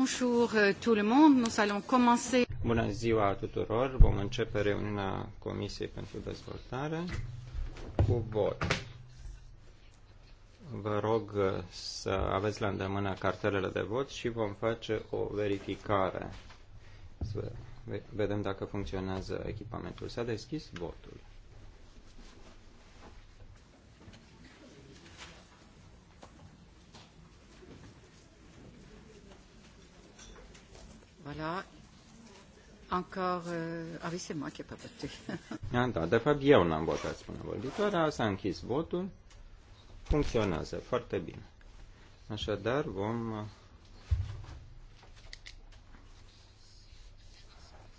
Bonjour euh, tout le monde. Nous allons commencer. Bună ziua tuturor. Vom începe reuniunea Comisiei pentru Dezvoltare cu vot. Vă rog uh, să aveți la îndemână cartelele de vot și vom face o verificare. Să vedem dacă funcționează echipamentul. S-a deschis votul. Voilà. Encore... Uh, ah, oui, c'est moi qui pas voté. Ah, da, de fapt eu n-am votat, spune vorbitoarea. S-a închis votul. Funcționează foarte bine. Așadar, vom uh,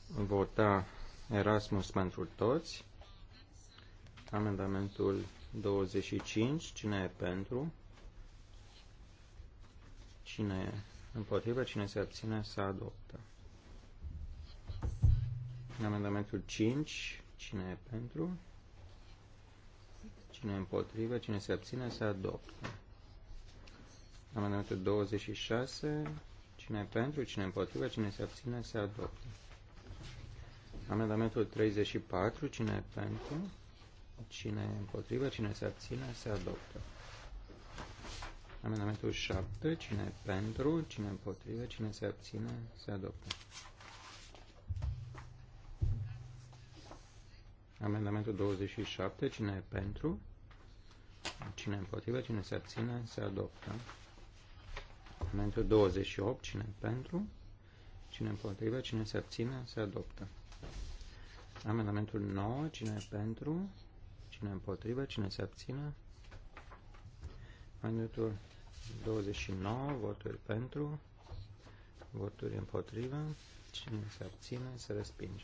vota Erasmus pentru toți. Amendamentul 25. Cine e pentru? Cine e Împotrivă cine se abține se adoptă. Amendamentul 5. Cine e pentru? Cine e împotrivă? Cine se abține se adoptă. Amendamentul 26. Cine e pentru? Cine e împotrivă? Cine se abține se adoptă. Amendamentul 34. Cine e pentru? Cine e împotrivă? Cine se abține se adoptă. Amendamentul 7. Cine pentru, cine împotrivă, cine se abține, se adoptă. Amendamentul 27. Cine e pentru, cine împotrivă, cine se abține, se adoptă. Amendamentul 28. Cine e pentru, cine împotrivă, cine se abține, se adoptă. Amendamentul 9. Cine e pentru, cine împotrivă, cine se abține, Amendamentul 29 voturi pentru, voturi împotrivă, cine se abține, se respinge.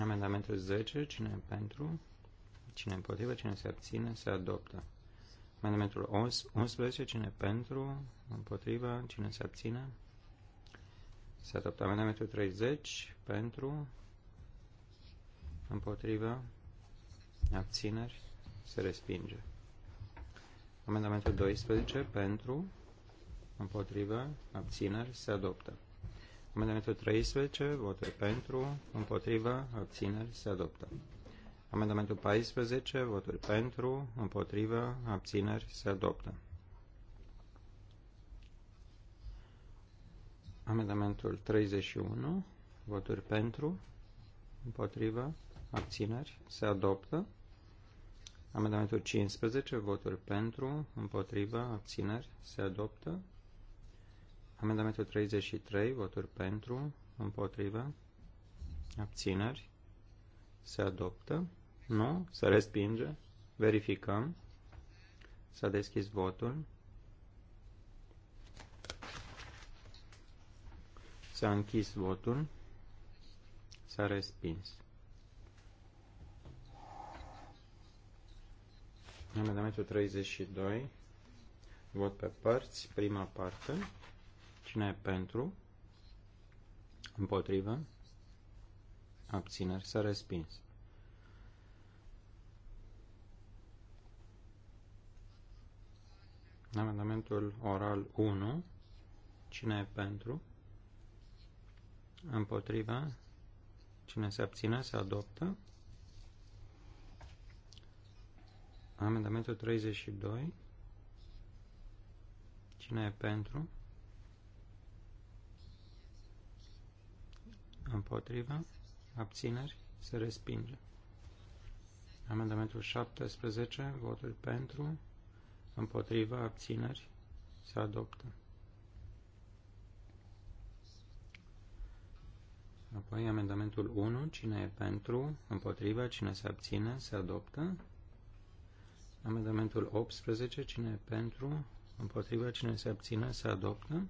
Amendamentul 10, cine pentru, cine împotrivă, cine se abține, se adoptă. Amendamentul 11, cine pentru, împotrivă, cine se abține, se adoptă. Amendamentul 30, pentru, împotrivă, abțineri, se respinge. Amendamentul 12 pentru, împotrivă, abțineri, se adoptă. Amendamentul 13, voturi pentru, împotrivă, abțineri, se adoptă. Amendamentul 14, voturi pentru, împotrivă, abțineri, se adoptă. Amendamentul 31, voturi pentru, împotrivă, abțineri, se adoptă. Amendamentul 15, voturi pentru, împotrivă, abțineri, se adoptă. Amendamentul 33, voturi pentru, împotrivă, abțineri, se adoptă. Nu, se respinge. Verificăm. S-a deschis votul. S-a închis votul. S-a respins. Amendamentul 32. Vot pe părți. Prima parte. Cine e pentru? Împotrivă? Abțineri. S-a respins. Amendamentul oral 1. Cine e pentru? împotrivă, Cine se abține? Se adoptă. Amendamentul 32. Cine e pentru? Împotriva? Abțineri? Se respinge. Amendamentul 17. Votul pentru? Împotriva? Abțineri? Se adoptă. Apoi amendamentul 1. Cine e pentru? Împotriva? Cine se abține? Se adoptă. Amendamentul 18, cine e pentru, împotriva, cine se abține, se adoptă.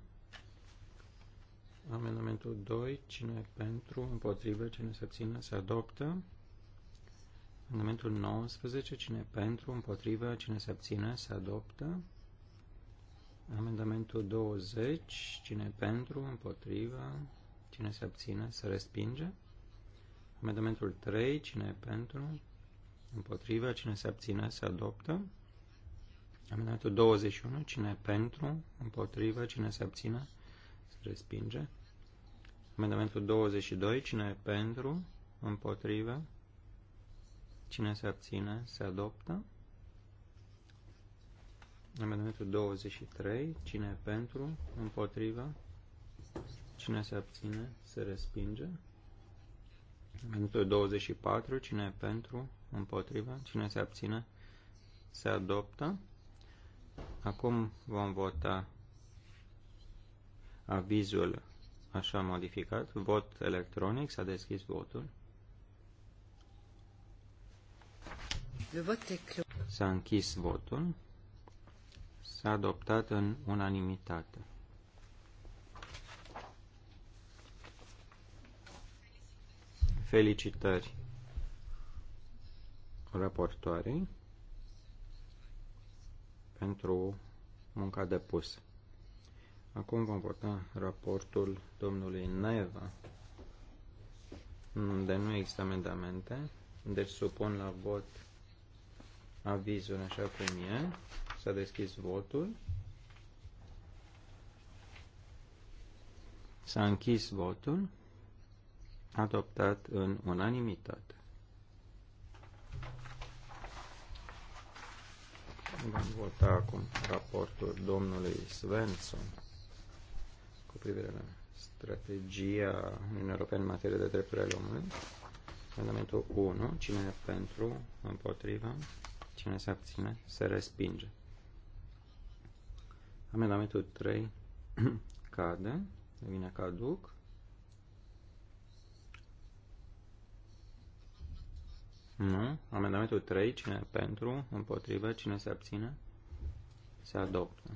Amendamentul 2, cine e pentru, împotriva, cine se abține, se adoptă. Amendamentul 19, cine e pentru, împotriva, cine se abține, se adoptă. Amendamentul 20, cine e pentru, împotriva, cine se abține, se respinge. Amendamentul 3, cine e pentru, Împotrivă, cine se abține, se adoptă. Amendamentul 21, cine pentru, împotrivă, cine se abține, se respinge. Amendamentul 22, cine pentru, împotrivă, cine se abține, se adoptă. Amendamentul 23, cine pentru, împotrivă, cine se abține, se respinge. Amendamentul 24, cine pentru, împotriva, cine se abține, se adoptă. Acum vom vota avizul așa modificat, vot electronic, s-a deschis votul. S-a închis votul. S-a adoptat în unanimitate. Felicitări raportoarei pentru munca depusă. Acum vom vota raportul domnului Neva, De nu există amendamente, deci supun la vot avizul așa cum e. S-a deschis votul. S-a închis votul, adoptat în unanimitate. Vom vota acum raportul domnului Svensson cu privire la strategia Uniunii Europene în materie de drepturi ale omului. Amendamentul 1. Cine e pentru? Împotriva? Cine se abține? Se respinge. Amendamentul 3 cade, devine caduc. Nu. Amendamentul 3, cine e pentru, împotrivă, cine se abține, se adoptă.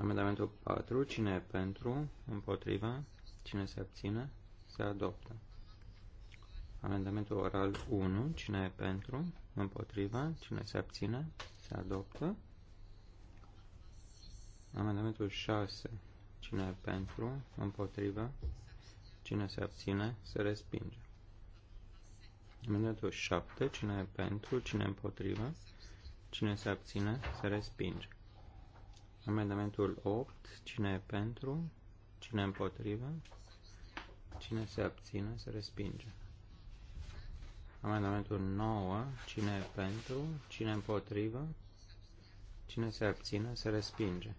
Amendamentul 4, cine e pentru, împotrivă, cine se abține, se adoptă. Amendamentul oral 1, cine e pentru, împotrivă, cine se abține, se adoptă. Amendamentul 6, cine e pentru, împotrivă, cine se abține, se respinge. Amendamentul 7. Cine e pentru? Cine e împotrivă? Cine se abține? Se respinge. Amendamentul 8. Cine e pentru? Cine e împotrivă? Cine se abține? Se respinge. Amendamentul 9. Cine e pentru? Cine e împotrivă? Cine se abține? Se respinge.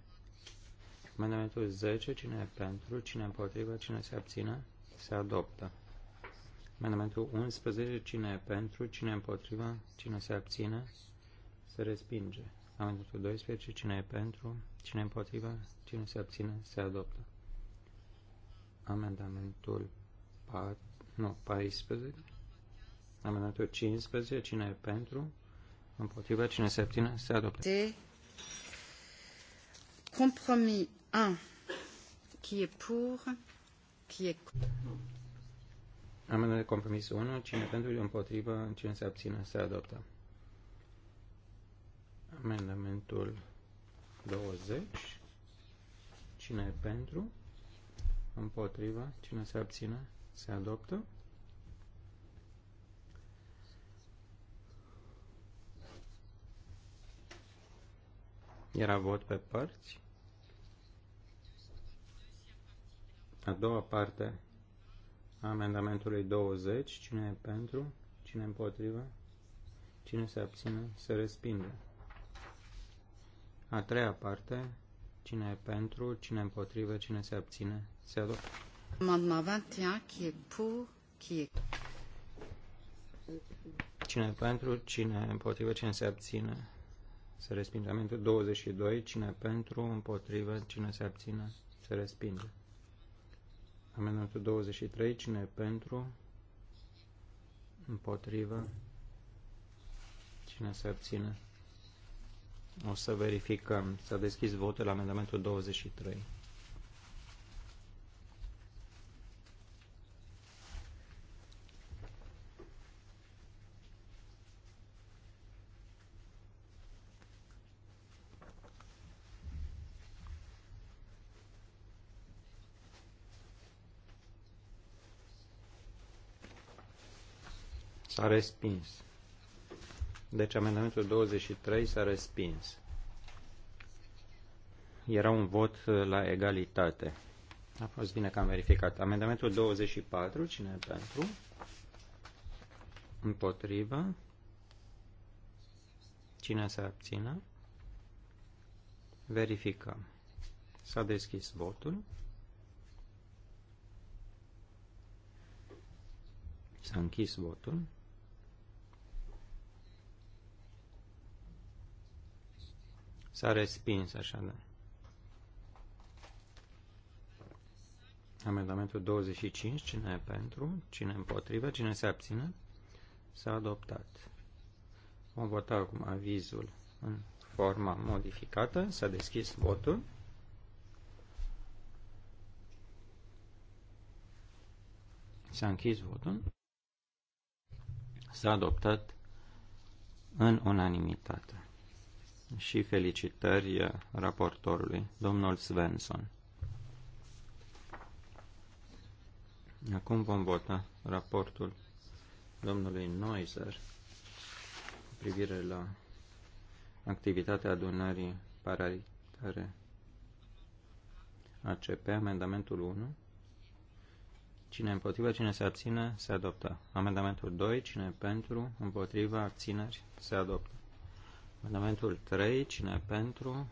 Amendamentul 10. Cine e pentru? Cine e împotrivă? Cine se abține? Se adoptă. Amendamentul 11, cine e pentru, cine e împotrivă, cine se abține, se respinge. Amendamentul 12, cine e pentru, cine e împotrivă, cine se abține, se adoptă. Amendamentul 4, nu, 14, amendamentul 15, cine e pentru, împotrivă, cine se abține, se adoptă. De compromis 1, qui e pour, qui e contre. Amendă de compromis 1. Cine pentru, împotrivă, cine se abține, se adoptă. Amendamentul 20. Cine e pentru? împotrivă, Cine se abține? Se adoptă? Era vot pe părți. A doua parte amendamentului 20. Cine e pentru? Cine împotrivă? Cine se abține? Se respinge. A treia parte. Cine e pentru? Cine împotrivă? Cine se abține? Se adoptă. Amendement 21, qui est pour, qui est... Cine e pentru? Cine e împotrivă? Cine se abține? Se respinge. Amendamentul 22. Cine e pentru? Împotrivă? Cine se abține? Se respinge. Amendamentul 23, cine e pentru? Împotrivă? Cine se abține? O să verificăm. S-a deschis votul la amendamentul 23. s-a respins. Deci amendamentul 23 s-a respins. Era un vot uh, la egalitate. A fost bine că am verificat. Amendamentul 24, cine e pentru? Împotrivă. Cine se abține? Verificăm. S-a deschis votul. S-a închis votul. S-a respins, da. Amendamentul 25, cine e pentru, cine împotrivă, cine se abține, s-a adoptat. Vom vota acum avizul în forma modificată. S-a deschis votul. S-a închis votul. S-a adoptat în unanimitate și felicitări raportorului, domnul Svensson. Acum vom vota raportul domnului Neuser cu privire la activitatea adunării paralitare ACP, amendamentul 1. Cine împotriva, cine se abține, se adoptă. Amendamentul 2. Cine pentru, împotriva, abțineri, se adoptă. Amendamentul 3, cine pentru,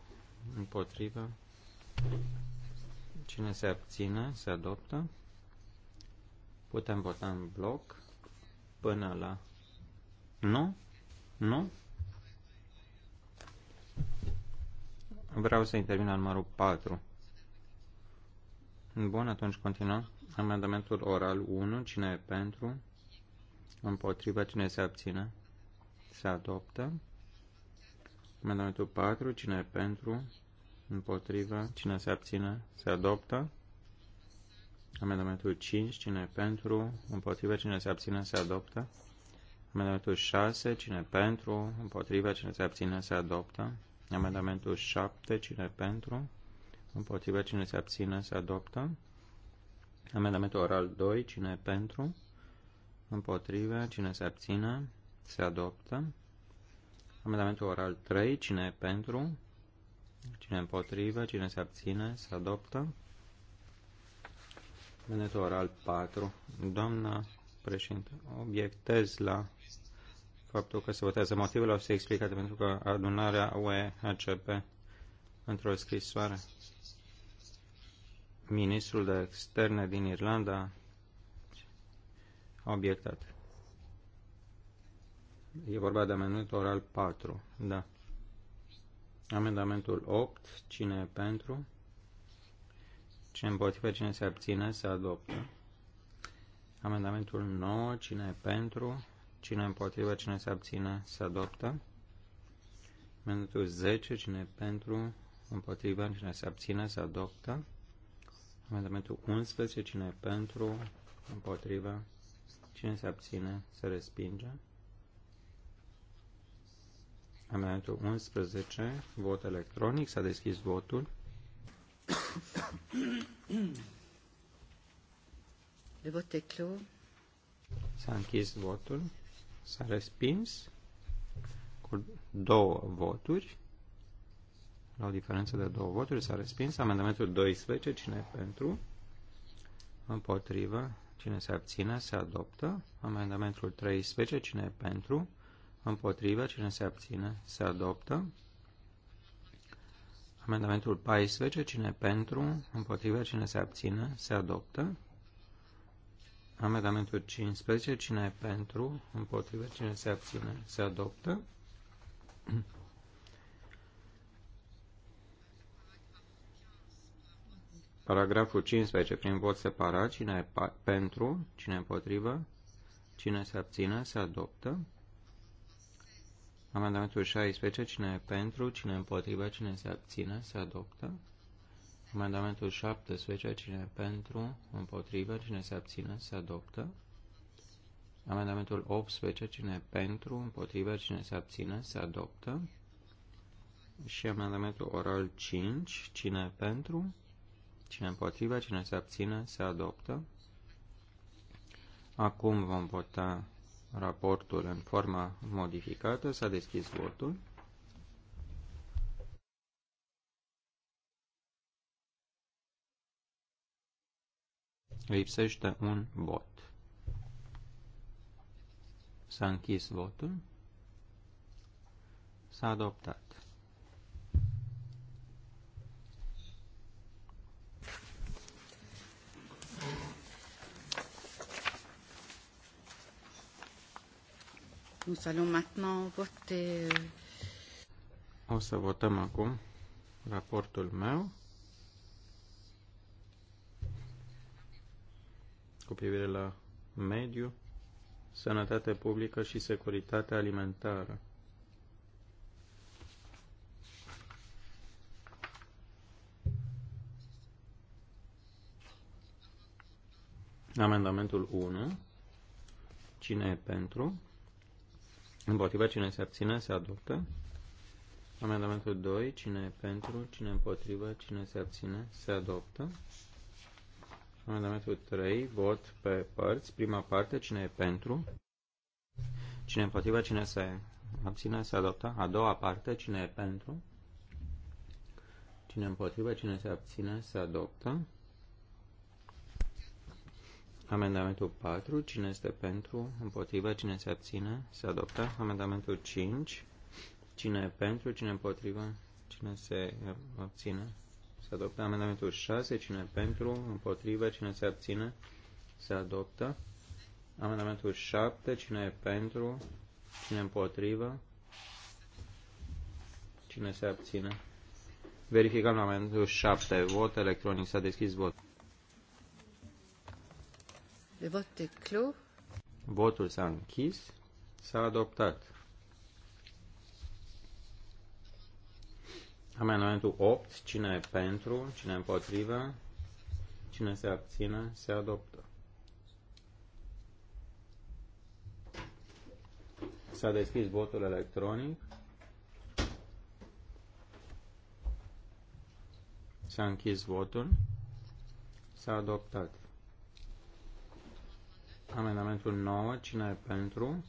împotrivă, cine se abține, se adoptă. Putem vota în bloc până la... Nu? Nu? Vreau să intervin la numărul 4. Bun, atunci continuăm. Amendamentul oral 1, cine e pentru? împotrivă, cine se abține? Se adoptă. Amendamentul 4. Cine e pentru? Împotrivă. Cine se abține? Se adoptă. Amendamentul 5. Cine e pentru? Împotrivă. Cine se abține? Se adoptă. Amendamentul 6. Cine e pentru? Împotrivă. Cine se abține? Se adoptă. Amendamentul 7. Cine e pentru? Împotrivă. Cine se abține? Se adoptă. Amendamentul oral 2. Cine e pentru? Împotrivă. Cine se abține? Se adoptă. Amendamentul oral 3. Cine e pentru? Cine împotrivă? Cine se abține? Se adoptă. Amendamentul oral 4. Doamna președinte, obiectez la faptul că se votează. Motivele au fost explicate pentru că adunarea UEHCP într-o scrisoare ministrul de externe din Irlanda a obiectat. E vorba de amendamentul oral 4. Da. Amendamentul 8. Cine e pentru? Cine împotrivă? Cine se abține? Se adoptă. Amendamentul 9. Cine e pentru? Cine împotrivă? Cine se abține? Se adoptă. Amendamentul 10. Cine e pentru? Împotrivă? Cine se abține? Se adoptă. Amendamentul 11. Cine e pentru? Împotrivă? Cine se abține? Se respinge. Amendamentul 11, vot electronic, s-a deschis votul. Le vot e clos. S-a închis votul, s-a respins cu două voturi. La o diferență de două voturi s-a respins amendamentul 12. Cine e pentru? Împotrivă. Cine se abține? Se adoptă. Amendamentul 13. Cine e pentru? Împotrivă, cine se abține, se adoptă. Amendamentul 14, cine pentru, împotrivă, cine se abține, se adoptă. Amendamentul 15, cine e pentru, împotrivă, cine se abține, se adoptă. Paragraful 15, prin vot separat, cine e pentru, cine împotrivă, cine se abține, se adoptă. Amendamentul 16, cine e pentru, cine împotriva, cine se abține, se adoptă. Amendamentul 17, cine e pentru, împotriva, cine se abține, se adoptă. Amendamentul 18, cine e pentru, împotriva, cine se abține, se adoptă. Și amendamentul oral 5, cine e pentru, cine împotriva, cine se abține, se adoptă. Acum vom vota raportul în forma modificată. S-a deschis votul. Lipsește un vot. S-a închis votul. S-a adoptat. Nous allons maintenant voter... Euh, o să votăm acum raportul meu cu privire la mediu, sănătate publică și securitate alimentară. Amendamentul 1. Cine e pentru? Împotriva cine se abține, se adoptă. Amendamentul 2, cine e pentru, cine împotriva, cine se abține, se adoptă. Amendamentul 3, vot pe părți. Prima parte, cine e pentru, cine împotriva, cine se abține, se adoptă. A doua parte, cine e pentru, cine împotriva, cine se abține, se adoptă. Amendamentul 4, cine este pentru, împotrivă, cine se abține, se adoptă. Amendamentul 5, cine e pentru, cine împotrivă, cine se abține, se adoptă. Amendamentul 6, cine e pentru, împotrivă, cine se abține, se adoptă. Amendamentul 7, cine e pentru, cine împotrivă, cine se abține. Verificăm amendamentul 7, vot electronic, s-a deschis vot. Le vot est clos. Votul s-a închis. S-a adoptat. Amendamentul 8. Cine e pentru? Cine e împotrivă? Cine se abține? Se adoptă. S-a deschis votul electronic. S-a închis votul. S-a adoptat. Amendamentul 9. Cine e pentru?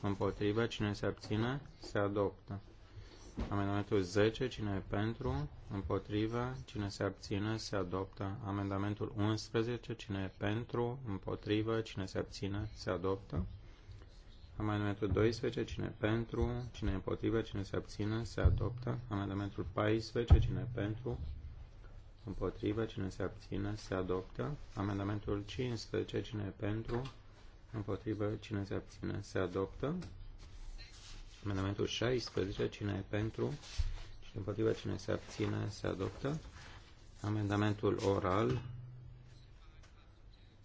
Împotrivă. Cine se abține? Se adoptă. Amendamentul 10. Cine e pentru? Împotrivă. Cine se abține? Se adoptă. Amendamentul 11. Cine e pentru? Împotrivă. Cine se abține? Se adoptă. Amendamentul 12, cine e pentru, cine e împotrivă, cine se abține, se adoptă. Amendamentul 14, cine e pentru, Împotrivă, cine se abține, se adoptă. Amendamentul 15, cine e pentru? Împotrivă, cine se abține, se adoptă. Amendamentul 16, cine e pentru? Cine împotrivă, cine se abține, se adoptă. Amendamentul oral,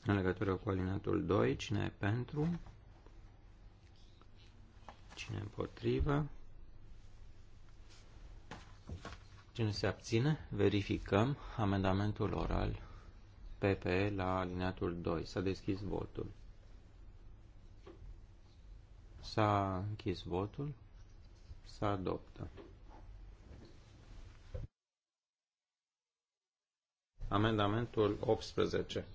în legătură cu alineatul 2, cine e pentru? Cine împotrivă? Cine se abține? Verificăm amendamentul oral PP la alineatul 2. S-a deschis votul. S-a închis votul. S-a adoptă. Amendamentul 18.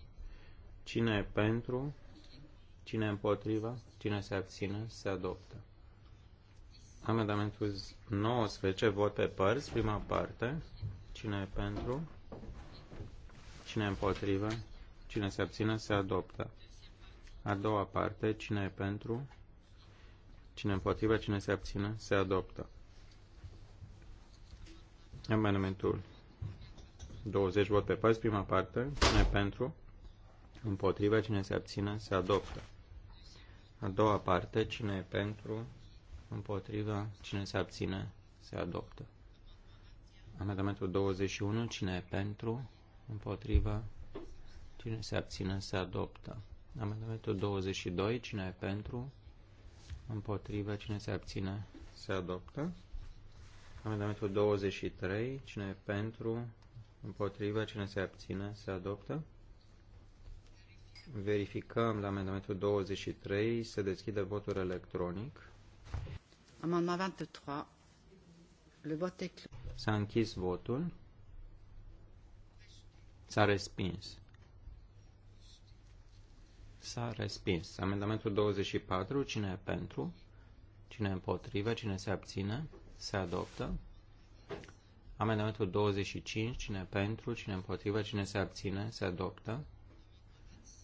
Cine e pentru? Cine e împotriva? Cine se abține? Se adoptă. Amendamentul 19, vot pe părți, prima parte. Cine e pentru? Cine e împotrivă? Cine se abține, se adoptă. A doua parte, cine e pentru? Cine împotrivă, cine se abține, se adoptă. Amendamentul 20 vot pe părți, prima parte, cine e pentru, împotrivă, cine se abține, se adoptă. A doua parte, cine e pentru, împotriva, cine se abține, se adoptă. Amendamentul 21, cine e pentru, împotriva, cine se abține, se adoptă. Amendamentul 22, cine e pentru, împotriva, cine se abține, se adoptă. Amendamentul 23, cine e pentru, împotriva, cine se abține, se adoptă. Verificăm la amendamentul 23, se deschide votul electronic. Amendement 23. Le vot est clos. S-a închis votul. S-a respins. S-a respins. Amendamentul 24. Cine e pentru? Cine e împotrivă? Cine se abține? Se adoptă. Amendamentul 25. Cine e pentru? Cine e împotrivă? Cine se abține? Se adoptă.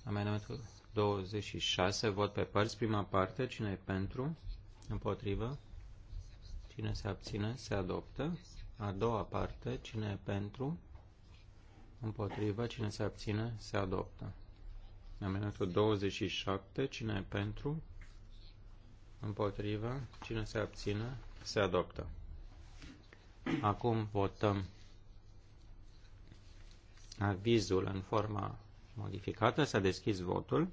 Amendamentul 26. Vot pe părți. Prima parte. Cine e pentru? Împotrivă? Cine se abține, se adoptă. A doua parte, cine e pentru, împotrivă, cine se abține, se adoptă. Amendamentul 27, cine e pentru, împotrivă, cine se abține, se adoptă. Acum votăm avizul în forma modificată. S-a deschis votul.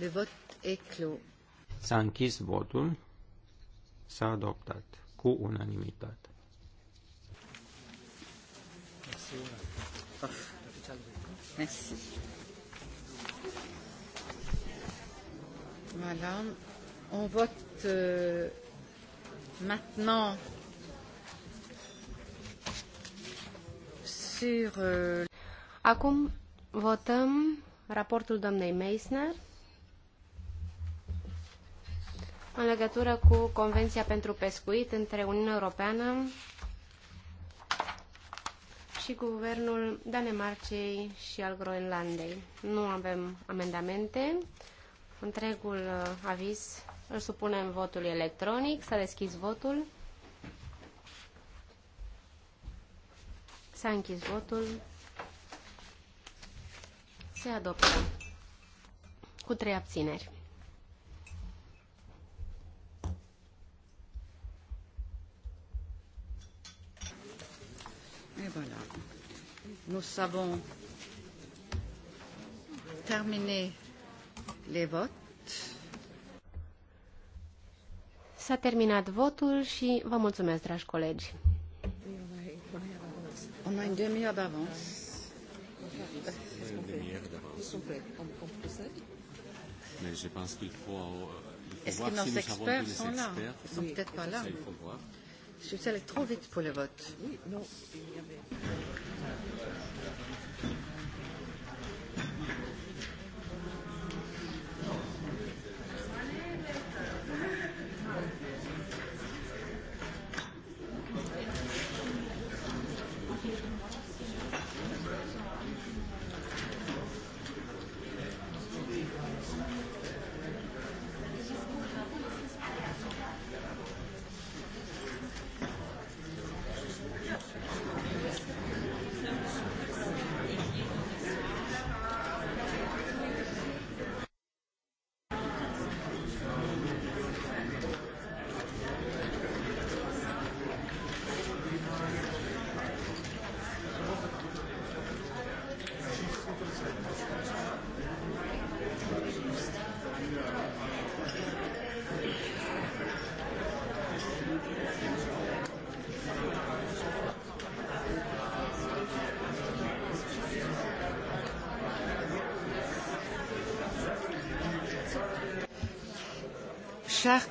Le vot e clos. S-a închis votul. S-a adoptat cu unanimitate. Merci. Voilà. On vote euh, maintenant sur. Euh, Acum votăm raportul doamnei Meissner în legătură cu Convenția pentru Pescuit între Uniunea Europeană și Guvernul Danemarcei și al Groenlandei. Nu avem amendamente. Întregul uh, aviz îl supunem votului electronic. S-a deschis votul. S-a închis votul. Se adoptă cu trei abțineri. voilà. Nous avons terminé les votes. S-a terminat votul și vă mulțumesc, dragi colegi. On a une demi-heure d'avance. Une demi-heure d'avance. Mais je pense Ils sont peut-être pas là. Il faut voir. Je suis allée trop vite pour le vote.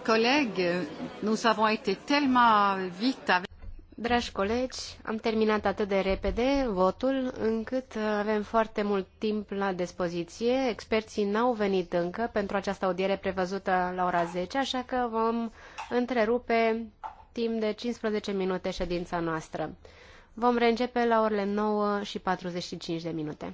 collègues, nous avons été tellement vite avec... Dragi colegi, am terminat atât de repede votul încât avem foarte mult timp la dispoziție. Experții n-au venit încă pentru această audiere prevăzută la ora 10, așa că vom întrerupe timp de 15 minute ședința noastră. Vom reîncepe la orele 9 și 45 de minute.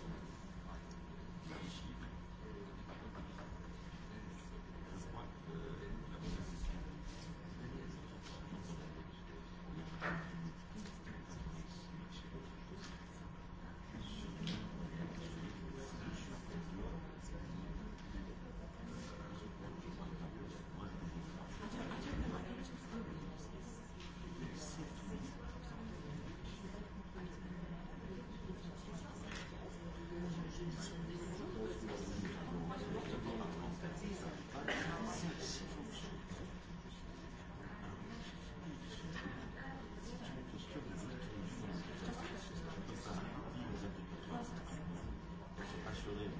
Mulțumim.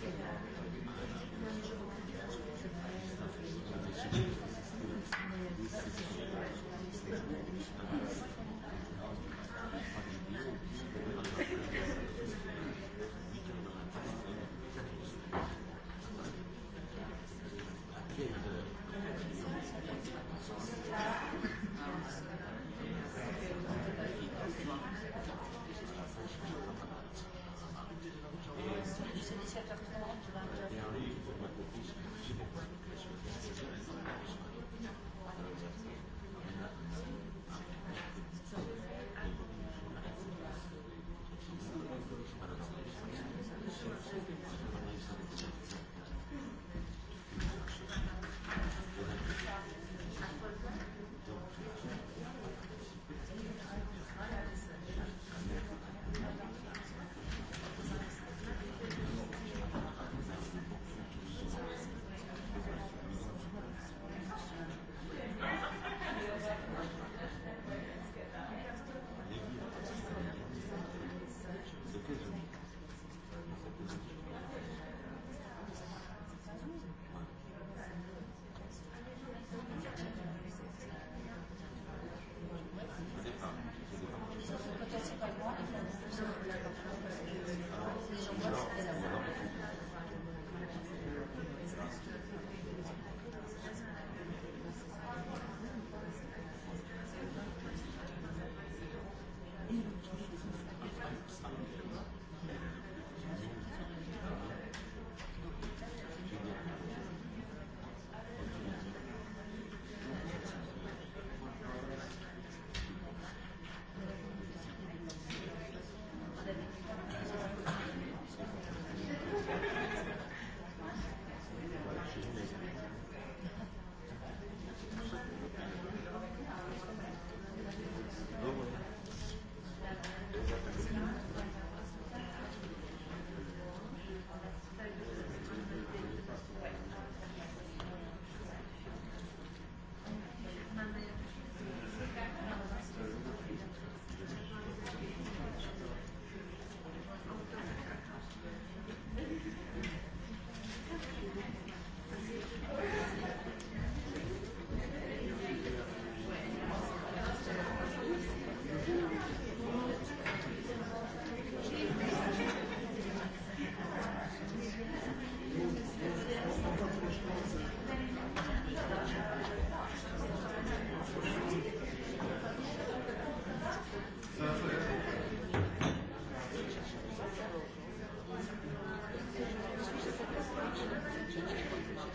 Thank you.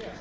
Yeah.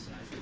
Thank you.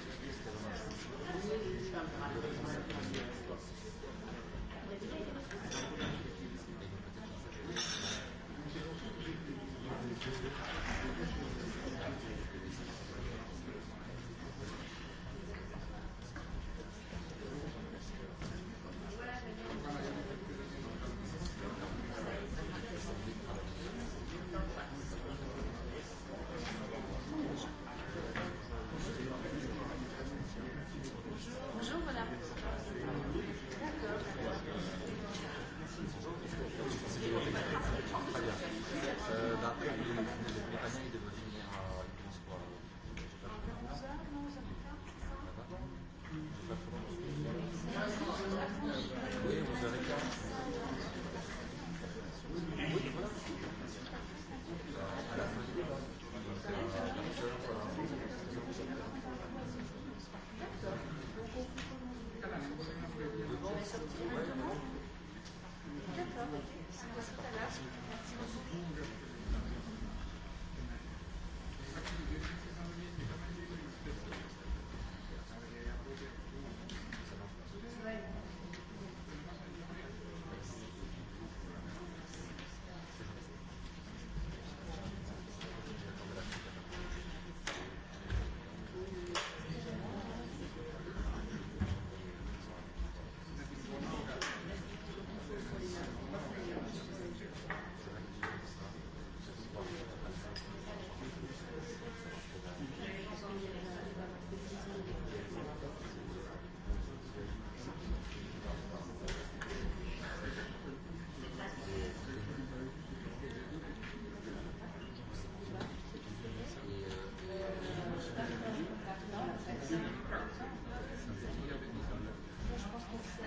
Thank you.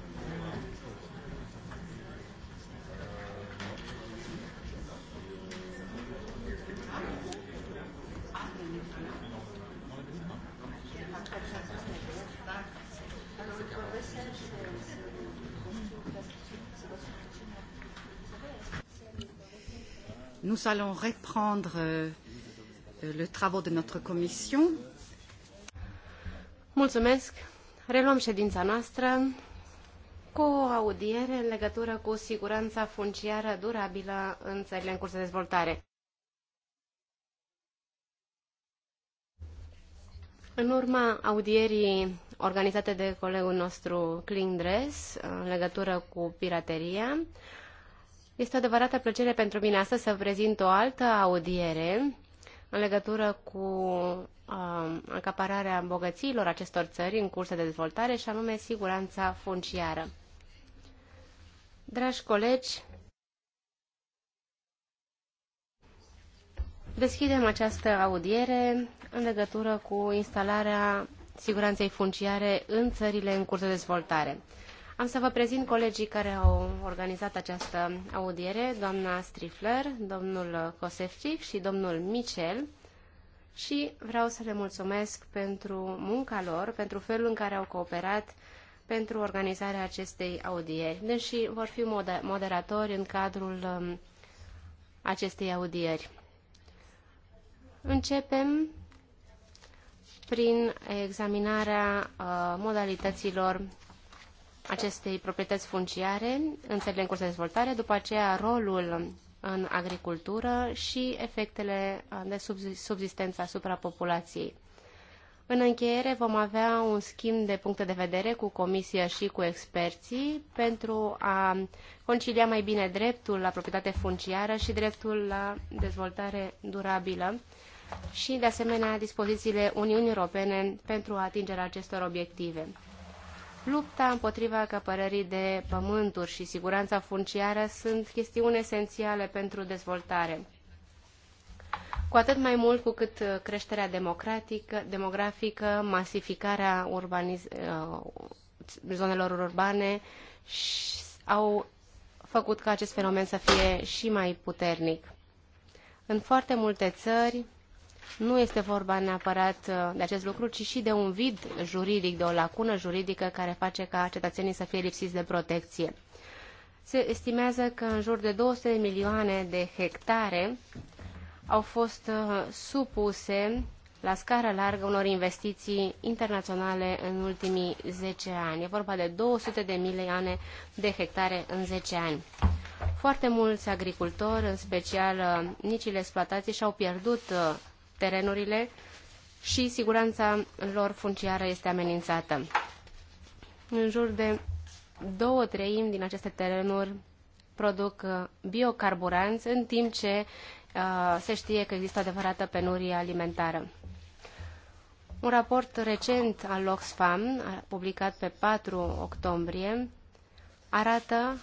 Nous allons reprendre euh, euh, le travaux de notre commission. Mulțumesc. Reluăm ședința noastră cu o audiere în legătură cu siguranța funciară durabilă în țările în curs de dezvoltare. În urma audierii organizate de colegul nostru Clindres în legătură cu pirateria, este o adevărată plăcere pentru mine astăzi să prezint o altă audiere în legătură cu uh, acapararea bogățiilor acestor țări în curs de dezvoltare și anume siguranța funciară. Dragi colegi, deschidem această audiere în legătură cu instalarea siguranței funciare în țările în curs de dezvoltare. Am să vă prezint colegii care au organizat această audiere, doamna Strifler, domnul Cosefcic și domnul Michel și vreau să le mulțumesc pentru munca lor, pentru felul în care au cooperat pentru organizarea acestei audieri, deși vor fi moderatori în cadrul um, acestei audieri. Începem prin examinarea uh, modalităților acestei proprietăți funciare în țările în curs de dezvoltare, după aceea rolul în agricultură și efectele uh, de subsistență asupra populației. În încheiere vom avea un schimb de puncte de vedere cu comisia și cu experții pentru a concilia mai bine dreptul la proprietate funciară și dreptul la dezvoltare durabilă și, de asemenea, dispozițiile Uniunii Europene pentru atingerea acestor obiective. Lupta împotriva acaparării de pământuri și siguranța funciară sunt chestiuni esențiale pentru dezvoltare. Cu atât mai mult cu cât uh, creșterea democratică, demografică, masificarea urbaniz- uh, zonelor urbane au făcut ca acest fenomen să fie și mai puternic. În foarte multe țări, nu este vorba neapărat uh, de acest lucru, ci și de un vid juridic, de o lacună juridică care face ca cetățenii să fie lipsiți de protecție. Se estimează că în jur de 200 de milioane de hectare au fost uh, supuse la scară largă unor investiții internaționale în ultimii 10 ani. E vorba de 200 de milioane de hectare în 10 ani. Foarte mulți agricultori, în special uh, micile exploatații, și-au pierdut terenurile și siguranța lor funciară este amenințată. În jur de două treimi din aceste terenuri produc uh, biocarburanți, în timp ce uh, se știe că există adevărată penurie alimentară. Un raport recent al Oxfam, publicat pe 4 octombrie, arată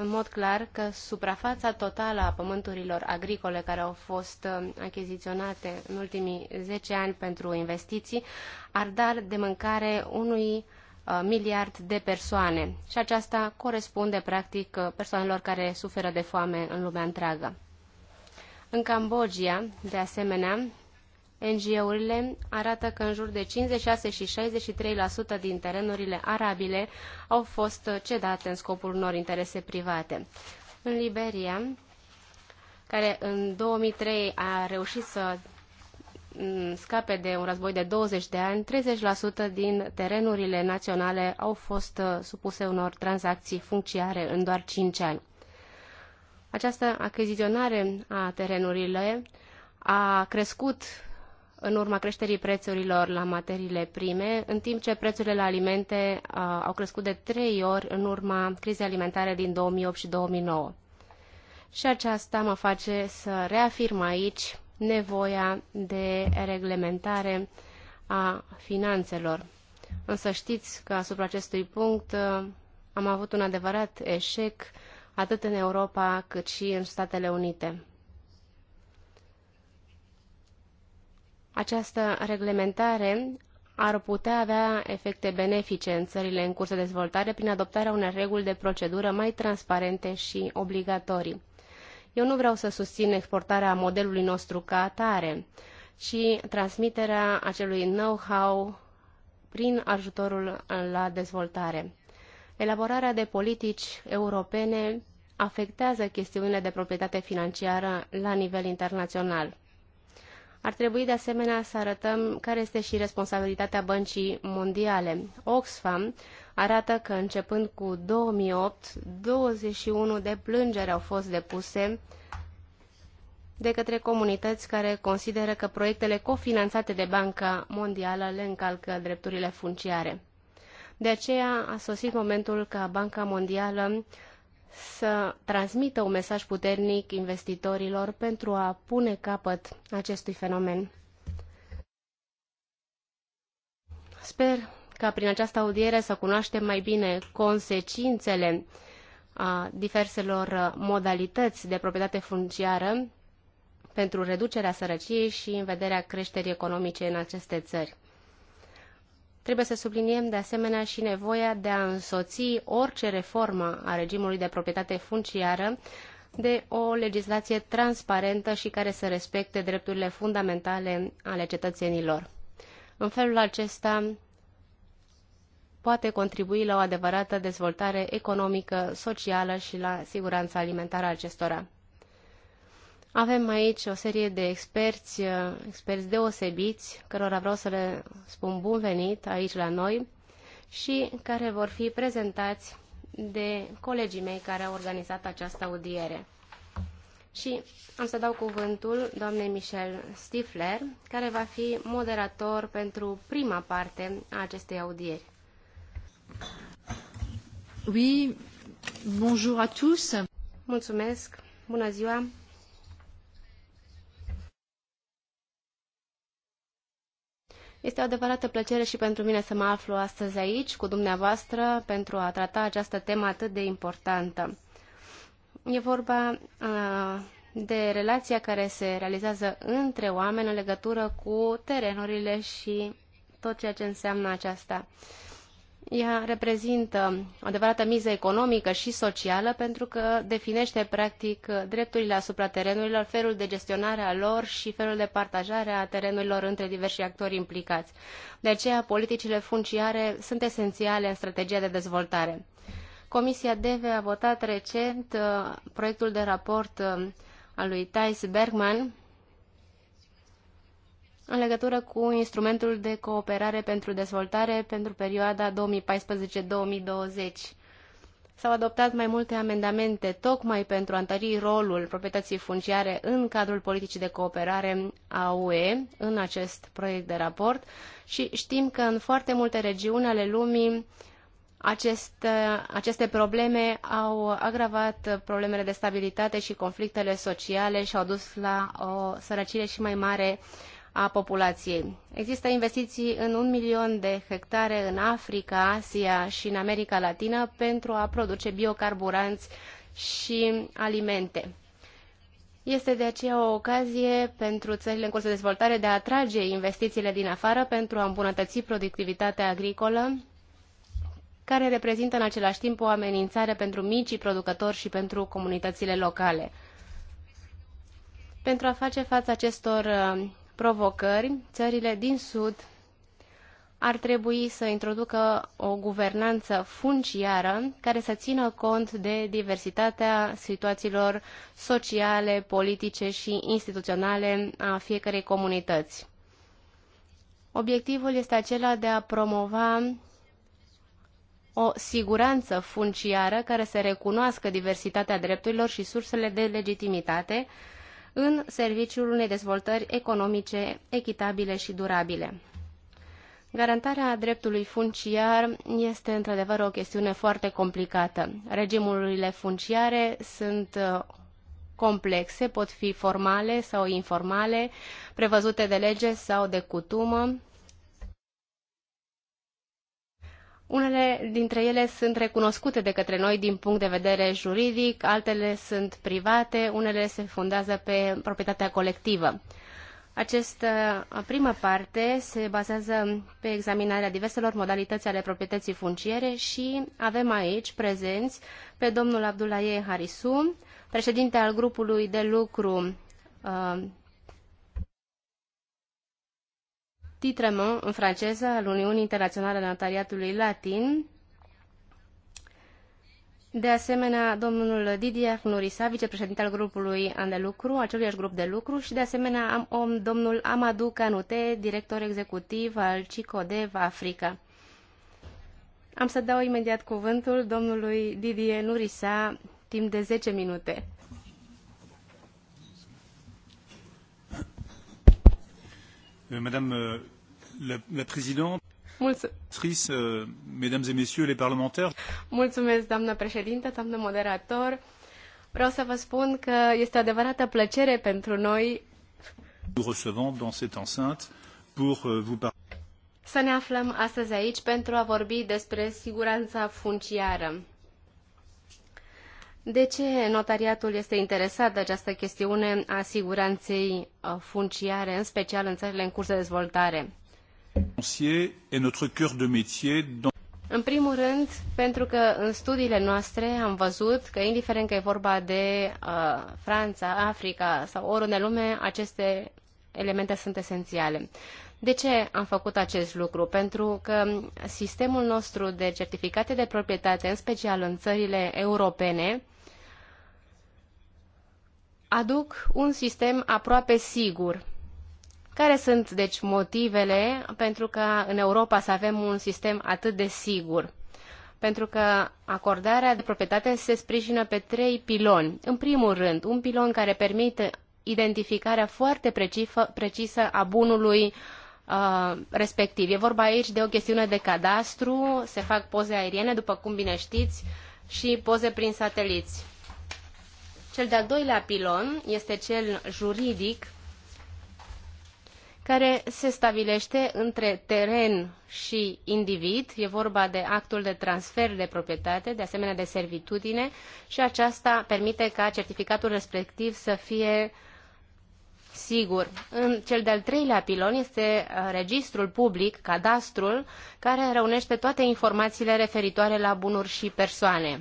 în mod clar că suprafața totală a pământurilor agricole care au fost um, achiziționate în ultimii 10 ani pentru investiții ar da de mâncare unui uh, miliard de persoane și aceasta corespunde practic uh, persoanelor care suferă de foame în lumea întreagă. În Cambodgia, de asemenea, NGO-urile arată că în jur de 56 și 63% din terenurile arabile au fost cedate în scopul unor interese private. În Liberia, care în 2003 a reușit să mm, scape de un război de 20 de ani, 30% din terenurile naționale au fost uh, supuse unor tranzacții funciare în doar 5 ani. Această achiziționare a terenurilor a crescut în urma creșterii prețurilor la materiile prime, în timp ce prețurile la alimente au crescut de trei ori în urma crizei alimentare din 2008 și 2009. Și aceasta mă face să reafirm aici nevoia de reglementare a finanțelor. Însă știți că asupra acestui punct am avut un adevărat eșec atât în Europa cât și în Statele Unite. Această reglementare ar putea avea efecte benefice în țările în curs de dezvoltare prin adoptarea unor reguli de procedură mai transparente și obligatorii. Eu nu vreau să susțin exportarea modelului nostru ca atare, ci transmiterea acelui know-how prin ajutorul la dezvoltare. Elaborarea de politici europene afectează chestiunile de proprietate financiară la nivel internațional. Ar trebui de asemenea să arătăm care este și responsabilitatea băncii mondiale. Oxfam arată că începând cu 2008, 21 de plângeri au fost depuse de către comunități care consideră că proiectele cofinanțate de Banca Mondială le încalcă drepturile funciare. De aceea a sosit momentul ca Banca Mondială să transmită un mesaj puternic investitorilor pentru a pune capăt acestui fenomen. Sper ca prin această audiere să cunoaștem mai bine consecințele a diverselor modalități de proprietate funciară pentru reducerea sărăciei și în vederea creșterii economice în aceste țări. Trebuie să subliniem de asemenea și nevoia de a însoți orice reformă a regimului de proprietate funciară de o legislație transparentă și care să respecte drepturile fundamentale ale cetățenilor. În felul acesta poate contribui la o adevărată dezvoltare economică, socială și la siguranța alimentară a acestora. Avem aici o serie de experți, uh, experți deosebiți, cărora vreau să le spun bun venit aici la noi și care vor fi prezentați de colegii mei care au organizat această audiere. Și am să dau cuvântul doamnei Michelle Stifler, care va fi moderator pentru prima parte a acestei audieri. Oui, bonjour à tous. Mulțumesc, bună ziua, Este o adevărată plăcere și pentru mine să mă aflu astăzi aici cu dumneavoastră pentru a trata această temă atât de importantă. E vorba uh, de relația care se realizează între oameni în legătură cu terenurile și tot ceea ce înseamnă aceasta. Uh, ea reprezintă o adevărată miză economică și socială pentru că definește practic drepturile asupra terenurilor, felul de gestionare a lor și felul de partajare a terenurilor între diversi actori implicați. De aceea, politicile funciare sunt esențiale în strategia de dezvoltare. Comisia DEVE a votat recent uh, proiectul de raport uh, al lui Thijs Bergman în legătură cu instrumentul de cooperare pentru dezvoltare pentru perioada 2014-2020. S-au adoptat mai multe amendamente tocmai pentru a întări rolul proprietății funciare în cadrul politicii de cooperare a UE în acest proiect de raport și știm că în foarte multe regiuni ale lumii aceste, aceste probleme au agravat problemele de stabilitate și conflictele sociale și au dus la o sărăcire și mai mare uh, a populației. Există investiții în un milion de hectare în Africa, Asia și în America Latină pentru a produce biocarburanți și alimente. Este de aceea o ocazie pentru țările în curs de dezvoltare de a atrage investițiile din afară pentru a îmbunătăți productivitatea agricolă, care reprezintă în același timp o amenințare pentru micii producători și pentru comunitățile locale. Pentru a face față acestor uh, provocări, țările din Sud ar trebui să introducă o guvernanță funciară care să țină cont de diversitatea situațiilor sociale, politice și instituționale a fiecărei comunități. Obiectivul este acela de a promova o siguranță funciară care să recunoască diversitatea drepturilor și sursele de legitimitate, în serviciul unei dezvoltări economice echitabile și durabile. Garantarea dreptului funciar este într-adevăr o chestiune foarte complicată. Regimurile funciare sunt uh, complexe, pot fi formale sau informale, prevăzute de lege sau de cutumă, Unele dintre ele sunt recunoscute de către noi din punct de vedere juridic, altele sunt private, unele se fundează pe proprietatea colectivă. Această uh, primă parte se bazează pe examinarea diverselor modalități ale proprietății funciere și avem aici prezenți pe domnul Abdulaye Harisu, președinte al grupului de lucru uh, titrement în franceză al Uniunii Internaționale a Notariatului Latin. De asemenea, domnul Didier Nurisa, vicepreședinte al grupului an de lucru, aceluiași grup de lucru, și de asemenea am om, domnul Amadou Canute, director executiv al CICODEV Africa. Am să dau imediat cuvântul domnului Didier Nurisa, timp de 10 minute. Euh, madame euh, la, la Présidente, Mulțumesc. Euh, mesdames et Messieurs les parlementaires. Mulțumesc, doamnă președinte, doamnă moderator. Vreau să vă spun că este o adevărată plăcere pentru noi nous recevons dans cette Să ne aflăm astăzi aici pentru a vorbi despre siguranța funciară. De ce notariatul este interesat de această chestiune a siguranței uh, funciare, în special în țările în curs de dezvoltare? În primul rând, pentru că în studiile noastre am văzut că, indiferent că e vorba de uh, Franța, Africa sau oriunde în lume, aceste elemente sunt esențiale. De ce am făcut acest lucru? Pentru că sistemul nostru de certificate de proprietate, în special în țările europene, aduc un sistem aproape sigur. Care sunt, deci, motivele pentru că în Europa să avem un sistem atât de sigur? Pentru că acordarea de proprietate se sprijină pe trei piloni. În primul rând, un pilon care permite identificarea foarte precisă, precisă a bunului uh, respectiv. E vorba aici de o chestiune de cadastru, se fac poze aeriene, după cum bine știți, și poze prin sateliți cel de-al doilea pilon este cel juridic care se stabilește între teren și individ. E vorba de actul de transfer de proprietate, de asemenea de servitudine și aceasta permite ca certificatul respectiv să fie sigur. În cel de-al treilea pilon este uh, registrul public, cadastrul, care reunește toate informațiile referitoare la bunuri și persoane.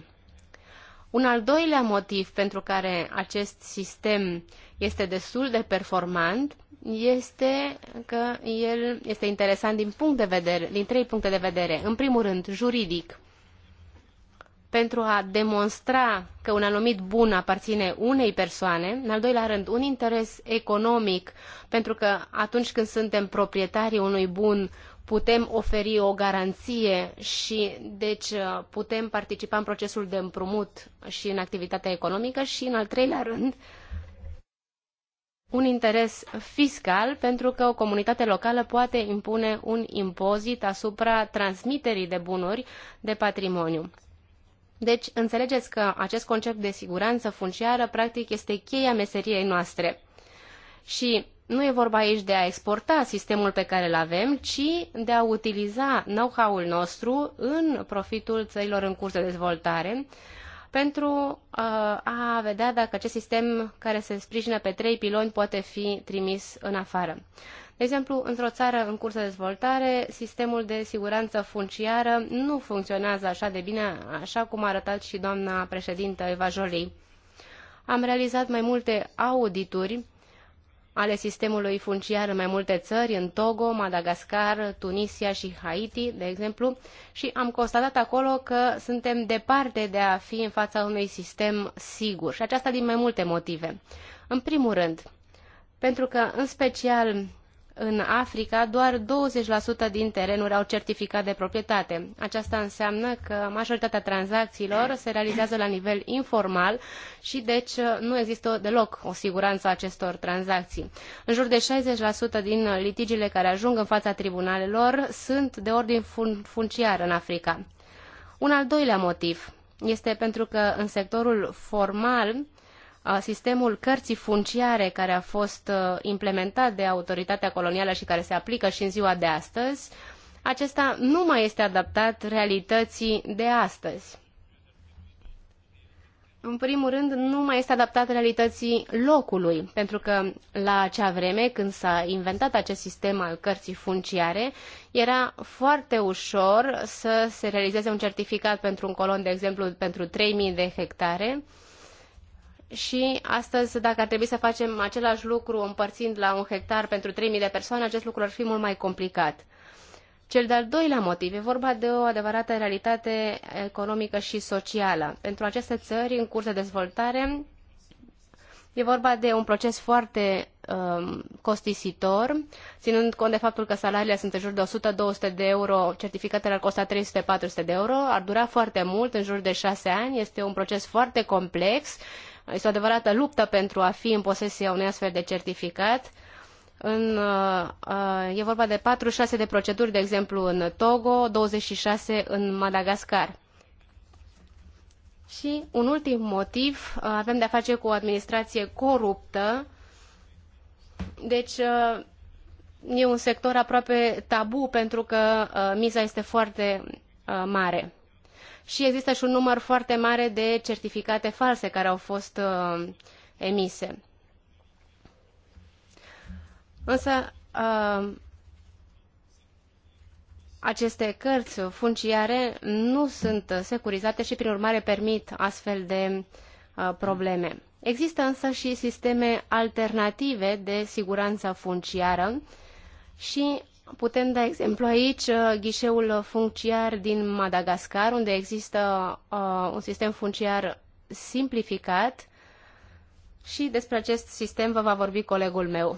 Un al doilea motiv pentru care acest sistem este destul de performant este că el este interesant din, punct de vedere, din trei puncte de vedere. În primul rând, juridic. Pentru a demonstra că un anumit bun aparține unei persoane, în al doilea rând, un interes economic, pentru că atunci când suntem proprietarii unui bun, putem oferi o garanție și deci uh, putem participa în procesul de împrumut și în activitatea economică și în al treilea rând un interes fiscal pentru că o comunitate locală poate impune un impozit asupra transmiterii de bunuri de patrimoniu. Deci, înțelegeți că acest concept de siguranță funciară, practic, este cheia meseriei noastre. Și nu e vorba aici de a exporta sistemul pe care îl avem, ci de a utiliza know-how-ul nostru în profitul țărilor în curs de dezvoltare pentru uh, a vedea dacă acest sistem care se sprijină pe trei piloni poate fi trimis în afară. De exemplu, într-o țară în curs de dezvoltare, sistemul de siguranță funciară nu funcționează așa de bine, așa cum a arătat și doamna președintă Eva Jolie. Am realizat mai multe audituri ale sistemului funciar în mai multe țări, în Togo, Madagascar, Tunisia și Haiti, de exemplu, și am constatat acolo că suntem departe de a fi în fața unui sistem sigur și aceasta din mai multe motive. În primul rând, pentru că, în special, în Africa doar 20% din terenuri au certificat de proprietate. Aceasta înseamnă că majoritatea tranzacțiilor se realizează la nivel informal și deci nu există deloc o siguranță a acestor tranzacții. În jur de 60% din litigiile care ajung în fața tribunalelor sunt de ordin fun- funciar în Africa. Un al doilea motiv este pentru că în sectorul formal sistemul cărții funciare care a fost uh, implementat de autoritatea colonială și care se aplică și în ziua de astăzi, acesta nu mai este adaptat realității de astăzi. În primul rând, nu mai este adaptat realității locului, pentru că la acea vreme, când s-a inventat acest sistem al cărții funciare, era foarte ușor să se realizeze un certificat pentru un colon, de exemplu, pentru 3000 de hectare, și astăzi, dacă ar trebui să facem același lucru împărțind la un hectar pentru 3.000 de persoane, acest lucru ar fi mult mai complicat. Cel de-al doilea motiv e vorba de o adevărată realitate economică și socială. Pentru aceste țări în curs de dezvoltare e vorba de un proces foarte um, costisitor, ținând cont de faptul că salariile sunt în jur de 100-200 de euro, certificatele ar costa 300-400 de euro, ar dura foarte mult, în jur de 6 ani, este un proces foarte complex este o adevărată luptă pentru a fi în posesia unui astfel de certificat. În, uh, uh, e vorba de 46 de proceduri, de exemplu, în Togo, 26 în Madagascar. Și un ultim motiv, uh, avem de-a face cu o administrație coruptă, deci e un sector aproape tabu pentru că miza este foarte mare și există și un număr foarte mare de certificate false care au fost uh, emise. Însă, uh, aceste cărți funciare nu sunt securizate și, prin urmare, permit astfel de uh, probleme. Există însă și sisteme alternative de siguranță funciară și Putem da exemplu aici uh, ghișeul funciar din Madagascar, unde există uh, un sistem funciar simplificat și despre acest sistem vă va vorbi colegul meu.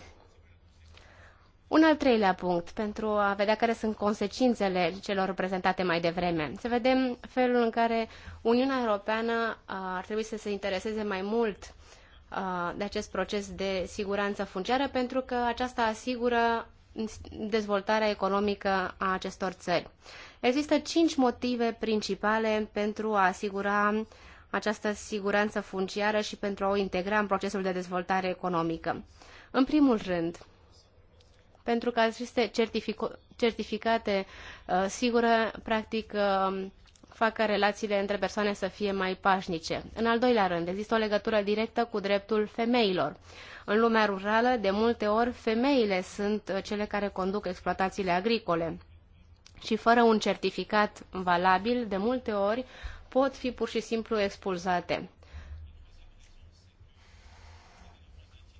Un al treilea punct, pentru a vedea care sunt consecințele celor prezentate mai devreme. Să vedem felul în care Uniunea Europeană uh, ar trebui să se intereseze mai mult uh, de acest proces de siguranță funciară, pentru că aceasta asigură dezvoltarea economică a acestor țări. Există cinci motive principale pentru a asigura această siguranță funciară și pentru a o integra în procesul de dezvoltare economică. În primul rând, pentru că aceste certificate uh, sigură, practic, uh, fac ca relațiile între persoane să fie mai pașnice. În al doilea rând, există o legătură directă cu dreptul femeilor. În lumea rurală, de multe ori, femeile sunt uh, cele care conduc exploatațiile agricole și fără un certificat valabil, de multe ori, pot fi pur și simplu expulzate.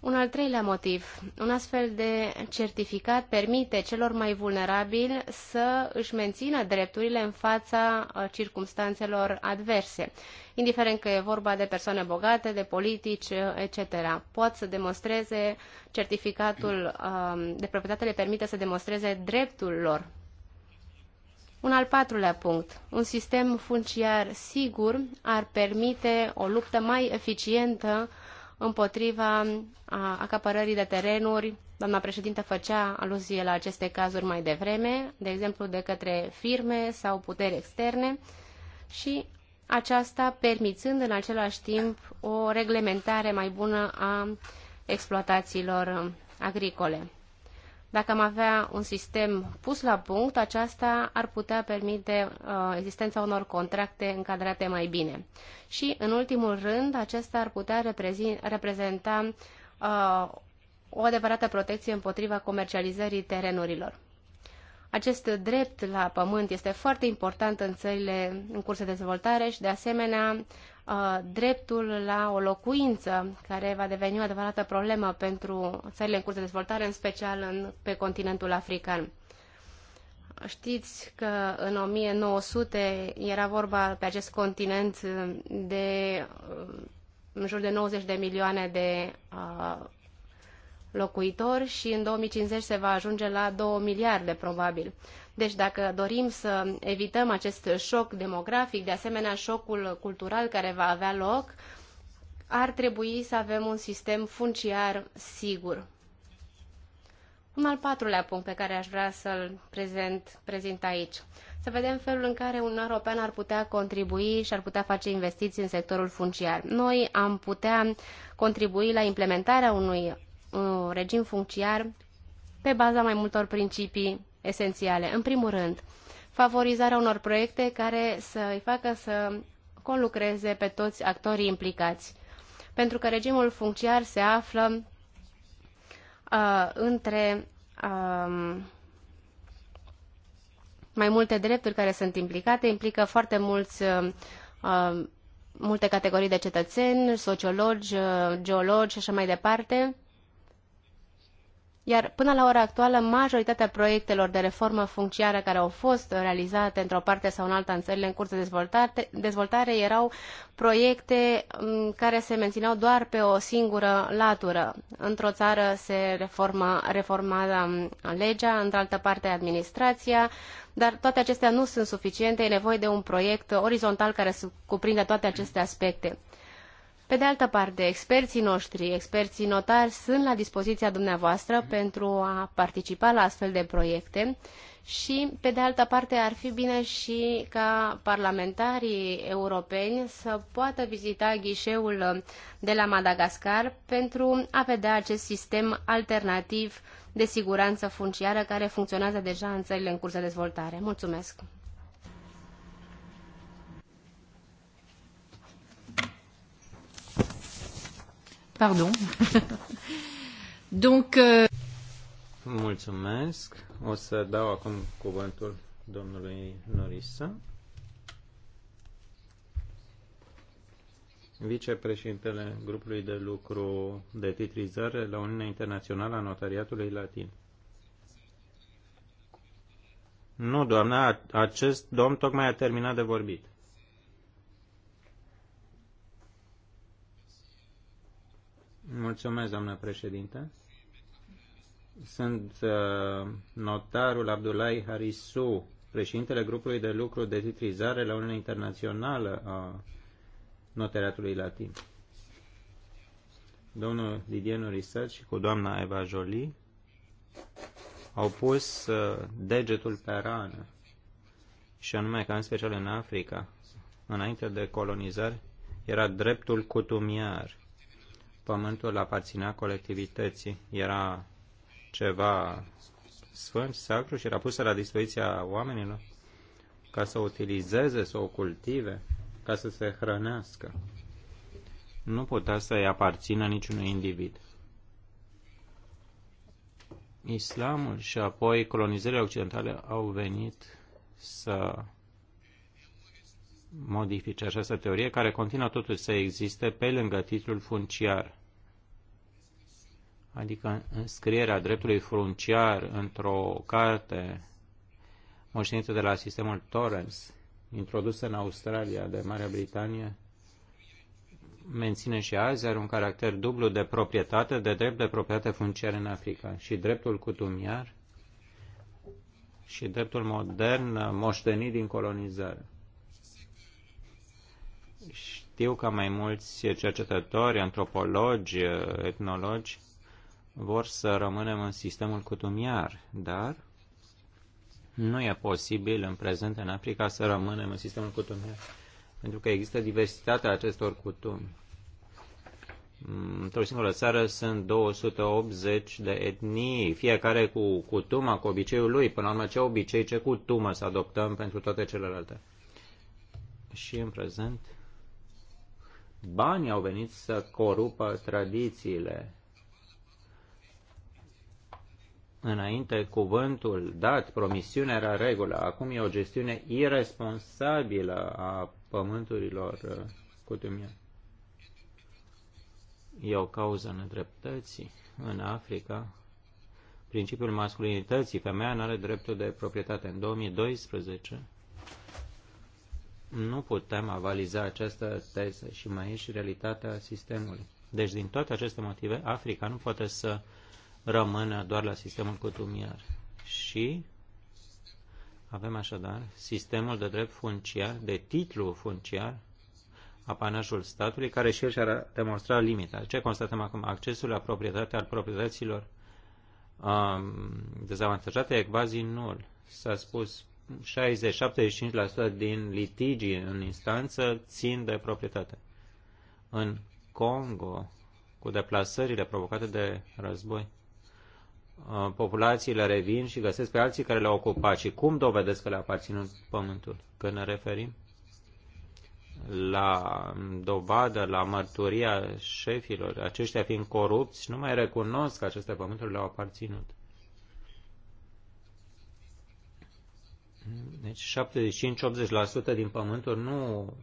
Un al treilea motiv. Un astfel de certificat permite celor mai vulnerabili să își mențină drepturile în fața uh, circumstanțelor adverse, indiferent că e vorba de persoane bogate, de politici, uh, etc. Pot să demonstreze certificatul um, de proprietate le permite să demonstreze dreptul lor. Un al patrulea punct. Un sistem funciar sigur ar permite o luptă mai eficientă împotriva acapărării de terenuri. Doamna președintă făcea aluzie la aceste cazuri mai devreme, de exemplu de către firme sau puteri externe și aceasta permițând în același timp o reglementare mai bună a exploatațiilor agricole. Dacă am avea un sistem pus la punct, aceasta ar putea permite uh, existența unor contracte încadrate mai bine. Și, în ultimul rând, acesta ar putea reprezenta uh, o adevărată protecție împotriva comercializării terenurilor. Acest drept la pământ este foarte important în țările în curs de dezvoltare și, de asemenea, Uh, dreptul la o locuință, care va deveni o adevărată problemă pentru țările în curs de dezvoltare, în special în, pe continentul african. Știți că în 1900 era vorba pe acest continent de uh, în jur de 90 de milioane de uh, locuitori și în 2050 se va ajunge la 2 miliarde probabil. Deci dacă dorim să evităm acest șoc demografic, de asemenea șocul cultural care va avea loc, ar trebui să avem un sistem funciar sigur. Un al patrulea punct pe care aș vrea să-l prezent, prezint aici. Să vedem felul în care un european ar putea contribui și ar putea face investiții în sectorul funciar. Noi am putea contribui la implementarea unui un uh, regim funciar pe baza mai multor principii esențiale. În primul rând, favorizarea unor proiecte care să îi facă să conlucreze pe toți actorii implicați. Pentru că regimul funciar se află uh, între uh, mai multe drepturi care sunt implicate, implică foarte mulți, uh, uh multe categorii de cetățeni, sociologi, uh, geologi și așa mai departe, iar până la ora actuală, majoritatea proiectelor de reformă funciară care au fost realizate într-o parte sau în alta în țările în curs de dezvoltare, dezvoltare erau proiecte care se mențineau doar pe o singură latură. Într-o țară se reforma, reforma legea, într-altă parte administrația, dar toate acestea nu sunt suficiente, e nevoie de un proiect orizontal care să cuprindă toate aceste aspecte. Pe de altă parte, experții noștri, experții notari, sunt la dispoziția dumneavoastră mhm. pentru a participa la astfel de proiecte și, pe de altă parte, ar fi bine și ca parlamentarii europeni să poată vizita ghișeul de la Madagascar pentru a vedea acest sistem alternativ de siguranță funciară care funcționează deja în țările în curs de dezvoltare. Mulțumesc! Pardon. Donc, euh... Mulțumesc. O să dau acum cuvântul domnului Norisa. vicepreședintele grupului de lucru de titrizare la Uniunea Internațională a Notariatului Latin. Nu, doamna, acest domn tocmai a terminat de vorbit. Mulțumesc, doamnă președinte. Sunt uh, notarul Abdullahi Harisu, președintele grupului de lucru de titrizare la Uniunea Internațională a notariatului latin. Domnul Lidienu Research și cu doamna Eva Jolie au pus uh, degetul pe rană și anume că în special în Africa, înainte de colonizare, era dreptul cutumiar pământul aparținea colectivității. Era ceva sfânt, sacru și era pusă la dispoziția oamenilor ca să o utilizeze, să o cultive, ca să se hrănească. Nu putea să-i aparțină niciunui individ. Islamul și apoi colonizările occidentale au venit să modifice această teorie, care continuă totuși să existe pe lângă titlul funciar adică scrierea dreptului frunciar într-o carte moștenită de la sistemul Torrens, introdusă în Australia de Marea Britanie, menține și azi are un caracter dublu de proprietate, de drept de proprietate funciară în Africa și dreptul cutumiar și dreptul modern moștenit din colonizare. Știu că mai mulți cercetători, antropologi, etnologi vor să rămânem în sistemul cutumiar, dar nu e posibil în prezent în Africa să rămânem în sistemul cutumiar, pentru că există diversitatea acestor cutumi. Într-o singură țară sunt 280 de etnii, fiecare cu cutuma, cu obiceiul lui. Până la urmă, ce obicei, ce cutumă să adoptăm pentru toate celelalte? Și în prezent, banii au venit să corupă tradițiile Înainte, cuvântul dat, promisiunea era regulă. Acum e o gestiune irresponsabilă a pământurilor uh, cutumia. E o cauză nedreptății. În Africa, principiul masculinității, femeia nu are dreptul de proprietate. În 2012 nu putem avaliza această teză și mai e și realitatea sistemului. Deci, din toate aceste motive, Africa nu poate să rămână doar la sistemul cutumiar. Și avem așadar sistemul de drept funciar, de titlu funciar, apanajul statului, care și el și a demonstrat limita. Ce constatăm acum? Accesul la proprietate al proprietăților um, dezavantajate e quasi nul. S-a spus 60-75% din litigii în instanță țin de proprietate. În Congo, cu deplasările provocate de război, Uh, populațiile revin și găsesc pe alții care le-au ocupat. Și cum dovedesc că le aparțin aparținut pământul? Când ne referim la dovadă, la mărturia șefilor, aceștia fiind corupți, nu mai recunosc că aceste pământuri le-au aparținut. Deci 75-80% din pământuri nu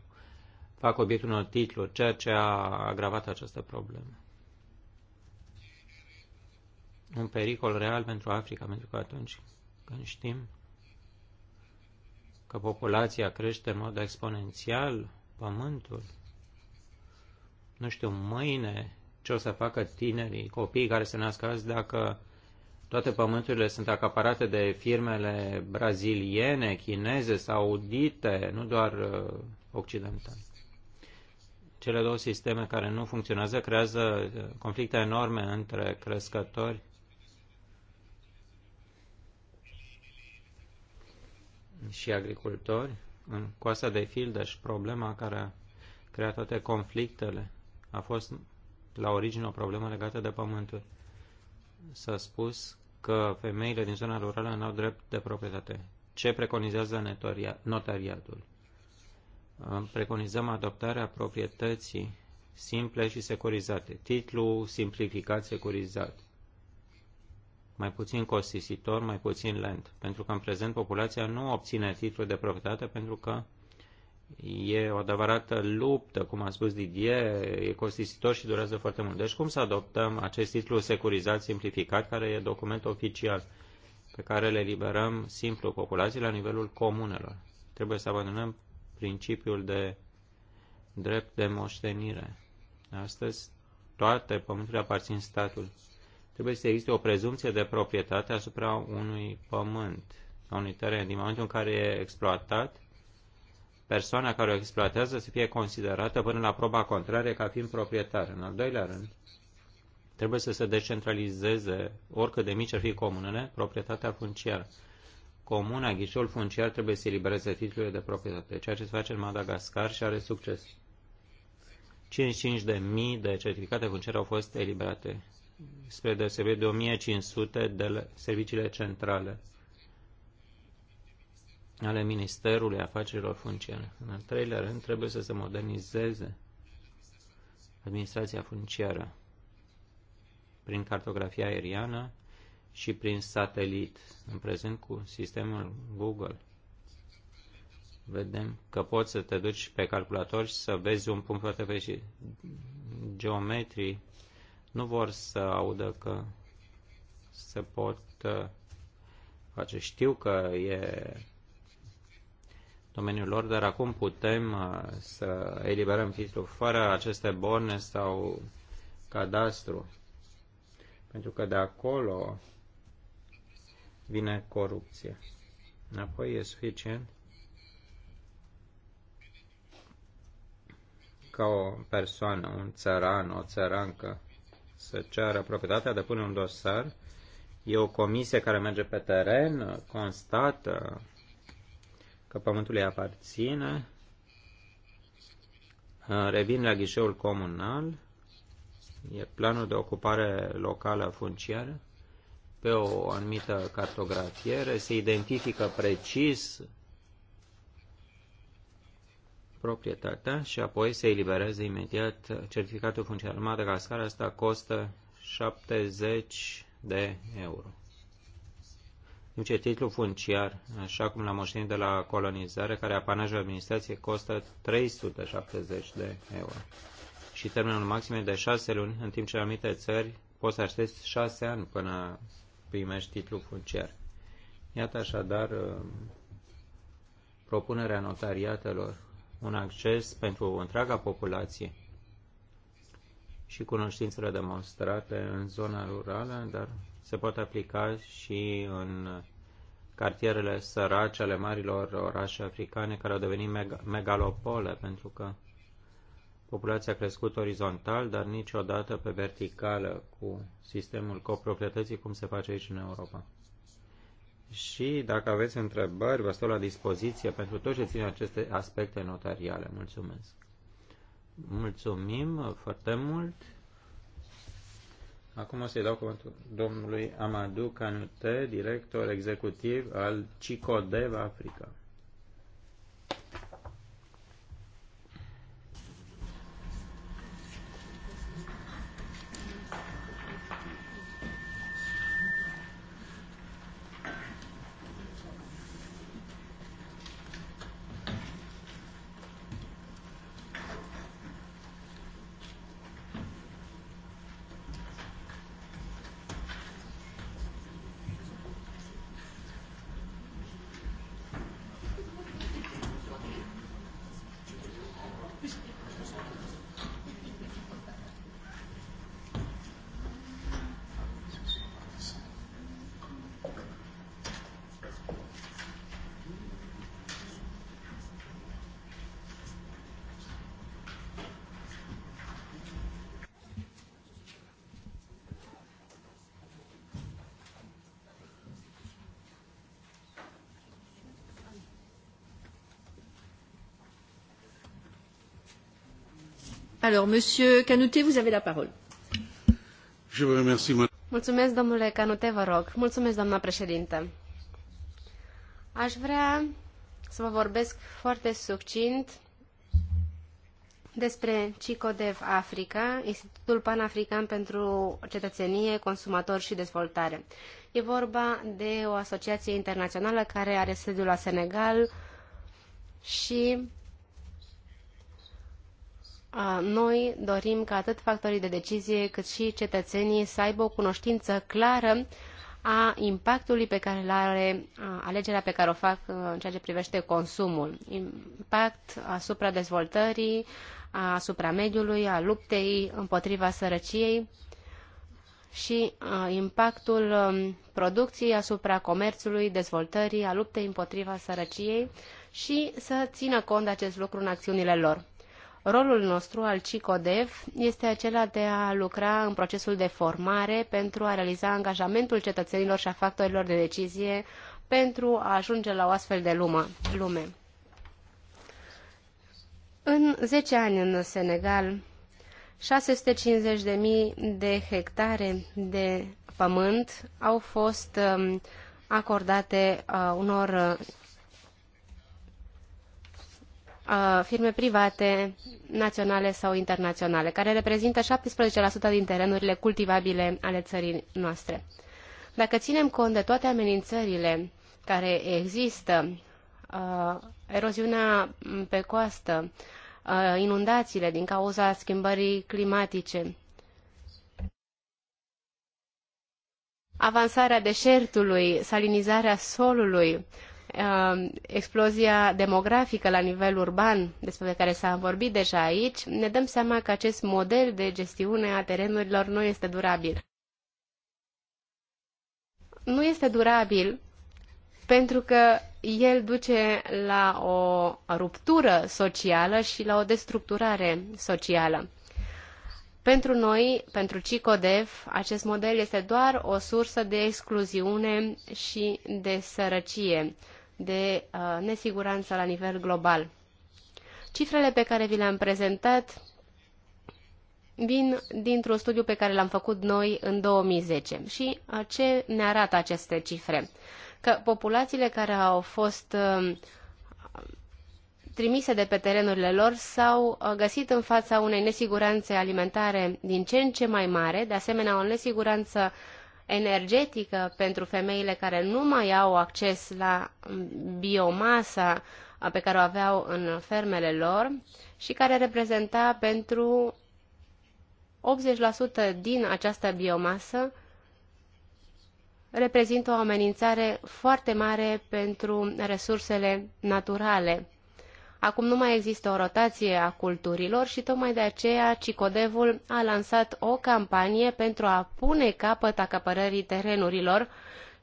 fac obiectul unor titluri, ceea ce a agravat această problemă un pericol real pentru Africa, pentru că atunci când știm că populația crește în mod exponențial, pământul, nu știu, mâine ce o să facă tinerii, copiii care se nasc azi, dacă toate pământurile sunt acaparate de firmele braziliene, chineze, saudite, nu doar uh, occidentale. Cele două sisteme care nu funcționează creează uh, conflicte enorme între crescători și agricultori în coasta de și problema care a creat toate conflictele a fost la origine o problemă legată de pământul, S-a spus că femeile din zona rurală nu au drept de proprietate. Ce preconizează notariatul? Preconizăm adoptarea proprietății simple și securizate. Titlu simplificat securizat mai puțin costisitor, mai puțin lent, pentru că în prezent populația nu obține titlul de proprietate pentru că e o adevărată luptă, cum a spus Didier, e costisitor și durează foarte mult. Deci cum să adoptăm acest titlu securizat simplificat, care e document oficial pe care le liberăm simplu populației la nivelul comunelor? Trebuie să abandonăm principiul de drept de moștenire. Astăzi toate pământurile aparțin statului trebuie să existe o prezumție de proprietate asupra unui pământ, a unui teren. Din momentul în care e exploatat, persoana care o exploatează să fie considerată până la proba contrarie ca fiind proprietar. În al doilea rând, trebuie să se decentralizeze, oricât de mici ar fi comunele, proprietatea funciară. Comuna, ghișeul funciar trebuie să elibereze titlurile de proprietate, ceea ce se face în Madagascar și are succes. 55.000 de certificate funciare au fost eliberate spre deosebire de 1500 de serviciile centrale ale Ministerului Afacerilor Funciare. În al treilea rând, trebuie să se modernizeze administrația funciară prin cartografia aeriană și prin satelit, în prezent cu sistemul Google. Vedem că poți să te duci pe calculator și să vezi un punct foarte precis. Geometrii nu vor să audă că se pot uh, face. Știu că e domeniul lor, dar acum putem uh, să eliberăm titlul fără aceste borne sau cadastru. Pentru că de acolo vine corupție. Apoi e suficient ca o persoană, un țăran, o țărancă, să ceară proprietatea de pune un dosar. E o comisie care merge pe teren, constată că pământul îi aparține, revin la ghișeul comunal, e planul de ocupare locală funciară, pe o anumită cartografiere, se identifică precis proprietatea și apoi se eliberează imediat certificatul funcțional Madagascar. Asta costă 70 de euro. Deci titlul funciar, așa cum l-am moștenit de la colonizare, care apanajul administrației costă 370 de euro. Și termenul maxim e de 6 luni, în timp ce în anumite țări poți să aștepți 6 ani până primești titlul funciar. Iată așadar uh, propunerea notariatelor un acces pentru întreaga populație și cunoștințele demonstrate în zona rurală, dar se pot aplica și în cartierele sărace ale marilor orașe africane care au devenit meg- megalopole pentru că populația a crescut orizontal, dar niciodată pe verticală cu sistemul coproprietății cum se face aici în Europa și dacă aveți întrebări, vă stau la dispoziție pentru tot ce ține aceste aspecte notariale. Mulțumesc! Mulțumim foarte mult! Acum o să-i dau cuvântul domnului Amadou Canute, director executiv al CICODEV Africa. Alors, Monsieur Canute, vous avez la parole. Mulțumesc, domnule Canute, vă Mulțumesc, doamna președintă. Aș vrea să vă vorbesc foarte succint despre CICODEV Africa, Institutul Panafrican pentru Cetățenie, Consumatori și Dezvoltare. E vorba de o asociație internațională care are sediul la Senegal și noi dorim ca atât factorii de decizie cât și cetățenii să aibă o cunoștință clară a impactului pe care îl are alegerea pe care o fac în ceea ce privește consumul. Impact asupra dezvoltării, asupra mediului, a luptei împotriva sărăciei și impactul producției asupra comerțului, dezvoltării, a luptei împotriva sărăciei și să țină cont de acest lucru în acțiunile lor. Rolul nostru al CICODEV este acela de a lucra în procesul de formare pentru a realiza angajamentul cetățenilor și a factorilor de decizie pentru a ajunge la o astfel de lume. În 10 ani în Senegal, 650.000 de hectare de pământ au fost um, acordate uh, unor firme private, naționale sau internaționale, care reprezintă 17% din terenurile cultivabile ale țării noastre. Dacă ținem cont de toate amenințările care există, eroziunea pe coastă, inundațiile din cauza schimbării climatice, avansarea deșertului, salinizarea solului, Um, explozia demografică la nivel urban, despre care s-a vorbit deja aici, ne dăm seama că acest model de gestiune a terenurilor nu este durabil. Nu este durabil pentru că el duce la o ruptură socială și la o destructurare socială. Pentru noi, pentru CICODEF, acest model este doar o sursă de excluziune și de sărăcie de uh, nesiguranță la nivel global. Cifrele pe care vi le-am prezentat vin dintr-un studiu pe care l-am făcut noi în 2010. Și uh, ce ne arată aceste cifre? Că populațiile care au fost uh, trimise de pe terenurile lor s-au uh, găsit în fața unei nesiguranțe alimentare din ce în ce mai mare, de asemenea o nesiguranță uh, energetică pentru femeile care nu mai au acces la biomasa pe care o aveau în fermele lor și care reprezenta pentru 80% din această biomasă reprezintă o amenințare foarte mare pentru resursele naturale. Acum nu mai există o rotație a culturilor și tocmai de aceea Cicodevul a lansat o campanie pentru a pune capăt acapărării terenurilor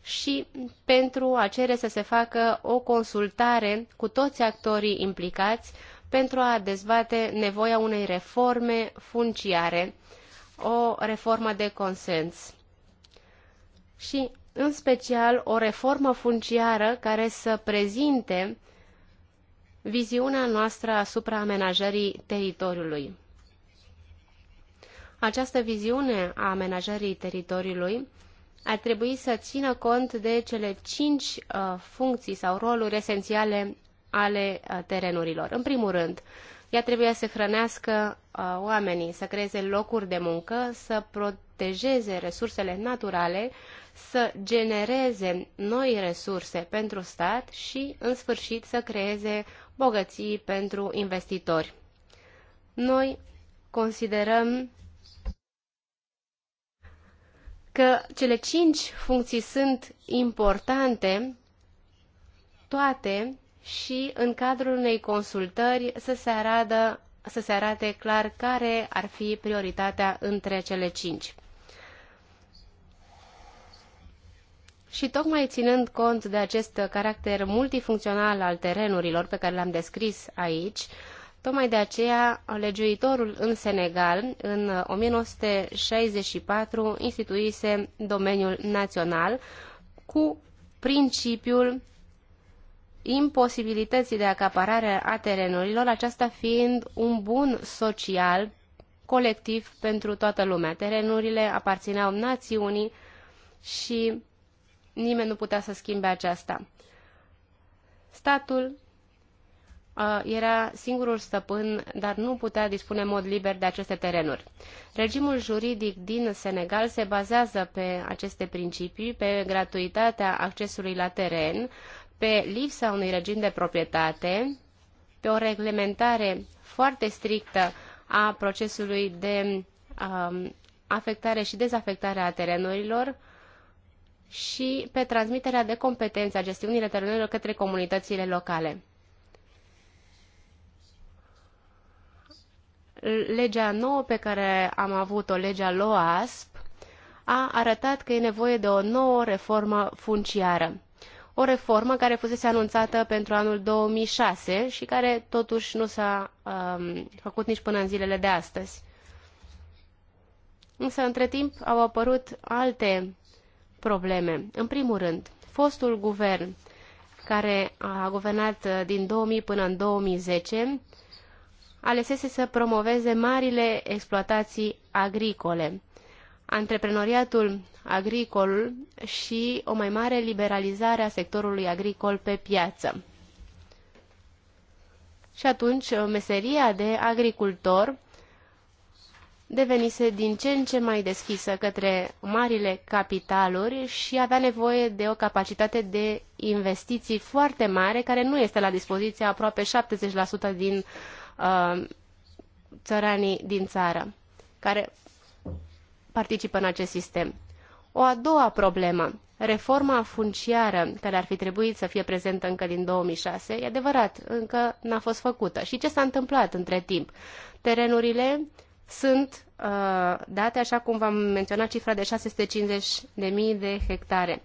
și pentru a cere să se facă o consultare cu toți actorii implicați pentru a dezbate nevoia unei reforme funciare, o reformă de consens. Și, în special, o reformă funciară care să prezinte viziunea noastră asupra amenajării teritoriului. Această viziune a amenajării teritoriului ar trebui să țină cont de cele cinci uh, funcții sau roluri esențiale ale uh, terenurilor. În primul rând, ea trebuie să hrănească uh, oamenii, să creeze locuri de muncă, să protejeze resursele naturale, să genereze noi resurse pentru stat și, în sfârșit, să creeze bogății pentru investitori. Noi considerăm că cele cinci funcții sunt importante, toate, și în cadrul unei consultări să se, aradă, să se arate clar care ar fi prioritatea între cele cinci. Și tocmai ținând cont de acest caracter multifuncțional al terenurilor pe care le am descris aici, tocmai de aceea legiuitorul în Senegal în 1964 instituise domeniul național cu principiul imposibilității de acaparare a terenurilor, aceasta fiind un bun social colectiv pentru toată lumea. Terenurile aparțineau națiunii și Nimeni nu putea să schimbe aceasta. Statul era singurul stăpân, dar nu putea dispune în mod liber de aceste terenuri. Regimul juridic din Senegal se bazează pe aceste principii, pe gratuitatea accesului la teren, pe lipsa unui regim de proprietate, pe o reglementare foarte strictă a procesului de uh, afectare și dezafectare a terenurilor, și pe transmiterea de competențe a gestiunii terenurilor către comunitățile locale. Legea nouă pe care am avut-o, legea LOASP, a arătat că e nevoie de o nouă reformă funciară. O reformă care fusese anunțată pentru anul 2006 și care totuși nu s-a um, făcut nici până în zilele de astăzi. Însă, între timp, au apărut alte probleme. În primul rând, fostul guvern care a guvernat uh, din 2000 până în 2010 alesese să promoveze marile exploatații agricole, antreprenoriatul agricol și o mai mare liberalizare a sectorului agricol pe piață. Și atunci, uh, meseria de agricultor devenise din ce în ce mai deschisă către marile capitaluri și avea nevoie de o capacitate de investiții foarte mare, care nu este la dispoziția aproape 70% din uh, țăranii din țară, care participă în acest sistem. O a doua problemă, reforma funciară, care ar fi trebuit să fie prezentă încă din 2006, e adevărat, încă n-a fost făcută. Și ce s-a întâmplat între timp? Terenurile sunt uh, date, așa cum v-am menționat, cifra de 650.000 de hectare.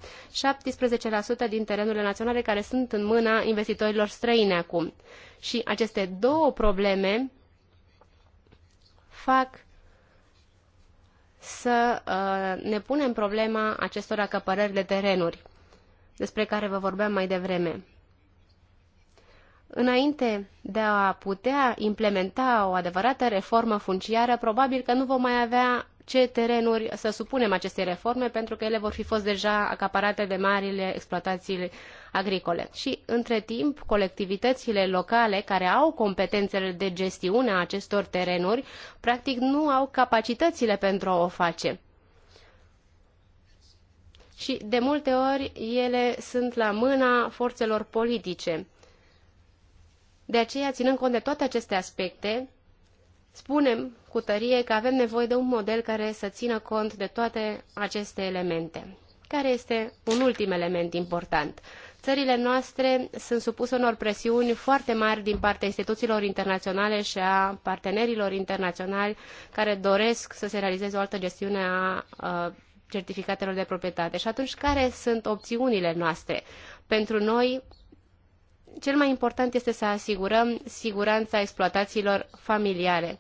17% din terenurile naționale care sunt în mâna investitorilor străini acum. Și aceste două probleme fac să uh, ne punem problema acestor acapărări de terenuri, despre care vă vorbeam mai devreme. Înainte de a putea implementa o adevărată reformă funciară, probabil că nu vom mai avea ce terenuri să supunem acestei reforme, pentru că ele vor fi fost deja acaparate de marile exploatații agricole. Și, între timp, colectivitățile locale care au competențele de gestiune a acestor terenuri, practic nu au capacitățile pentru a o face. Și, de multe ori, ele sunt la mâna forțelor politice de aceea, ținând cont de toate aceste aspecte, spunem cu tărie că avem nevoie de un model care să țină cont de toate aceste elemente. Care este un ultim element important? Țările noastre sunt supuse unor presiuni foarte mari din partea instituțiilor internaționale și a partenerilor internaționali care doresc să se realizeze o altă gestiune a, a certificatelor de proprietate. Și atunci, care sunt opțiunile noastre? Pentru noi, cel mai important este să asigurăm siguranța exploatațiilor familiale,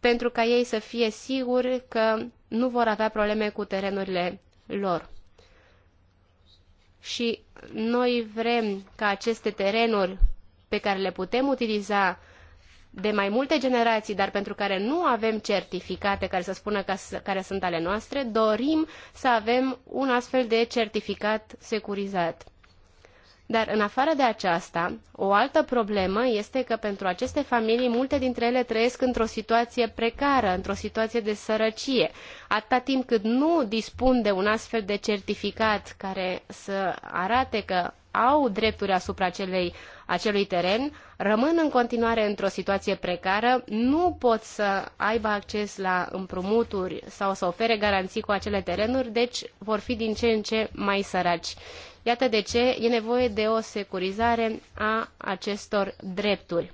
pentru ca ei să fie siguri că nu vor avea probleme cu terenurile lor. Și noi vrem ca aceste terenuri pe care le putem utiliza de mai multe generații, dar pentru care nu avem certificate care să spună că care sunt ale noastre, dorim să avem un astfel de certificat securizat. Dar în afară de aceasta, o altă problemă este că pentru aceste familii, multe dintre ele trăiesc într-o situație precară, într-o situație de sărăcie, atâta timp cât nu dispun de un astfel de certificat care să arate că au drepturi asupra acelei, acelui teren, rămân în continuare într-o situație precară, nu pot să aibă acces la împrumuturi sau să ofere garanții cu acele terenuri, deci vor fi din ce în ce mai săraci. Iată de ce e nevoie de o securizare a acestor drepturi.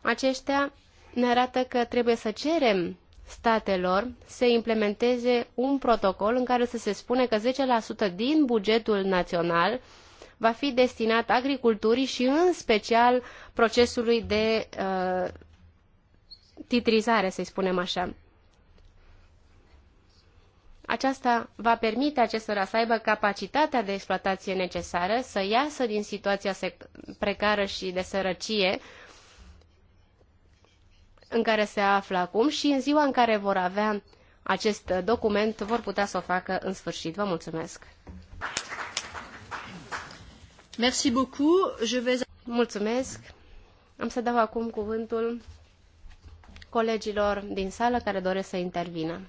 Aceștia ne arată că trebuie să cerem statelor să implementeze un protocol în care să se spune că 10% din bugetul național va fi destinat agriculturii și în special procesului de uh, titrizare, să-i spunem așa. Aceasta va permite acestora să aibă capacitatea de exploatație necesară, să iasă din situația precară și de sărăcie în care se află acum și în ziua în care vor avea acest document vor putea să o facă în sfârșit. Vă mulțumesc! Merci beaucoup. Je vais... Mulțumesc! Am să dau acum cuvântul colegilor din sală care doresc să intervină.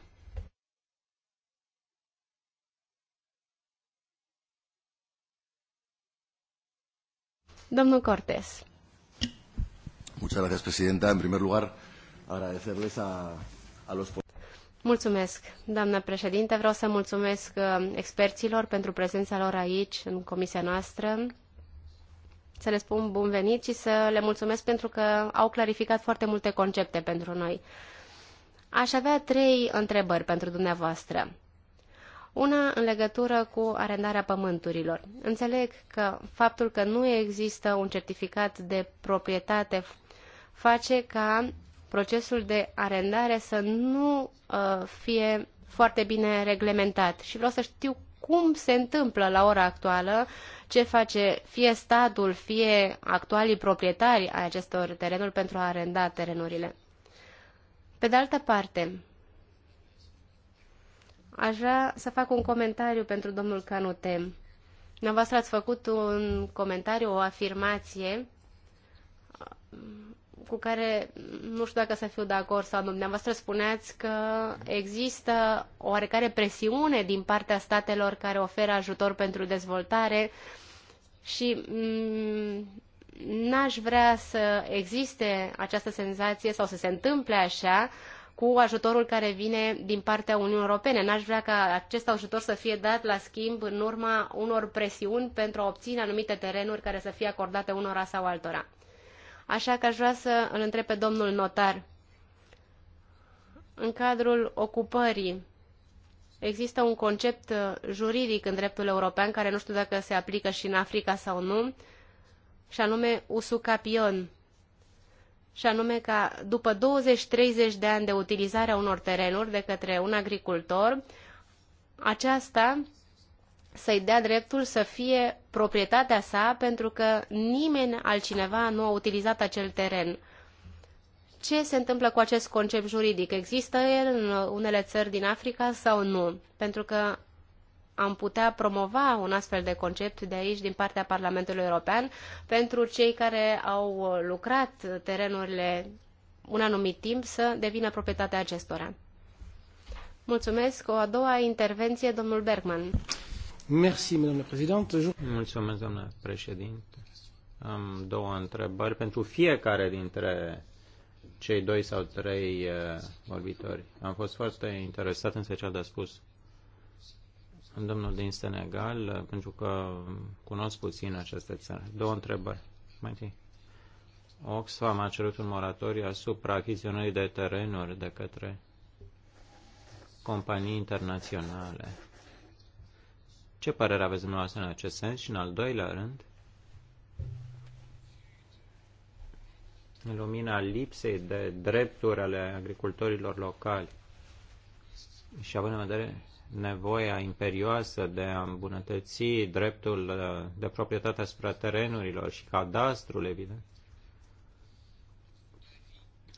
Domnul Cortes. Muchas gracias, presidenta. En primer lugar, agradecerles a, a los... Mulțumesc, doamnă președinte. Vreau să mulțumesc uh, experților pentru prezența lor aici, în comisia noastră. Să le spun bun venit și să le mulțumesc pentru că au clarificat foarte multe concepte pentru noi. Aș avea trei întrebări pentru dumneavoastră. Una în legătură cu arendarea pământurilor. Înțeleg că faptul că nu există un certificat de proprietate face ca procesul de arendare să nu uh, fie foarte bine reglementat și vreau să știu cum se întâmplă la ora actuală, ce face fie statul, fie actualii proprietari ai acestor terenuri pentru a arenda terenurile. Pe de altă parte, Aș vrea să fac un comentariu pentru domnul Canute. Dumneavoastră ați făcut un comentariu, o afirmație uh, cu care nu știu dacă să fiu de acord sau nu. Dumneavoastră spuneați că există oarecare presiune din partea statelor care oferă ajutor pentru dezvoltare și mm, n-aș vrea să existe această senzație sau să se întâmple așa, cu ajutorul care vine din partea Uniunii Europene. N-aș vrea ca acest ajutor să fie dat la schimb în urma unor presiuni pentru a obține anumite terenuri care să fie acordate unora sau altora. Așa că aș vrea să îl întreb pe domnul notar. În cadrul ocupării există un concept uh, juridic în dreptul european care nu știu dacă se aplică și în Africa sau nu, și anume usucapion și anume că după 20-30 de ani de utilizare a unor terenuri de către un agricultor, aceasta să-i dea dreptul să fie proprietatea sa pentru că nimeni altcineva nu a utilizat acel teren. Ce se întâmplă cu acest concept juridic? Există el în unele țări din Africa sau nu? Pentru că am putea promova un astfel de concept de aici, din partea Parlamentului European, pentru cei care au lucrat terenurile un anumit timp să devină proprietatea acestora. Mulțumesc. O a doua intervenție, domnul Bergman. Merci, doamnă președinte. Mulțumesc, doamnă președinte. Am două întrebări pentru fiecare dintre cei doi sau trei eh, vorbitori. Am fost foarte interesat în special de a spus domnul din Senegal, pentru că cunosc puțin această țară. Două întrebări. Mai întâi. Oxfam a cerut un moratoriu asupra achiziționării de terenuri de către companii internaționale. Ce părere aveți dumneavoastră în acest sens? Și în al doilea rând, în lumina lipsei de drepturi ale agricultorilor locali și având în vedere nevoia imperioasă de a îmbunătăți dreptul uh, de proprietate asupra terenurilor și cadastrul, evident.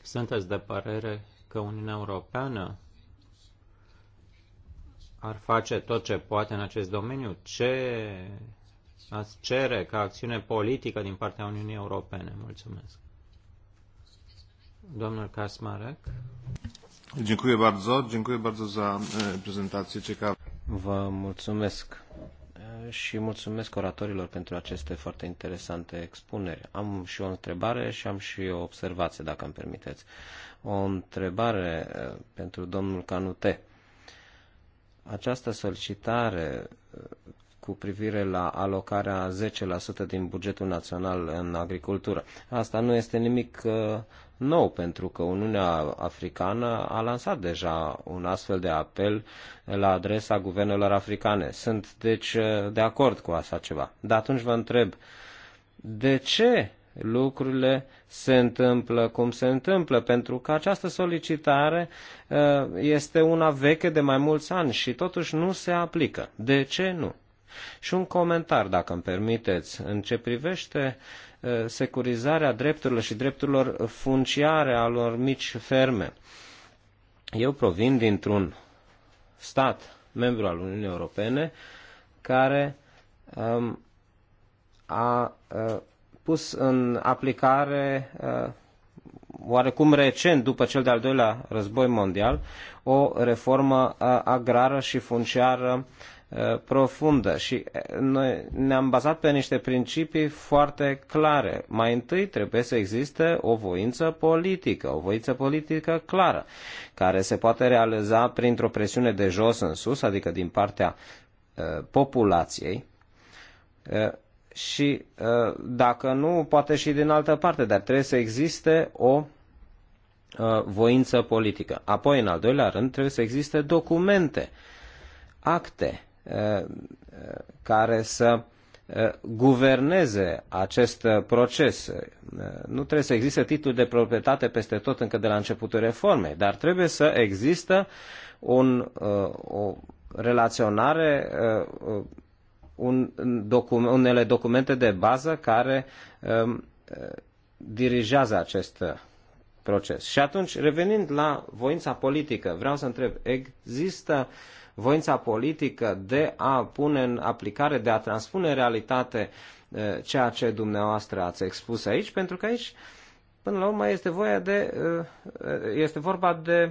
Sunteți de părere că Uniunea Europeană ar face tot ce poate în acest domeniu? Ce ați cere ca acțiune politică din partea Uniunii Europene? Mulțumesc. Domnul Casmarec. Dziękuję bardzo. Dziękuję bardzo za prezentację ciekawą. Vă mulțumesc și mulțumesc oratorilor pentru aceste foarte interesante expuneri. Am și o întrebare și am și o observație, dacă îmi permiteți. O întrebare pentru domnul Canute. Această solicitare cu privire la alocarea 10% din bugetul național în agricultură. Asta nu este nimic uh, nou, pentru că Uniunea Africană a lansat deja un astfel de apel la adresa guvernelor africane. Sunt, deci, uh, de acord cu așa ceva. Dar atunci vă întreb, de ce lucrurile se întâmplă cum se întâmplă, pentru că această solicitare uh, este una veche de mai mulți ani și totuși nu se aplică. De ce nu? Și un comentar, dacă îmi permiteți, în ce privește uh, securizarea drepturilor și drepturilor funciare alor mici ferme. Eu provin dintr-un stat membru al Uniunii Europene care um, a uh, pus în aplicare uh, oarecum recent, după cel de-al doilea război mondial, o reformă uh, agrară și funciară uh, Uh, profundă și uh, noi ne-am bazat pe niște principii foarte clare. Mai întâi trebuie să existe o voință politică, o voință politică clară, care se poate realiza printr-o presiune de jos în sus, adică din partea uh, populației, și dacă nu, poate și din altă parte, dar trebuie să existe o voință politică. Apoi, în al doilea rând, trebuie să existe documente, acte care să guverneze acest proces. Nu trebuie să existe titluri de proprietate peste tot încă de la începutul reformei, dar trebuie să există un, o relaționare, un unele documente de bază care dirigează acest proces. Și atunci, revenind la voința politică, vreau să întreb, există voința politică de a pune în aplicare, de a transpune în realitate eh, ceea ce dumneavoastră ați expus aici, pentru că aici, până la urmă, este, voia de, eh, este vorba de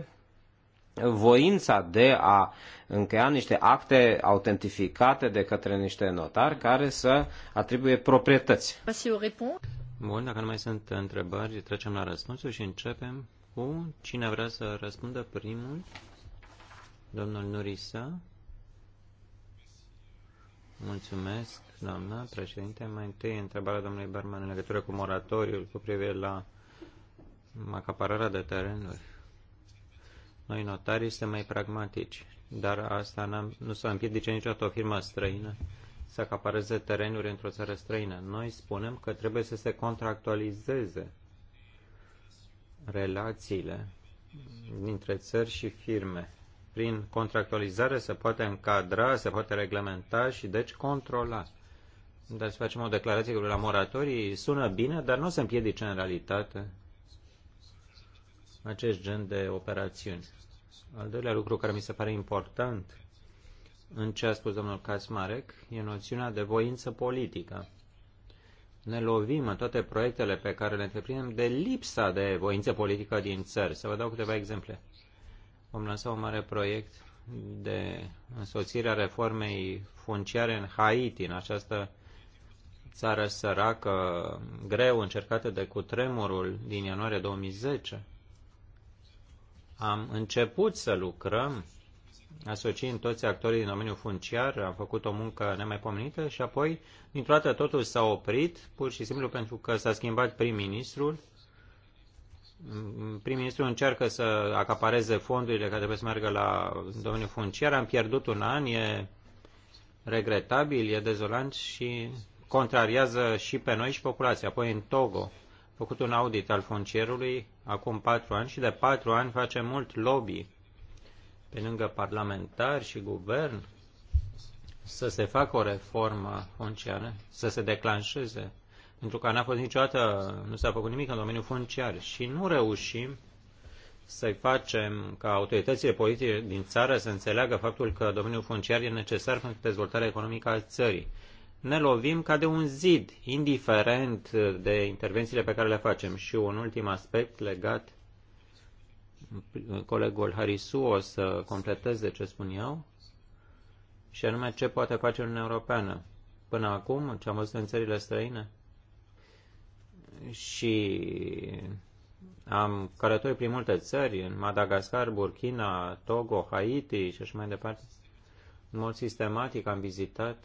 voința de a încheia niște acte autentificate de către niște notari care să atribuie proprietăți. Bun, dacă nu mai sunt întrebări, trecem la răspunsuri și începem cu cine vrea să răspundă primul. Domnul Nurisa. Mulțumesc, doamna președinte. Mai întâi, întrebarea domnului Berman în legătură cu moratoriul cu privire la acapararea de terenuri. Noi, notarii, suntem mai pragmatici, dar asta nu s-a împiedicat niciodată o firmă străină să acapareze terenuri într-o țară străină. Noi spunem că trebuie să se contractualizeze relațiile dintre țări și firme prin contractualizare se poate încadra, se poate reglementa și deci controla. Dar deci, să facem o declarație cu la moratorii sună bine, dar nu se împiedice în realitate acest gen de operațiuni. Al doilea lucru care mi se pare important în ce a spus domnul Casmarec e noțiunea de voință politică. Ne lovim în toate proiectele pe care le întreprindem de lipsa de voință politică din țări. Să vă dau câteva exemple vom lansa un mare proiect de însoțirea reformei funciare în Haiti, în această țară săracă, greu încercată de cutremurul din ianuarie 2010. Am început să lucrăm, asociind toți actorii din domeniul funciar, am făcut o muncă nemaipomenită și apoi, dintr-o dată, totul s-a oprit, pur și simplu pentru că s-a schimbat prim-ministrul, prim-ministru încearcă să acapareze fondurile care trebuie să meargă la domeniul funciar. Am pierdut un an, e regretabil, e dezolant și contrariază și pe noi și populația. Apoi în Togo a făcut un audit al funcierului acum patru ani și de patru ani face mult lobby pe lângă parlamentari și guvern să se facă o reformă funciară, să se declanșeze pentru că n-a fost niciodată, nu s-a făcut nimic în domeniul funciar și nu reușim să-i facem ca autoritățile politice din țară să înțeleagă faptul că domeniul funciar e necesar pentru dezvoltarea economică a țării. Ne lovim ca de un zid, indiferent de intervențiile pe care le facem. Și un ultim aspect legat, colegul Harisu o să completeze ce spun eu, și anume ce poate face Uniunea Europeană. Până acum, ce am văzut în țările străine, și am călătorit prin multe țări, în Madagascar, Burkina, Togo, Haiti și așa mai departe. În mod sistematic am vizitat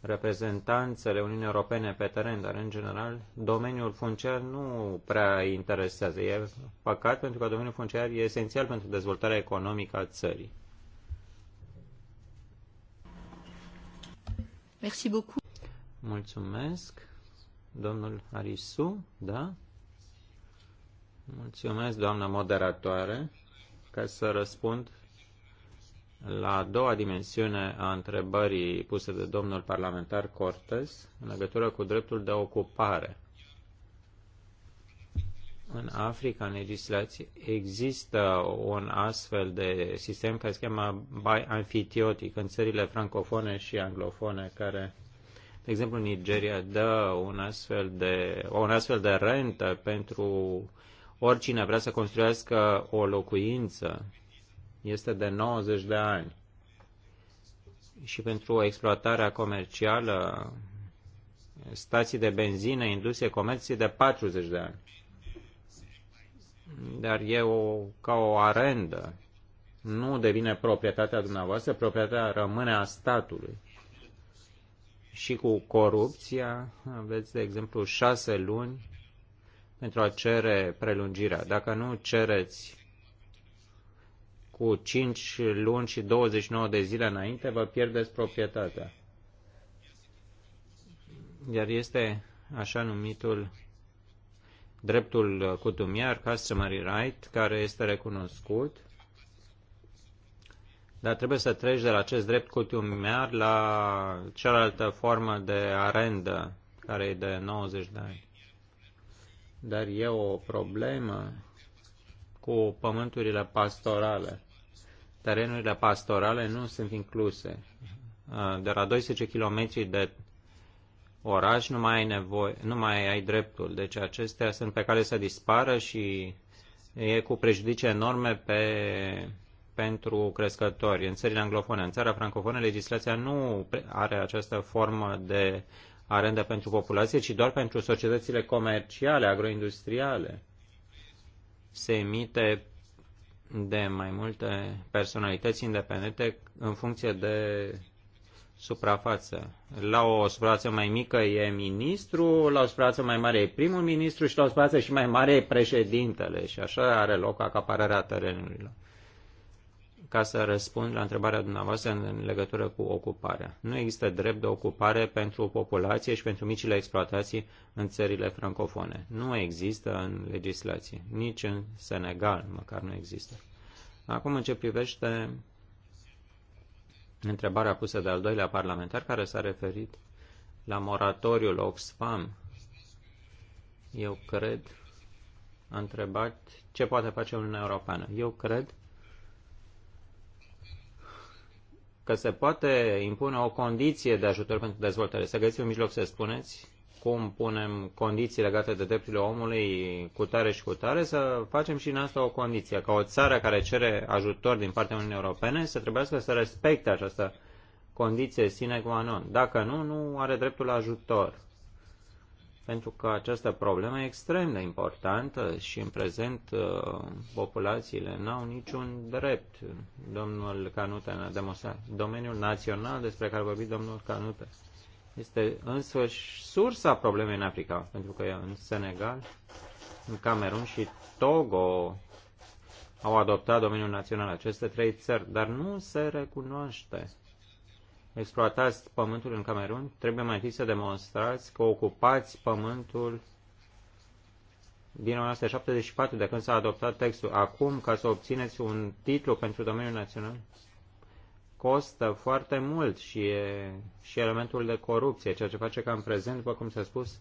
reprezentanțele Uniunii Europene pe teren, dar în general domeniul funciar nu prea interesează. E păcat pentru că domeniul funciar e esențial pentru dezvoltarea economică a țării. Merci beaucoup. Mulțumesc. Domnul Arisu, da? Mulțumesc, doamnă moderatoare, ca să răspund la a doua dimensiune a întrebării puse de domnul parlamentar Cortes în legătură cu dreptul de ocupare. În Africa, în legislație, există un astfel de sistem care se cheamă by amfitiotic în țările francofone și anglofone, care de exemplu, Nigeria dă un astfel de, un astfel de rentă pentru oricine vrea să construiască o locuință. Este de 90 de ani. Și pentru exploatarea comercială, stații de benzină, industrie, comerții de 40 de ani. Dar e o, ca o arendă. Nu devine proprietatea dumneavoastră, proprietatea rămâne a statului și cu corupția. Aveți, de exemplu, șase luni pentru a cere prelungirea. Dacă nu cereți cu 5 luni și 29 de zile înainte, vă pierdeți proprietatea. Iar este așa numitul dreptul cutumiar, customary right, care este recunoscut dar trebuie să treci de la acest drept cutumiar la cealaltă formă de arendă, care e de 90 de ani. Dar e o problemă cu pământurile pastorale. Terenurile pastorale nu sunt incluse. De la 12 km de oraș nu mai ai, nevoie, nu mai ai dreptul. Deci acestea sunt pe care să dispară și e cu prejudicii enorme pe pentru crescători. În țările anglofone, în țara francofonă, legislația nu are această formă de arendă pentru populație, ci doar pentru societățile comerciale, agroindustriale. Se emite de mai multe personalități independente în funcție de suprafață. La o suprafață mai mică e ministru, la o suprafață mai mare e primul ministru și la o suprafață și mai mare e președintele și așa are loc acapararea terenurilor ca să răspund la întrebarea dumneavoastră în legătură cu ocuparea. Nu există drept de ocupare pentru populație și pentru micile exploatații în țările francofone. Nu există în legislație. Nici în Senegal măcar nu există. Acum în ce privește întrebarea pusă de al doilea parlamentar care s-a referit la moratoriul Oxfam, eu cred, a întrebat ce poate face Uniunea Europeană. Eu cred că se poate impune o condiție de ajutor pentru dezvoltare. Să găsiți un mijloc să spuneți cum punem condiții legate de drepturile omului cu tare și cu tare, să facem și în asta o condiție, ca o țară care cere ajutor din partea Uniunii Europene să trebuiască să respecte această condiție sine qua non. Dacă nu, nu are dreptul la ajutor pentru că această problemă e extrem de importantă și în prezent uh, populațiile n-au niciun drept. Domnul Canute ne-a demonstrat. Domeniul național despre care a vorbit domnul Canute este însăși sursa problemei în Africa, pentru că în Senegal, în Camerun și Togo au adoptat domeniul național aceste trei țări, dar nu se recunoaște exploatați pământul în Camerun, trebuie mai întâi să demonstrați că ocupați pământul din 1974, de când s-a adoptat textul. Acum, ca să obțineți un titlu pentru domeniul național, costă foarte mult și e și elementul de corupție, ceea ce face ca în prezent, după cum s-a spus,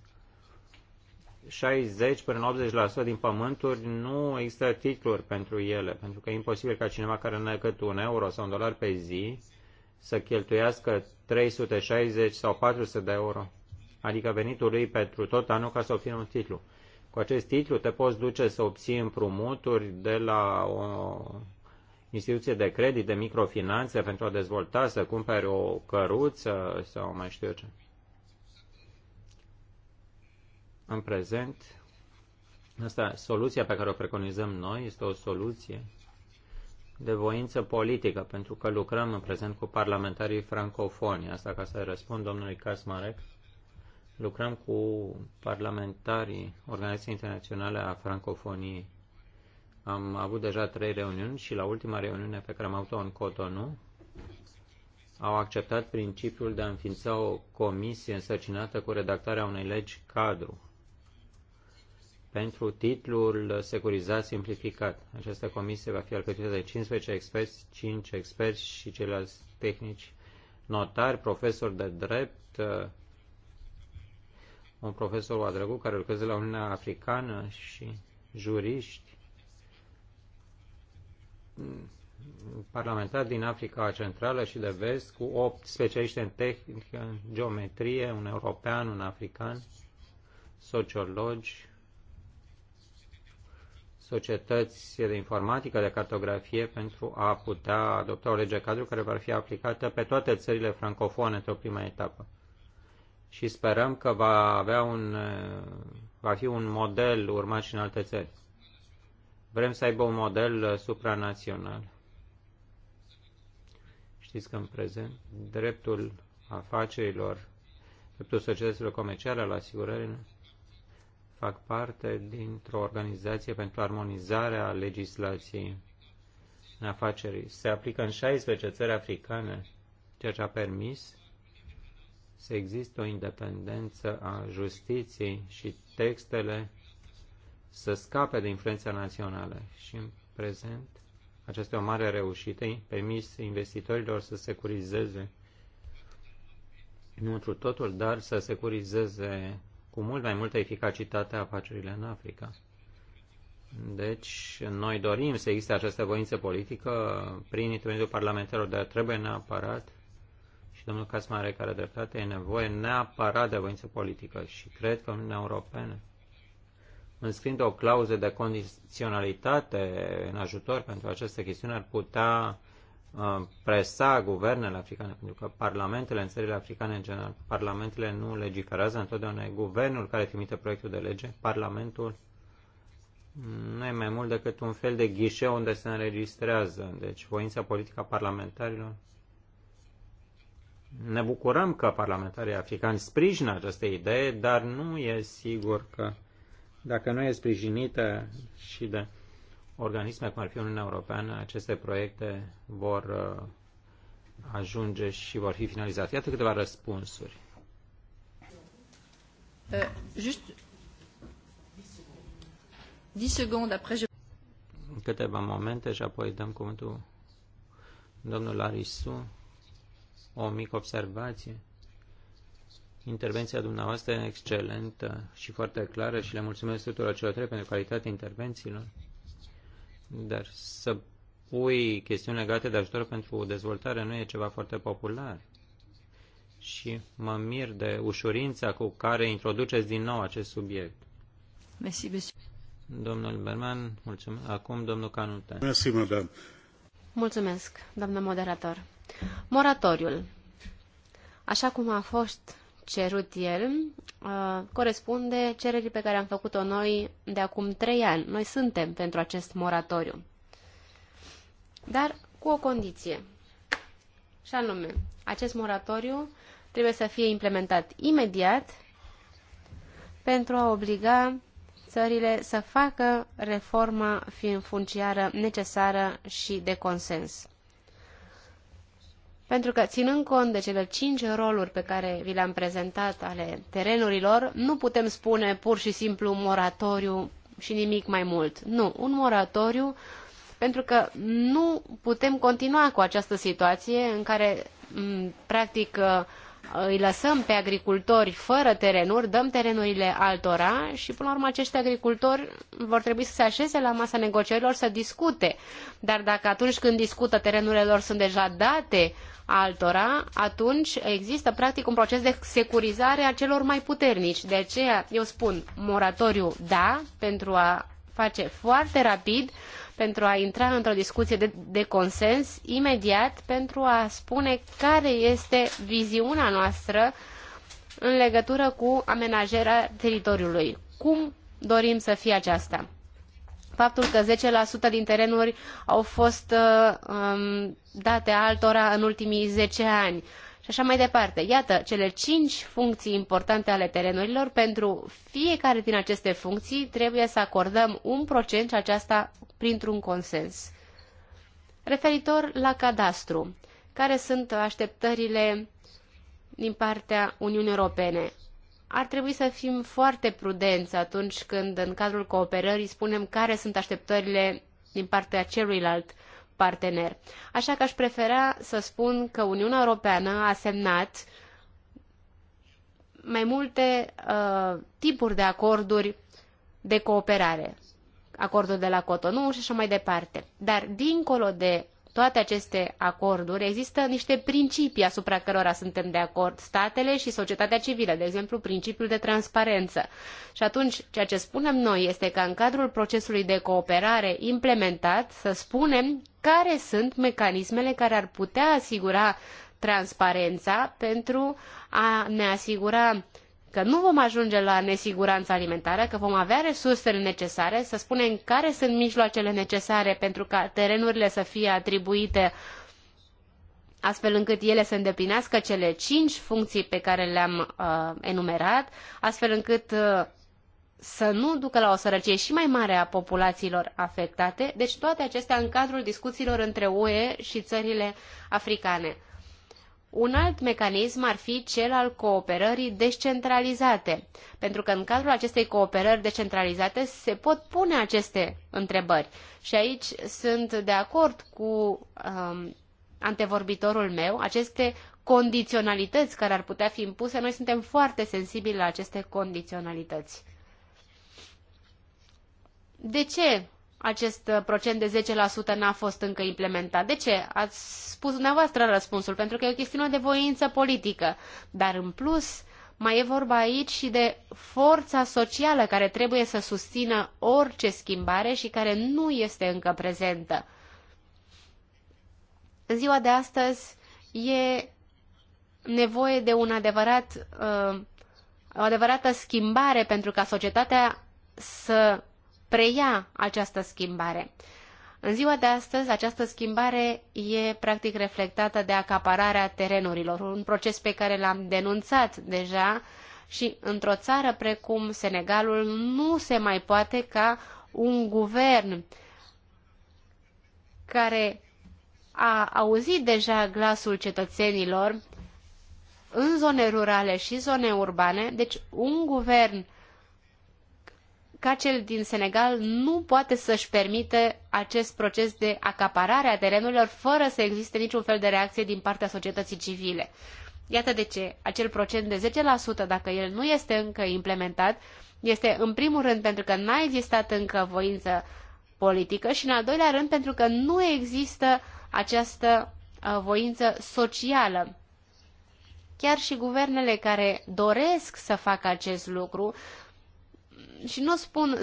60 până la 80% din pământuri nu există titluri pentru ele, pentru că e imposibil ca cineva care ne un euro sau un dolar pe zi să cheltuiască 360 sau 400 de euro, adică venitul lui pentru tot anul ca să obțină un titlu. Cu acest titlu te poți duce să obții împrumuturi de la o instituție de credit, de microfinanțe pentru a dezvolta, să cumperi o căruță sau mai știu eu ce. În prezent, asta, soluția pe care o preconizăm noi este o soluție de voință politică, pentru că lucrăm în prezent cu parlamentarii francofoni. Asta ca să răspund domnului Casmarec. Lucrăm cu parlamentarii Organizației Internaționale a Francofoniei. Am avut deja trei reuniuni și la ultima reuniune pe care am avut-o în Cotonou, au acceptat principiul de a înființa o comisie însărcinată cu redactarea unei legi cadru pentru titlul securizat simplificat. Această comisie va fi alcătuită de 15 experți, 5 experți și ceilalți tehnici notari, profesori de drept, uh, un profesor Oadrăgu care lucrează la Uniunea Africană și juriști, mm, parlamentari din Africa Centrală și de Vest, cu 8 specialiști în tehnică, în geometrie, un european, un african, sociologi, societăți de informatică, de cartografie, pentru a putea adopta o lege cadru care va fi aplicată pe toate țările francofone într-o prima etapă. Și sperăm că va, avea un, va fi un model urmat și în alte țări. Vrem să aibă un model supranațional. Știți că în prezent dreptul afacerilor, dreptul societăților comerciale la asigurările fac parte dintr-o organizație pentru armonizarea legislației în afacerii. Se aplică în 16 țări africane, ceea ce a permis să există o independență a justiției și textele să scape de influența națională. Și în prezent, aceasta e o mare reușită, permis investitorilor să securizeze nu întru totul, dar să securizeze cu mult mai multă eficacitate a afacerile în Africa. Deci, noi dorim să existe această voință politică prin intermediul parlamentarilor, dar trebuie neapărat, și domnul care are dreptate, e nevoie neapărat de voință politică și cred că Uniunea Europeană înscrind o clauză de condiționalitate în ajutor pentru această chestiune, ar putea Uh, presa guvernele africane, pentru că parlamentele în țările africane, în general, parlamentele nu legiferează întotdeauna, e guvernul care trimite proiectul de lege, parlamentul nu e mai mult decât un fel de ghișeu unde se înregistrează. Deci voința politică a parlamentarilor. Ne bucurăm că parlamentarii africani sprijină această idee, dar nu e sigur că dacă nu e sprijinită și de organisme, cum ar fi Uniunea Europeană, aceste proiecte vor uh, ajunge și vor fi finalizate. Iată câteva răspunsuri. 10 euh, secunde, Câteva momente și apoi dăm cuvântul domnul Larisu. O mică observație. Intervenția dumneavoastră e excelentă și foarte clară și le mulțumesc tuturor celor trei pentru calitatea intervențiilor. Dar să pui chestiuni legate de ajutor pentru dezvoltare nu e ceva foarte popular. Și mă mir de ușurința cu care introduceți din nou acest subiect. Mersi, mersi. Domnul Berman, mulțumesc. Acum domnul Canute. Mersi, madame. Mulțumesc, doamnă moderator. Moratoriul. Așa cum a fost cerut el uh, corespunde cererii pe care am făcut-o noi de acum trei ani. Noi suntem pentru acest moratoriu. Dar cu o condiție. Și anume, acest moratoriu trebuie să fie implementat imediat pentru a obliga țările să facă reforma funciară necesară și de consens. Pentru că, ținând cont de cele cinci roluri pe care vi le-am prezentat ale terenurilor, nu putem spune pur și simplu moratoriu și nimic mai mult. Nu, un moratoriu pentru că nu putem continua cu această situație în care, practic, uh, îi lăsăm pe agricultori fără terenuri, dăm terenurile altora și, până la urmă, acești agricultori vor trebui să se așeze la masa negocierilor să discute. Dar dacă atunci când discută terenurile lor sunt deja date altora, atunci există practic un proces de securizare a celor mai puternici. De aceea eu spun moratoriu da, pentru a face foarte rapid, pentru a intra într-o discuție de, de consens imediat, pentru a spune care este viziunea noastră în legătură cu amenajarea teritoriului. Cum dorim să fie aceasta? faptul că zece din terenuri au fost uh, um, date altora în ultimii zece ani și așa mai departe. Iată, cele cinci funcții importante ale terenurilor, pentru fiecare din aceste funcții trebuie să acordăm un procent și aceasta printr-un consens. Referitor la cadastru, care sunt așteptările din partea Uniunii Europene? ar trebui să fim foarte prudenți atunci când în cadrul cooperării spunem care sunt așteptările din partea celuilalt partener. Așa că aș prefera să spun că Uniunea Europeană a semnat mai multe uh, tipuri de acorduri de cooperare, acordul de la Cotonou și așa mai departe. Dar dincolo de toate aceste acorduri, există niște principii asupra cărora suntem de acord, statele și societatea civilă, de exemplu principiul de transparență. Și atunci, ceea ce spunem noi este că în cadrul procesului de cooperare implementat, să spunem care sunt mecanismele care ar putea asigura transparența pentru a ne asigura că nu vom ajunge la nesiguranță alimentară, că vom avea resursele necesare, să spunem care sunt mijloacele necesare pentru ca terenurile să fie atribuite astfel încât ele să îndeplinească cele cinci funcții pe care le-am uh, enumerat, astfel încât uh, să nu ducă la o sărăcie și mai mare a populațiilor afectate, deci toate acestea în cadrul discuțiilor între UE și țările africane. Un alt mecanism ar fi cel al cooperării descentralizate, pentru că în cadrul acestei cooperări descentralizate se pot pune aceste întrebări. Și aici sunt de acord cu um, antevorbitorul meu, aceste condiționalități care ar putea fi impuse, noi suntem foarte sensibili la aceste condiționalități. De ce acest uh, procent de 10% n-a fost încă implementat. De ce? Ați spus dumneavoastră răspunsul, pentru că e o chestiune de voință politică. Dar în plus, mai e vorba aici și de forța socială care trebuie să susțină orice schimbare și care nu este încă prezentă. În ziua de astăzi e nevoie de un adevărat, uh, o adevărată schimbare pentru ca societatea să preia această schimbare. În ziua de astăzi, această schimbare e practic reflectată de acapararea terenurilor, un proces pe care l-am denunțat deja și într-o țară precum Senegalul nu se mai poate ca un guvern care a auzit deja glasul cetățenilor în zone rurale și zone urbane, deci un guvern ca cel din Senegal nu poate să-și permite acest proces de acaparare a terenurilor fără să existe niciun fel de reacție din partea societății civile. Iată de ce acel procent de 10%, dacă el nu este încă implementat, este în primul rând pentru că n-a existat încă voință politică și în al doilea rând pentru că nu există această uh, voință socială. Chiar și guvernele care doresc să facă acest lucru și nu spun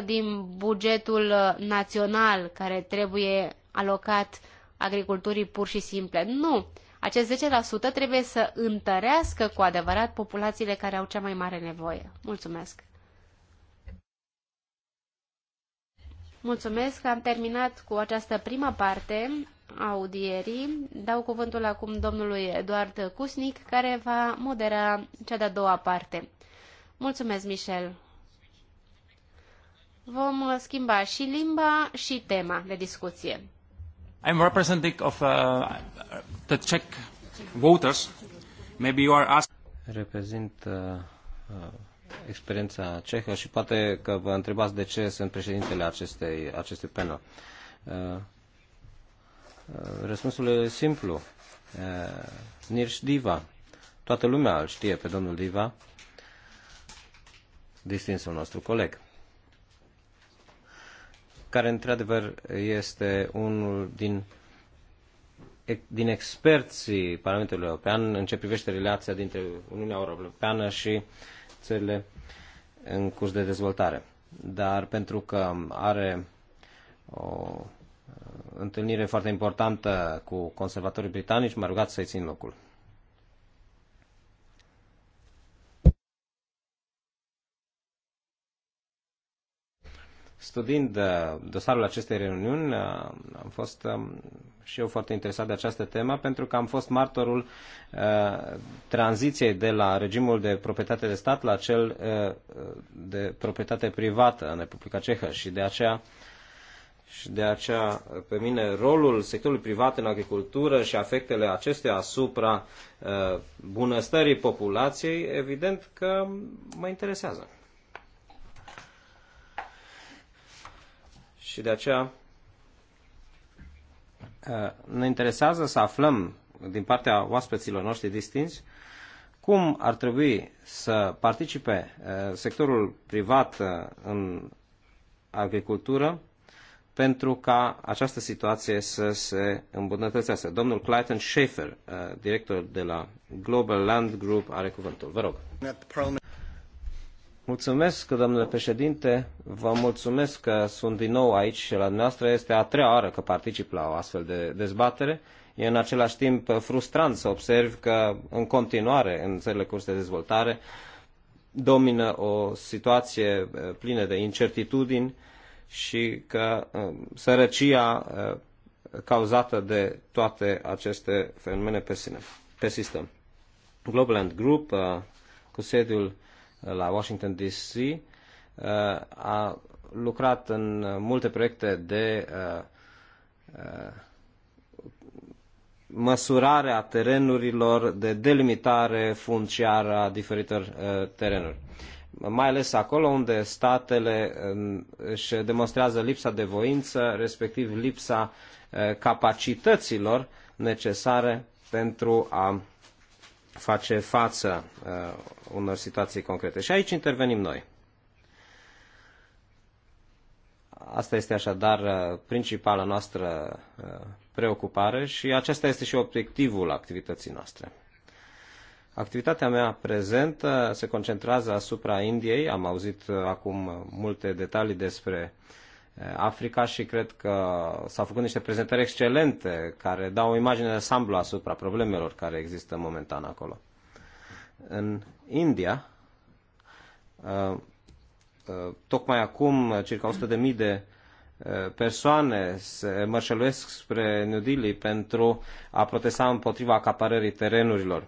10% din bugetul uh, național care trebuie alocat agriculturii pur și simple. Nu! Acest 10% trebuie să întărească cu adevărat populațiile care au cea mai mare nevoie. Mulțumesc! Mulțumesc, am terminat cu această prima parte a audierii. Dau cuvântul acum domnului Eduard Cusnic, care va modera cea de-a doua parte. Mulțumesc, Michel vom uh, schimba și limba și tema de discuție. I'm representative of uh, the Czech voters. Maybe you are asked... Reprezint uh, uh, experiența cehă și poate că vă întrebați de ce sunt președintele acestei, acestui panel. Uh, uh, răspunsul e simplu. Uh, Nirș Diva. Toată lumea îl știe pe domnul Diva, distinsul nostru coleg care într-adevăr este unul din, din experții Parlamentului European în ce privește relația dintre Uniunea Europeană și țările în curs de dezvoltare. Dar pentru că are o uh, întâlnire foarte importantă cu conservatorii britanici, m-a rugat să-i țin locul. Studiind uh, dosarul acestei reuniuni, uh, am fost um, și eu foarte interesat de această temă pentru că am fost martorul uh, tranziției de la regimul de proprietate de stat la cel de proprietate privată în Republica Cehă și de aceea și de aceea, pe mine, rolul sectorului privat în agricultură și afectele acestea asupra uh, bunăstării populației, evident că mă interesează. Și de aceea ă, ne interesează să aflăm din partea oaspeților noștri distinși cum ar trebui să participe ă, sectorul privat ă, în agricultură pentru ca această situație să se îmbunătățească. Domnul Clayton Schaefer, director de la Global Land Group, are cuvântul. Vă rog. Mulțumesc, domnule președinte, vă mulțumesc că sunt din nou aici la dumneavoastră. Este a treia oară că particip la o astfel de dezbatere. E în același timp frustrant să observ că în continuare în țările curs de dezvoltare domină o situație eh, plină de incertitudini și că eh, sărăcia eh, cauzată de toate aceste fenomene pe sine, pe sistem. Global Group, cu sediul la Washington DC, uh, a lucrat în multe proiecte de uh, uh, măsurare a terenurilor, de delimitare funciară a diferitor terenuri. Mai ales acolo unde statele um, își demonstrează lipsa de voință, respectiv lipsa capacităților necesare pentru a face față uh, unor situații concrete. Și aici intervenim noi. Asta este așadar uh, principala noastră uh, preocupare și acesta este și obiectivul activității noastre. Activitatea mea prezentă se concentrează asupra Indiei. Am auzit uh, acum multe detalii despre uh, Africa și cred că s-au făcut niște prezentări excelente care dau o imagine de asamblu asupra problemelor care există momentan acolo. În India, uh, uh, tocmai acum, circa 100.000 de uh, persoane se mărșăluiesc spre New Delhi pentru a protesta împotriva acaparării terenurilor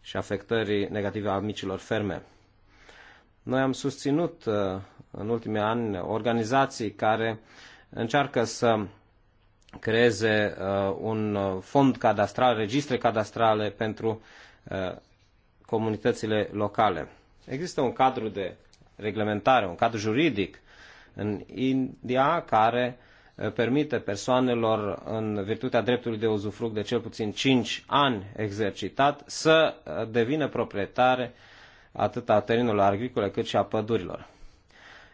și afectării negative a micilor ferme. Noi am susținut uh, în ultimii ani organizații care încearcă să creeze uh, un uh, fond cadastral, registre cadastrale pentru comunitățile locale. Există un cadru de reglementare, un cadru juridic în India care permite persoanelor în virtutea dreptului de uzufruct de cel puțin 5 ani exercitat să devină proprietare atât a terenurilor agricole cât și a pădurilor.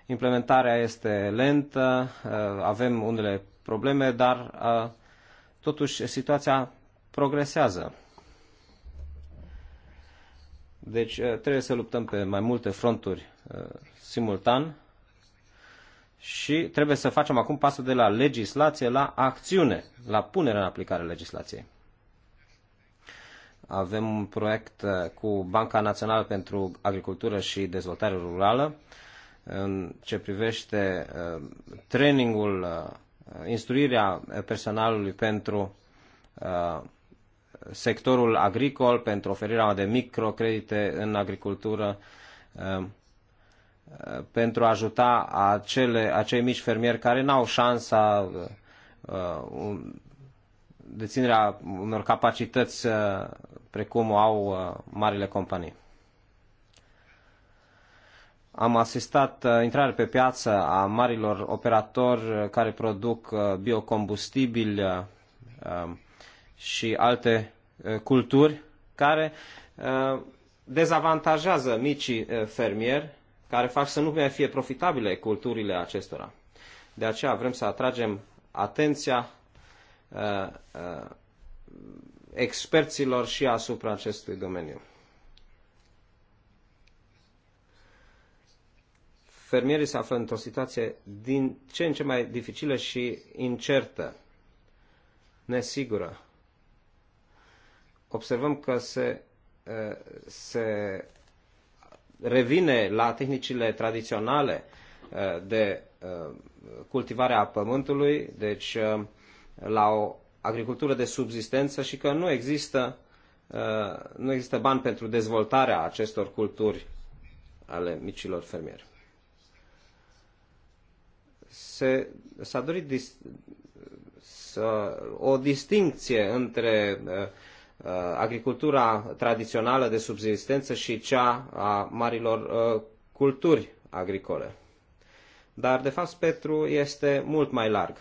Implementarea este lentă, uh, avem unele probleme, dar uh, totuși situația progresează. Deci uh, trebuie să luptăm pe mai multe fronturi simultan și trebuie să facem acum pasul de la legislație la acțiune, la punerea în aplicare legislației. Avem un proiect uh, cu Banca Națională pentru Agricultură și Dezvoltare Rurală în ce privește uh, trainingul, uh, instruirea personalului pentru sectorul agricol, pentru oferirea de microcredite în agricultură, pentru a ajuta acele, acei mici fermieri care n-au șansa deținerea unor capacități precum o au uh, marile companii. Am asistat uh, intrare pe piață a marilor operatori uh, care produc biocombustibili um, și alte culturi care dezavantajează micii fermieri care fac să nu mai fie profitabile culturile acestora. De aceea vrem să atragem atenția experților și asupra acestui domeniu. Fermierii se află într-o situație din ce în ce mai dificilă și incertă, nesigură. Observăm că se, se revine la tehnicile tradiționale de cultivare a pământului, deci la o agricultură de subzistență și că nu există, uh, nu există bani pentru dezvoltarea acestor culturi ale micilor fermieri. Se, s-a dorit dis, să, o distincție între uh, uh, agricultura tradițională de subzistență și cea a marilor uh, culturi agricole. Dar, de fapt, spectrul este mult mai larg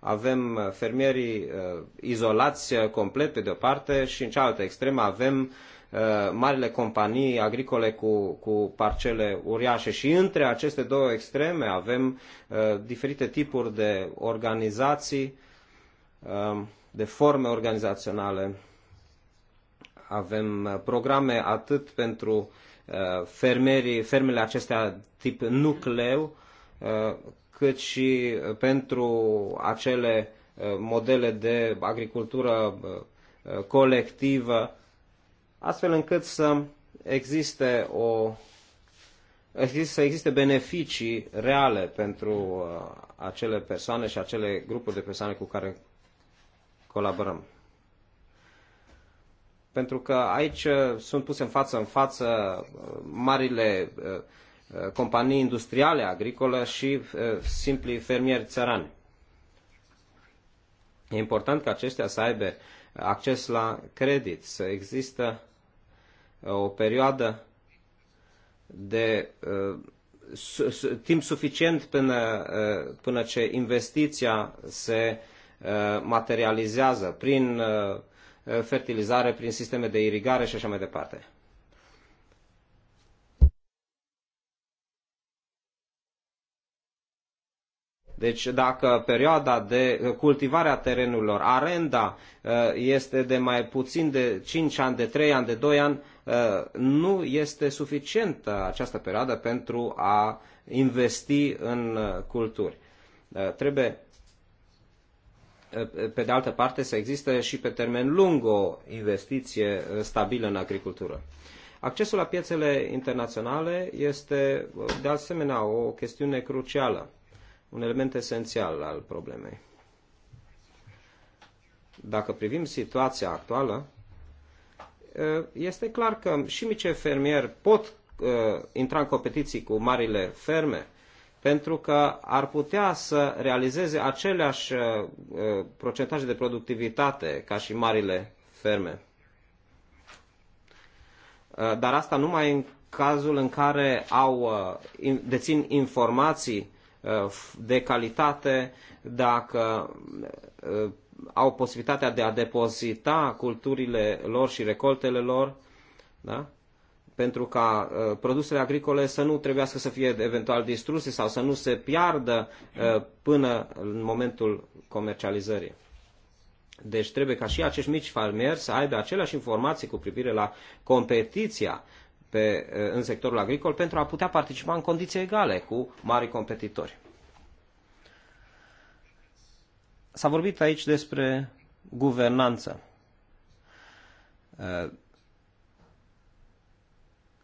avem uh, fermierii uh, izolați uh, complet pe de-o parte și în cealaltă extremă avem marile companii agricole cu, cu parcele uriașe și între aceste două extreme avem diferite tipuri de organizații, de forme organizaționale. Avem programe atât pentru fermerii, fermele acestea tip nucleu, cât și uh, pentru acele uh, modele de agricultură uh, colectivă, astfel încât să existe, o, să existe beneficii reale pentru acele persoane și acele grupuri de persoane cu care colaborăm. Pentru că aici sunt puse în față în față marile Uh, companii industriale agricole și uh, simpli fermieri țărani. E important ca aceștia să aibă acces la credit, să există uh, o perioadă de timp suficient până, până ce investiția se materializează prin fertilizare, prin sisteme de irigare și așa mai departe. Deci dacă perioada de cultivare a terenurilor, arenda eh, este de mai puțin de 5 ani, de 3 ani, de 2 ani, eh, nu este suficientă această perioadă pentru a investi în eh, culturi. Trebuie pe de altă parte să existe și pe termen lung o investiție stabilă în agricultură. Accesul la piețele internaționale este de asemenea o chestiune crucială un element esențial al problemei. Dacă privim situația actuală, este clar că și mici fermieri pot intra în competiții cu marile ferme, pentru că ar putea să realizeze aceleași procentaje de productivitate ca și marile ferme. Dar asta numai în cazul în care au, dețin informații Uh, de calitate, dacă uh, au posibilitatea de a depozita culturile lor și recoltele lor, da? pentru ca uh, produsele agricole să nu trebuiască să fie eventual distruse sau să nu se piardă până în momentul comercializării. Deci trebuie ca și acești mici farmieri să aibă aceleași informații cu privire la competiția pe, eh, în sectorul agricol pentru a putea participa în condiții egale cu mari competitori. S-a vorbit aici despre guvernanță. Eh,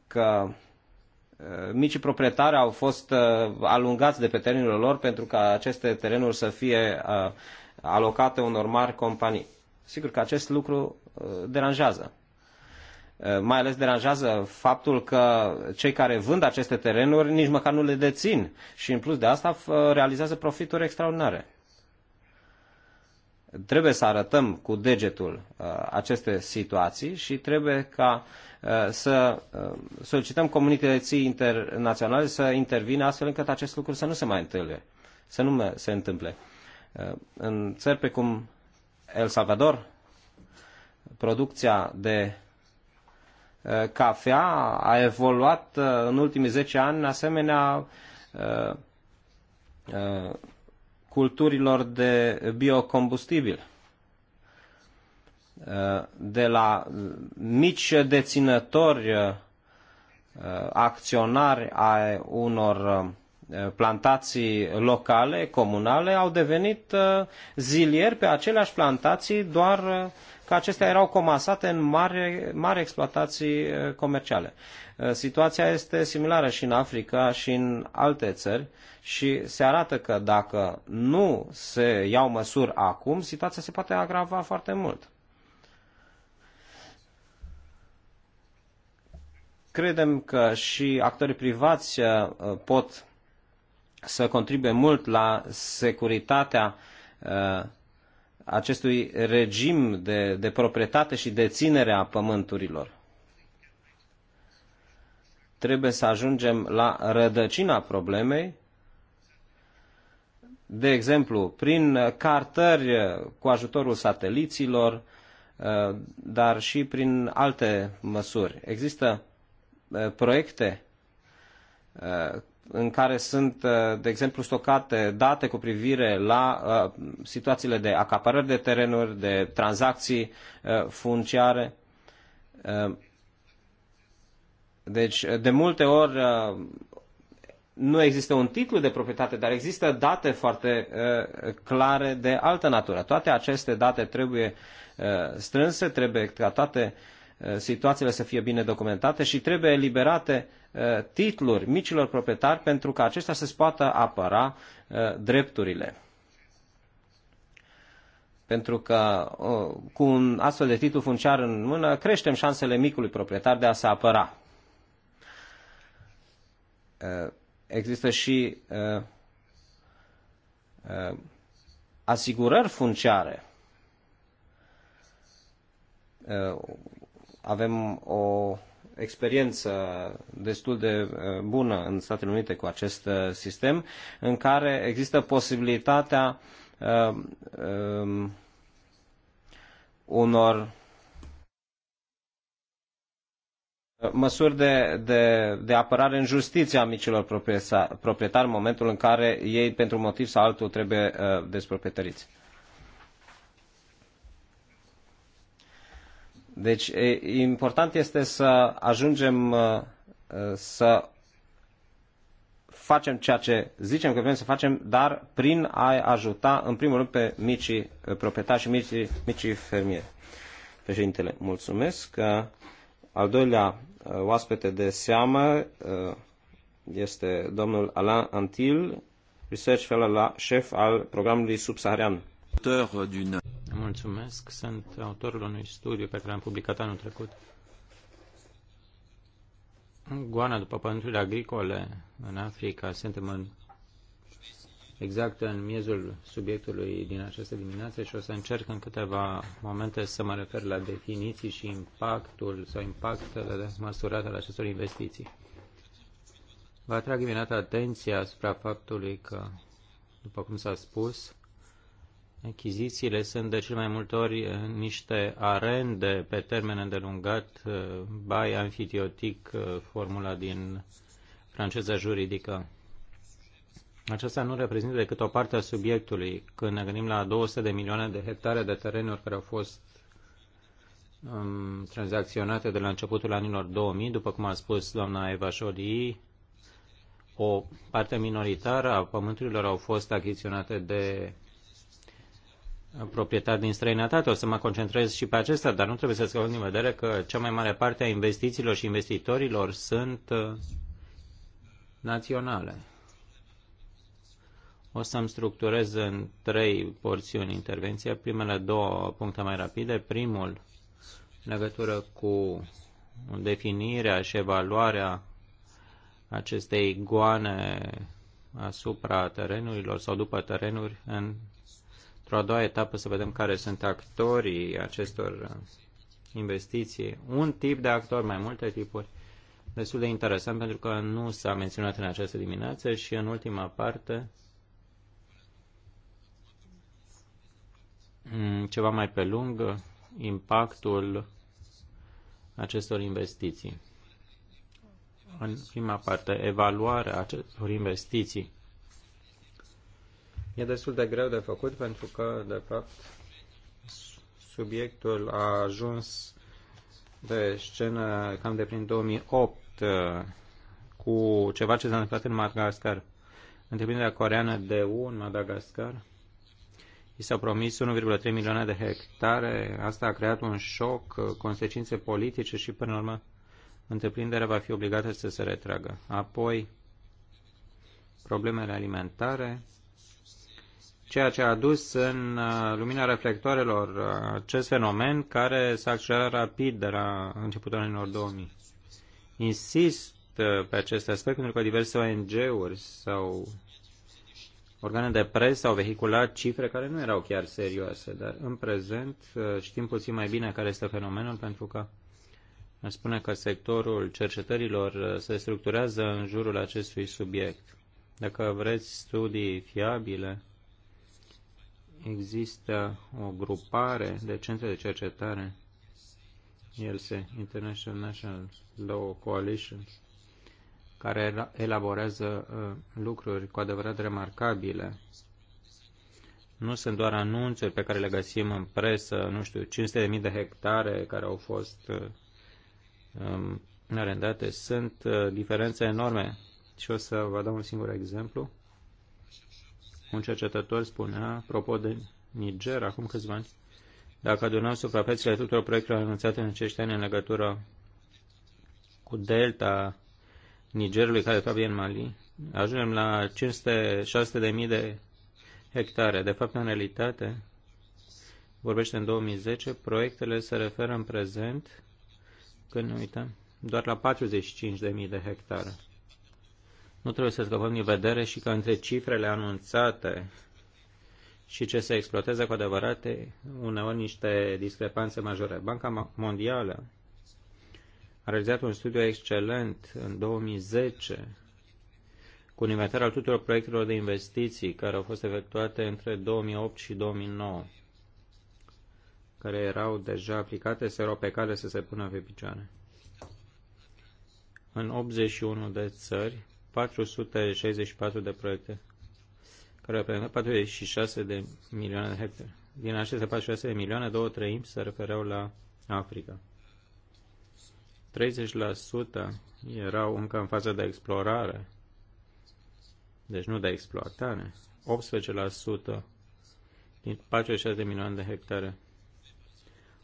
că eh, micii proprietari au fost alungați de pe terenurile lor pentru ca aceste terenuri să fie alocate unor mari companii. Sigur că acest lucru deranjează Eh, mai ales deranjează faptul că cei care vând aceste terenuri nici măcar nu le dețin și în plus de asta eh, realizează profituri extraordinare. Trebuie să arătăm cu degetul eh, aceste situații și trebuie ca să solicităm comunității internaționale să intervină astfel încât acest lucru să nu se mai întâlne, să nu se întâmple. În țări precum El Salvador, producția de Eh, cafea a evoluat eh, în ultimii 10 ani asemenea eh, culturilor de biocombustibil. De la mici deținători acționari ai unor plantații locale, comunale, au devenit zilieri pe aceleași plantații, doar că acestea erau comasate în mari, mari exploatații uh, comerciale. Uh, situația este similară și în Africa și în alte țări și se arată că dacă nu se iau măsuri acum, situația se poate agrava foarte mult. Credem că și actorii privați uh, pot să contribuie mult la securitatea acestui regim de, de proprietate și deținere a pământurilor. Trebuie să ajungem la rădăcina problemei, de exemplu, prin cartări cu ajutorul sateliților, uh, dar și prin alte măsuri. Există uh, proiecte uh, în care sunt, uh, de exemplu, stocate date cu privire la uh, situațiile de acaparări de terenuri, de tranzacții uh, funciare. Deci, de multe ori, nu există un titlu de proprietate, dar există date foarte clare de altă natură. Toate aceste date trebuie strânse, trebuie ca toate Uh, situațiile să fie bine documentate și trebuie eliberate uh, titluri micilor proprietari pentru ca aceștia să-ți poată apăra uh, drepturile. Pentru că cu un astfel de titlu funciar în mână creștem șansele micului proprietar de a se apăra. Există și asigurări funciare avem o experiență destul de eh, bună în Statele Unite cu acest eh, sistem, în care există posibilitatea uh, um, unor măsuri de, de, de apărare în justiție a micilor proprietari în momentul în care ei, pentru motiv sau altul, trebuie uh, desproprietăriți. Deci, important este să ajungem uh, să facem ceea ce zicem că vrem să facem, dar prin a ajuta, în primul rând, pe micii uh, proprietari și micii, micii fermieri. Președintele, mulțumesc. Uh, al doilea oaspete de seamă este domnul Alain Antil, Research Fellow la șef al programului subsaharian. Mulțumesc. Sunt autorul unui studiu pe care l-am publicat anul trecut. Goana după pădurile agricole în Africa. Suntem în, exact în miezul subiectului din această dimineață și o să încerc în câteva momente să mă refer la definiții și impactul sau impactele măsurate la acestor investiții. Vă atrag imediat atenția asupra faptului că, după cum s-a spus, Achizițiile sunt de cel mai multe ori eh, niște arende pe termen îndelungat, eh, bai amfitiotic, eh, formula din franceza juridică. Aceasta nu reprezintă decât o parte a subiectului. Când ne gândim la 200 de milioane de hectare de terenuri care au fost um, tranzacționate de la începutul anilor 2000, după cum a spus doamna Eva Jolie, o parte minoritară a pământurilor au fost achiziționate de proprietari din străinătate. O să mă concentrez și pe acesta, dar nu trebuie să scăpăm din vedere că cea mai mare parte a investițiilor și investitorilor sunt uh, naționale. O să-mi structurez în trei porțiuni intervenția. Primele două puncte mai rapide. Primul, în legătură cu definirea și evaluarea acestei goane asupra terenurilor sau după terenuri în Într-o a doua etapă să vedem care sunt actorii acestor investiții. Un tip de actor, mai multe tipuri, destul de interesant pentru că nu s-a menționat în această dimineață și în ultima parte mm, ceva mai pe lung impactul acestor investiții. În prima parte, evaluarea acestor investiții E destul de greu de făcut pentru că, de fapt, subiectul a ajuns pe scenă cam de prin 2008 uh, cu ceva ce s-a întâmplat în Madagascar. Întreprinderea coreană de U în Madagascar i s-au promis 1,3 milioane de hectare. Asta a creat un șoc, uh, consecințe politice și, până la urmă, întreprinderea va fi obligată să se retragă. Apoi, problemele alimentare, ceea ce a adus în uh, lumina reflectoarelor uh, acest fenomen care s-a accelerat rapid de la începutul anilor 2000. Insist uh, pe acest aspect pentru că diverse ONG-uri sau organe de presă au vehiculat cifre care nu erau chiar serioase, dar în prezent știm puțin mai bine care este fenomenul pentru că aș spune că sectorul cercetărilor se structurează în jurul acestui subiect. Dacă vreți studii fiabile, există o grupare de centre de cercetare, ILSE, International National Law Coalition, care elaborează uh, lucruri cu adevărat remarcabile. Nu sunt doar anunțuri pe care le găsim în presă, nu știu, 500.000 de hectare care au fost uh, um, arendate. Sunt uh, diferențe enorme. Și o să vă dau un singur exemplu. Un cercetător spunea, apropo de Niger, acum câțiva ani, dacă adunăm suprafețele tuturor proiectelor anunțate în acești ani în legătură cu delta Nigerului, care de fapt e în Mali, ajungem la 500-600 de mii de hectare. De fapt, în realitate, vorbește în 2010, proiectele se referă în prezent, când ne uităm, doar la 45 de mii de hectare. Nu trebuie să scăpăm din vedere și că între cifrele anunțate și ce se exploatează cu adevărat uneori niște discrepanțe majore. Banca Mondială a realizat un studiu excelent în 2010 cu un inventar al tuturor proiectelor de investiții care au fost efectuate între 2008 și 2009, care erau deja aplicate, se erau pe cale să se pună pe picioare. În 81 de țări, 464 de proiecte, care reprezintă 46 de milioane de hectare. Din aceste 46 de milioane, două treimi se refereau la Africa. 30% erau încă în fază de explorare, deci nu de exploatare. 18% din 46 de milioane de hectare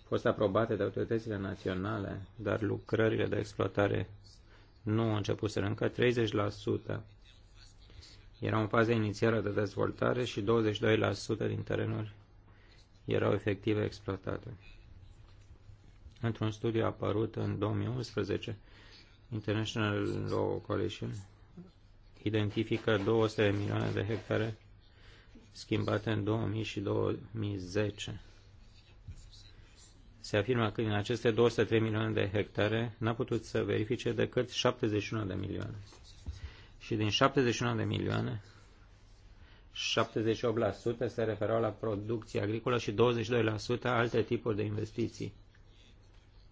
fost aprobate de autoritățile naționale, dar lucrările de exploatare nu începuseră încă, 30% erau în faza inițială de dezvoltare și 22% din terenuri erau efective exploatate. Într-un studiu apărut în 2011, International Law Coalition identifică 200 milioane de hectare schimbate în 2000 și 2010 se afirmă că din aceste 203 milioane de hectare n-a putut să verifice decât 71 de milioane. Și din 71 de milioane, 78% se referau la producție agricolă și 22% alte tipuri de investiții,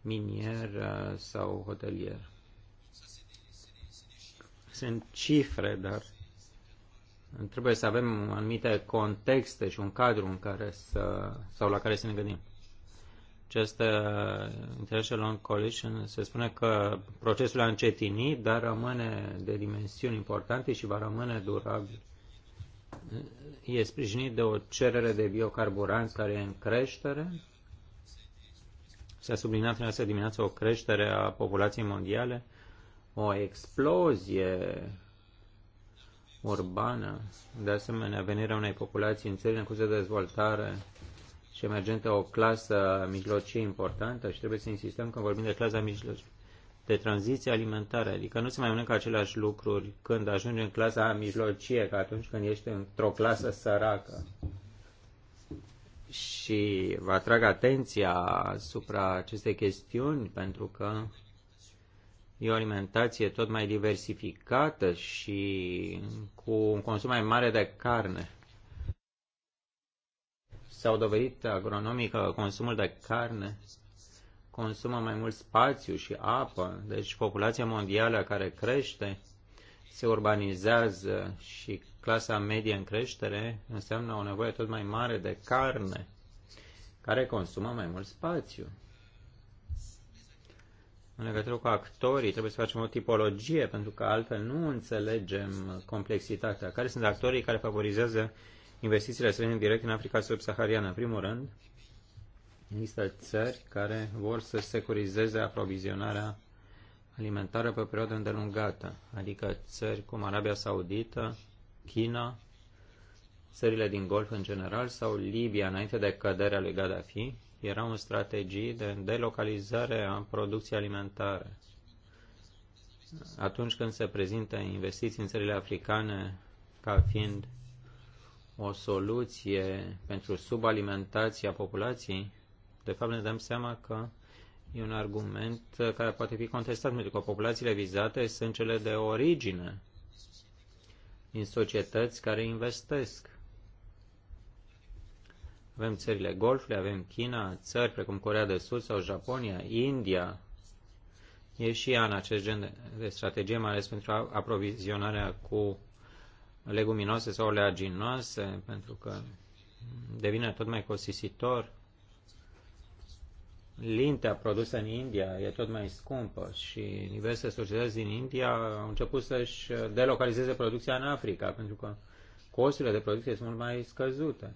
minier uh, sau hotelier. Sunt cifre, dar trebuie să avem anumite contexte și un cadru în care să, sau la care să ne gândim acest uh, International Coalition se spune că procesul a încetinit, dar rămâne de dimensiuni importante și va rămâne durabil. E sprijinit de o cerere de biocarburanți care e în creștere. S-a subliniat în această dimineață o creștere a populației mondiale, o explozie urbană, de asemenea venirea unei populații în țările în curs de dezvoltare și emergentă o clasă mijlocie importantă și trebuie să insistăm când vorbim de clasa mijlocie de tranziție alimentară, adică nu se mai mănâncă aceleași lucruri când ajungi în clasa mijlocie, ca atunci când ești într-o clasă săracă. Și vă atrag atenția asupra acestei chestiuni, pentru că e o alimentație tot mai diversificată și cu un consum mai mare de carne s-au dovedit agronomii că consumul de carne consumă mai mult spațiu și apă, deci populația mondială care crește se urbanizează și clasa medie în creștere înseamnă o nevoie tot mai mare de carne, care consumă mai mult spațiu. În legătură cu actorii, trebuie să facem o tipologie, pentru că altfel nu înțelegem complexitatea. Care sunt actorii care favorizează investițiile străine direct în Africa subsahariană. În primul rând, există țări care vor să securizeze aprovizionarea alimentară pe o perioadă îndelungată, adică țări cum Arabia Saudită, China, țările din Golf în general sau Libia înainte de căderea lui Gaddafi, erau în strategii de delocalizare a producției alimentare. Atunci când se prezintă investiții în țările africane ca fiind o soluție pentru subalimentația populației, de fapt ne dăm seama că e un argument care poate fi contestat, pentru că populațiile vizate sunt cele de origine din societăți care investesc. Avem țările Golfului, avem China, țări precum Corea de Sud sau Japonia, India. E și ea în acest gen de strategie, mai ales pentru aprovizionarea cu leguminoase sau oleaginoase, pentru că devine tot mai costisitor. Lintea produsă în India e tot mai scumpă și diverse societăți din India au început să-și delocalizeze producția în Africa, pentru că costurile de producție sunt mult mai scăzute.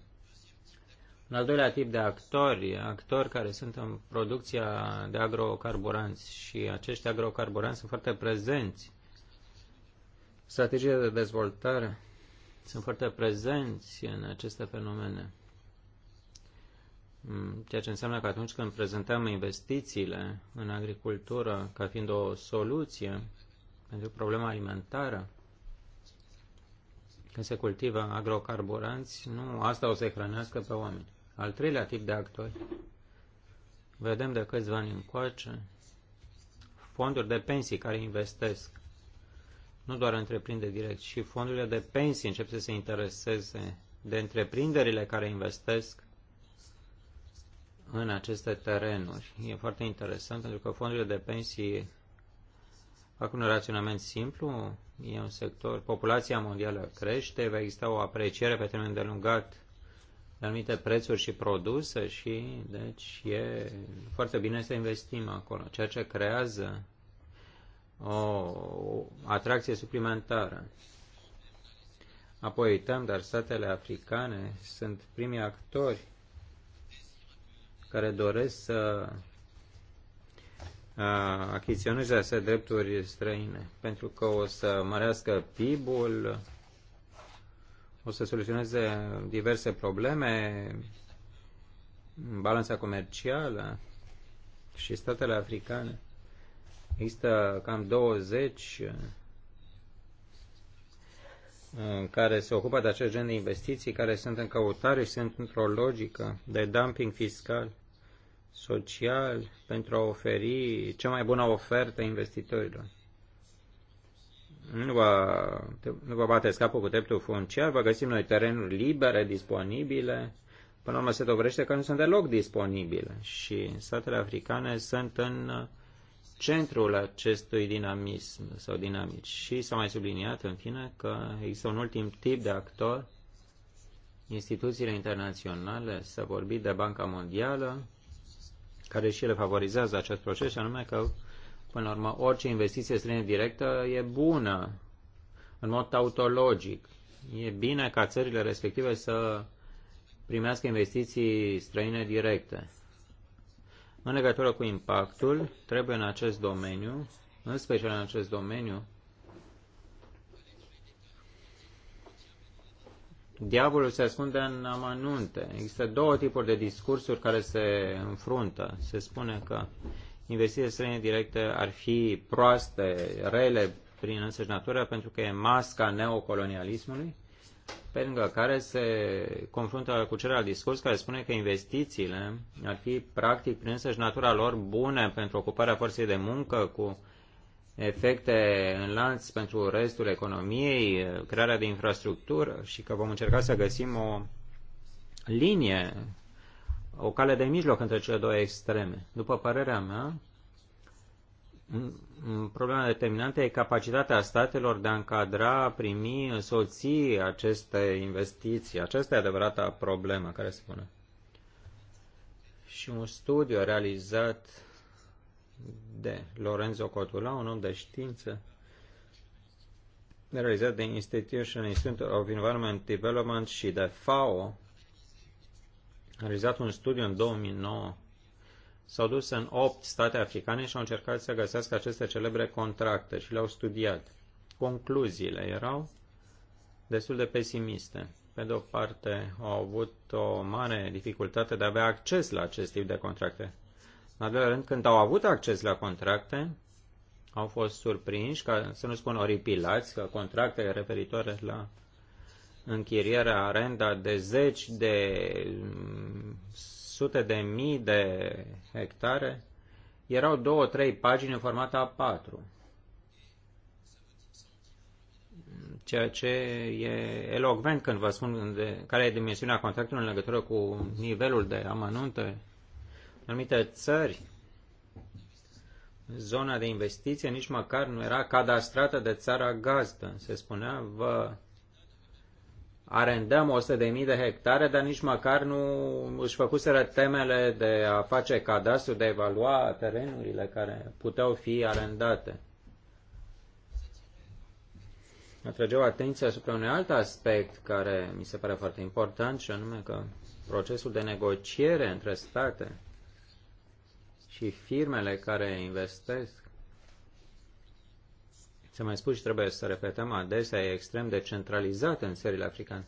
Un al doilea tip de actori, actori care sunt în producția de agrocarburanți și acești agrocarburanți sunt foarte prezenți strategiile de dezvoltare sunt foarte prezenți în aceste fenomene. Mm, ceea ce înseamnă că atunci când prezentăm investițiile în agricultură ca fiind o soluție pentru problema alimentară, când se cultivă agrocarburanți, nu asta o să hrănească pe oameni. Al treilea tip de actori, vedem de câțiva ani încoace, fonduri de pensii care investesc nu doar întreprinde direct, și fondurile de pensii încep să se intereseze de întreprinderile care investesc în aceste terenuri. E foarte interesant pentru că fondurile de pensii fac un raționament simplu, e un sector, populația mondială crește, va exista o apreciere pe termen delungat de anumite prețuri și produse și deci e foarte bine să investim acolo, ceea ce creează o atracție suplimentară. Apoi uităm, dar statele africane sunt primii actori care doresc să achiziționeze aceste drepturi străine, pentru că o să mărească PIB-ul, o să soluționeze diverse probleme, balanța comercială și statele africane Există cam 20 uh, care se ocupă de acest gen de investiții, care sunt în căutare și sunt într-o logică de dumping fiscal, social, pentru a oferi cea mai bună ofertă investitorilor. Nu vă, nu vă bateți capul cu dreptul funciar, vă găsim noi terenuri libere, disponibile. Până la urmă se dovedește că nu sunt deloc disponibile și statele africane sunt în uh, centrul acestui dinamism sau dinamici. Și s-a mai subliniat, în fine, că există un ultim tip de actor, instituțiile internaționale, s-a vorbit de Banca Mondială, care și le favorizează acest proces, și anume că, până la urmă, orice investiție străină directă e bună, în mod tautologic. E bine ca țările respective să primească investiții străine directe. În legătură cu impactul, trebuie în acest domeniu, în special în acest domeniu, diavolul se ascunde în amănunte. Există două tipuri de discursuri care se înfruntă. Se spune că investiții străine directe ar fi proaste, rele prin însăși natură, pentru că e masca neocolonialismului pe lângă care se confruntă cu celălalt discurs care spune că investițiile ar fi practic prin însăși natura lor bune pentru ocuparea forței de muncă cu efecte în lanț pentru restul economiei, crearea de infrastructură și că vom încerca să găsim o linie, o cale de mijloc între cele două extreme. După părerea mea, Problema determinantă e capacitatea statelor de a încadra, primi, însoți aceste investiții. Aceasta e adevărata problemă care se pune. Și un studiu realizat de Lorenzo Cotula, un om de știință, realizat de Institution Institute of Environment Development și de FAO, a realizat un studiu în 2009 s-au dus în opt state africane și au încercat să găsească aceste celebre contracte și le-au studiat. Concluziile erau destul de pesimiste. Pe de o parte, au avut o mare dificultate de a avea acces la acest tip de contracte. În al doilea rând, când au avut acces la contracte, au fost surprinși, ca să nu spun oripilați, că contractele referitoare la închirierea, renda de zeci de sute de mii de hectare, erau două, trei pagini în format A4. Ceea ce e elogvent când vă spun de, care e dimensiunea contractului în legătură cu nivelul de amănunte în anumite țări. Zona de investiție nici măcar nu era cadastrată de țara gazdă. Se spunea, vă arendăm 100.000 de hectare, dar nici măcar nu își făcuseră temele de a face cadastru, de a evalua terenurile care puteau fi arendate. Atrăgeau atenția asupra unui alt aspect care mi se pare foarte important și anume că procesul de negociere între state și firmele care investesc s mai spus și trebuie să repetăm adesea, e extrem de centralizat în țările africane.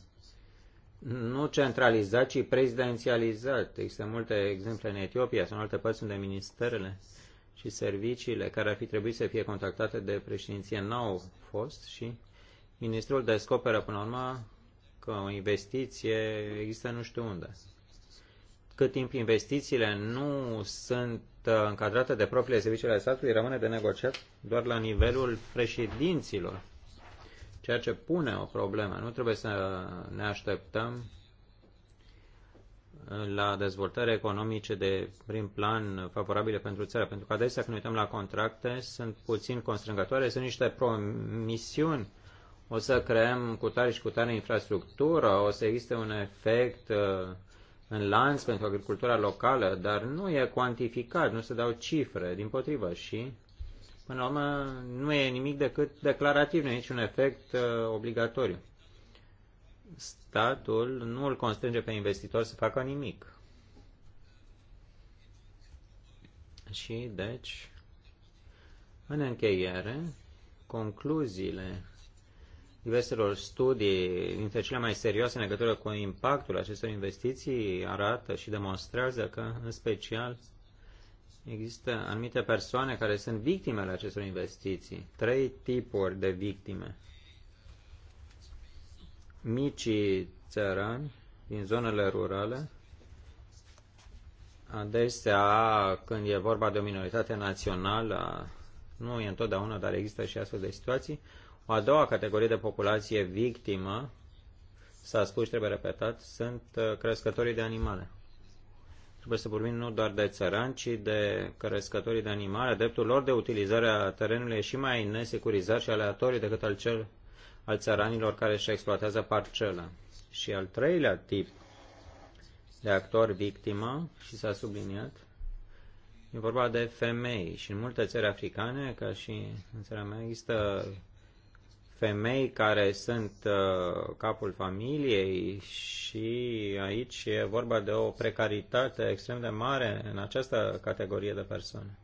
Nu centralizat, ci prezidențializat. Există multe exemple în Etiopia sau în alte părți unde ministerele și serviciile care ar fi trebuit să fie contactate de președinție n-au fost și ministrul descoperă până la urmă că o investiție există nu știu unde. Cât timp investițiile nu sunt Uh, încadrată de propriile servicii ale statului rămâne de negociat doar la nivelul președinților, ceea ce pune o problemă. Nu trebuie să ne așteptăm la dezvoltări economice de prim plan favorabile pentru țară, pentru că adesea când uităm la contracte sunt puțin constrângătoare, sunt niște promisiuni o să creăm cu tare și cu tare infrastructură, o să existe un efect uh, în lanț pentru agricultura locală, dar nu e cuantificat, nu se dau cifre, din potrivă și, până la urmă, nu e nimic decât declarativ, nu e niciun efect uh, obligatoriu. Statul nu îl constrânge pe investitor să facă nimic. Și, deci, în încheiere, concluziile diverselor studii, dintre cele mai serioase în legătură cu impactul acestor investiții, arată și demonstrează că, în special, există anumite persoane care sunt victimele acestor investiții. Trei tipuri de victime. Micii țărani din zonele rurale, adesea când e vorba de o minoritate națională, nu e întotdeauna, dar există și astfel de situații, a doua categorie de populație victimă, s-a spus și trebuie repetat, sunt uh, crescătorii de animale. Trebuie să vorbim nu doar de țărani, ci de crescătorii de animale. Dreptul lor de utilizare a terenului e și mai nesecurizat și aleatoriu decât al cel al țăranilor care își exploatează parcela. Și al treilea tip de actor victimă, și s-a subliniat, e vorba de femei. Și în multe țări africane, ca și în țara mea, există femei care sunt uh, capul familiei și aici e vorba de o precaritate extrem de mare în această categorie de persoane.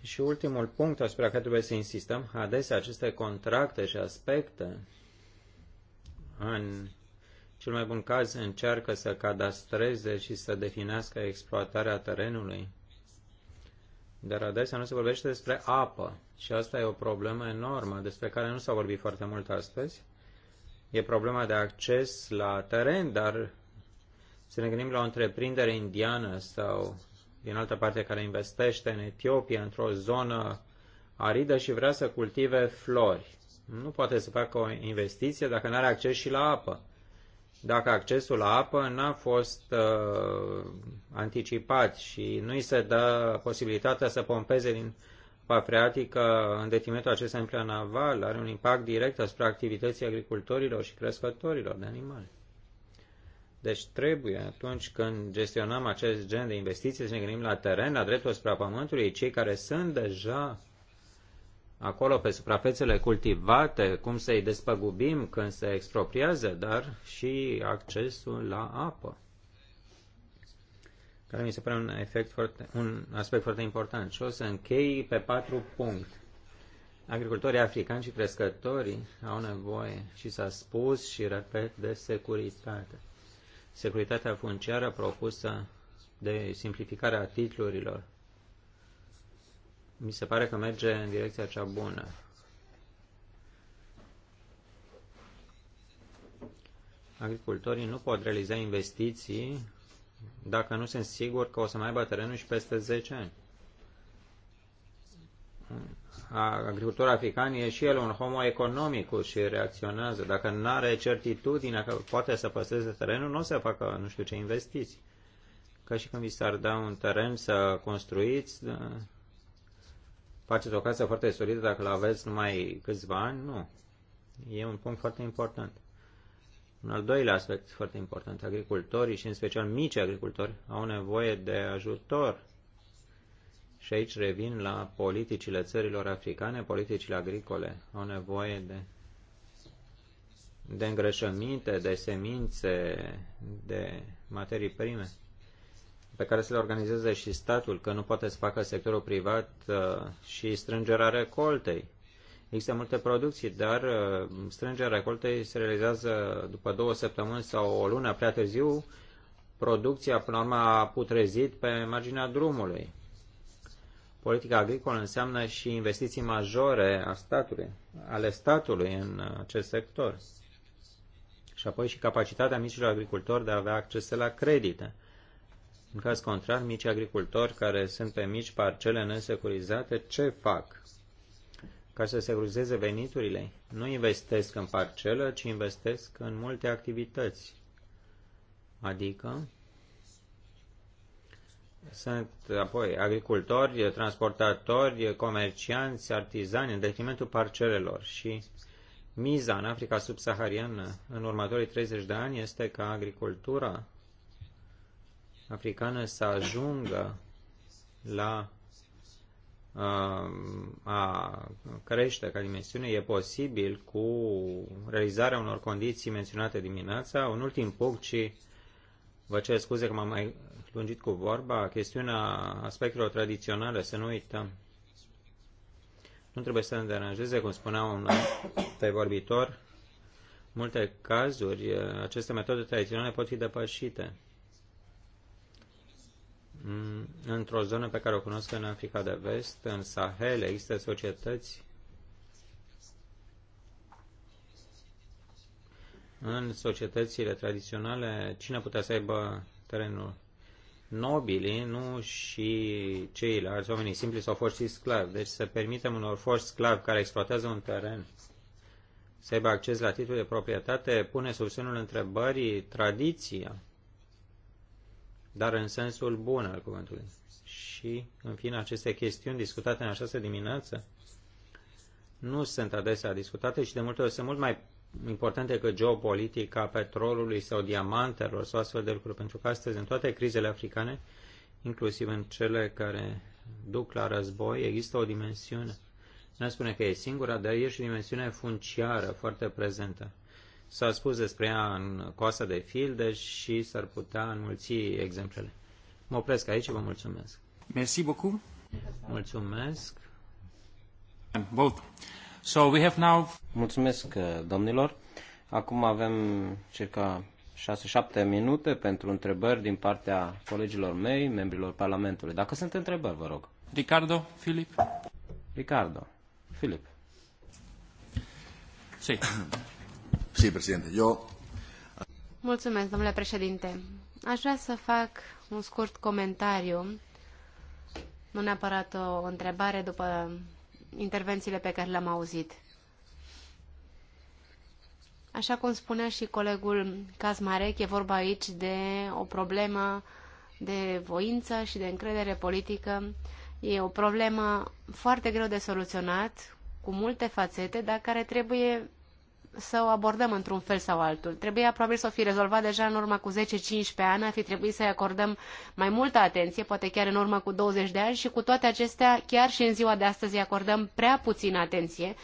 Și ultimul punct asupra care trebuie să insistăm, adesea aceste contracte și aspecte, în cel mai bun caz, încearcă să cadastreze și să definească exploatarea terenului dar adesea nu se vorbește despre apă și asta e o problemă enormă despre care nu s-a vorbit foarte mult astăzi. E problema de acces la teren, dar să ne gândim la o întreprindere indiană sau din altă parte care investește în Etiopia, într-o zonă aridă și vrea să cultive flori. Nu poate să facă o investiție dacă nu are acces și la apă dacă accesul la apă n-a fost uh, anticipat și nu îi se dă posibilitatea să pompeze din apa freatică în detrimentul acestei în plan naval, are un impact direct asupra activității agricultorilor și crescătorilor de animale. Deci trebuie, atunci când gestionăm acest gen de investiții, să ne gândim la teren, la dreptul asupra pământului, cei care sunt deja acolo pe suprafețele cultivate, cum să-i despăgubim când se expropriază, dar și accesul la apă, care mi se pare un, efect foarte, un aspect foarte important. Și o să închei pe patru puncte. Agricultorii africani și crescătorii au nevoie, și s-a spus și repet, de securitate. Securitatea funciară propusă de simplificarea titlurilor mi se pare că merge în direcția cea bună. Agricultorii nu pot realiza investiții dacă nu sunt sigur că o să mai aibă terenul și peste 10 ani. Agricultura africană e și el un homo economicus și reacționează. Dacă nu are certitudine că poate să păstreze terenul, nu o să facă nu știu ce investiții. Ca și când vi s-ar da un teren să construiți, da, faceți o casă foarte solidă dacă la aveți numai câțiva ani? Nu. E un punct foarte important. Un al doilea aspect foarte important, agricultorii și în special mici agricultori au nevoie de ajutor. Și aici revin la politicile țărilor africane, politicile agricole. Au nevoie de, de îngrășăminte, de semințe, de materii prime pe care să le organizeze și statul, că nu poate să facă sectorul privat uh, și strângerea recoltei. Există multe producții, dar uh, strângerea recoltei se realizează după două săptămâni sau o lună prea târziu. Producția, până la urmă, a putrezit pe marginea drumului. Politica agricolă înseamnă și investiții majore a statului, ale statului în uh, acest sector. Și apoi și capacitatea micilor agricultori de a avea acces la credite. În caz contrar, mici agricultori care sunt pe mici parcele nesecurizate, ce fac? Ca să securizeze veniturile, nu investesc în parcelă, ci investesc în multe activități. Adică, sunt apoi agricultori, transportatori, comercianți, artizani, în detrimentul parcelelor și miza în Africa subsahariană în următorii 30 de ani este ca agricultura africană să ajungă la um, a crește ca dimensiune e posibil cu realizarea unor condiții menționate dimineața. Un ultim punct și vă cer scuze că m-am mai lungit cu vorba, chestiunea aspectelor tradiționale, să nu uităm. Nu trebuie să ne deranjeze, cum spunea un vorbitor, multe cazuri aceste metode tradiționale pot fi depășite Mm, într-o zonă pe care o cunosc în Africa de Vest, în Sahel, există societăți în societățile tradiționale, cine putea să aibă terenul? Nobilii, nu și ceilalți, oamenii simpli sau forții sclavi. Deci să permitem unor forți sclavi care exploatează un teren să aibă acces la titlul de proprietate, pune sub semnul întrebării tradiția dar în sensul bun al cuvântului. Și, în fine, aceste chestiuni discutate în această dimineață nu sunt adesea discutate și de multe ori sunt mult mai importante decât geopolitica petrolului sau diamantelor sau astfel de lucruri, pentru că astăzi în toate crizele africane, inclusiv în cele care duc la război, există o dimensiune. Nu spune că e singura, dar e și o dimensiune funciară foarte prezentă. S-a spus despre ea în coasa de filde și s-ar putea înmulți exemplele. Mă opresc aici și vă mulțumesc. Merci beaucoup. Mulțumesc. Both. So we have now... Mulțumesc, uh, domnilor. Acum avem circa 6-7 minute pentru întrebări din partea colegilor mei, membrilor Parlamentului. Dacă sunt întrebări, vă rog. Ricardo, Filip. Ricardo, Filip. Sí a Mulțumesc, domnule președinte. Aș vrea să fac un scurt comentariu, nu neapărat o întrebare după intervențiile pe care le-am auzit. Așa cum spunea și colegul Kazmarek, e vorba aici de o problemă de voință și de încredere politică. E o problemă foarte greu de soluționat, cu multe fațete, dar care trebuie să o abordăm într-un fel sau altul. Trebuia probabil să o fi rezolvat deja în urmă cu 10-15 ani, ar fi trebuit să-i acordăm mai multă atenție, poate chiar în urmă cu 20 de ani și cu toate acestea, chiar și în ziua de astăzi, îi acordăm prea puțină atenție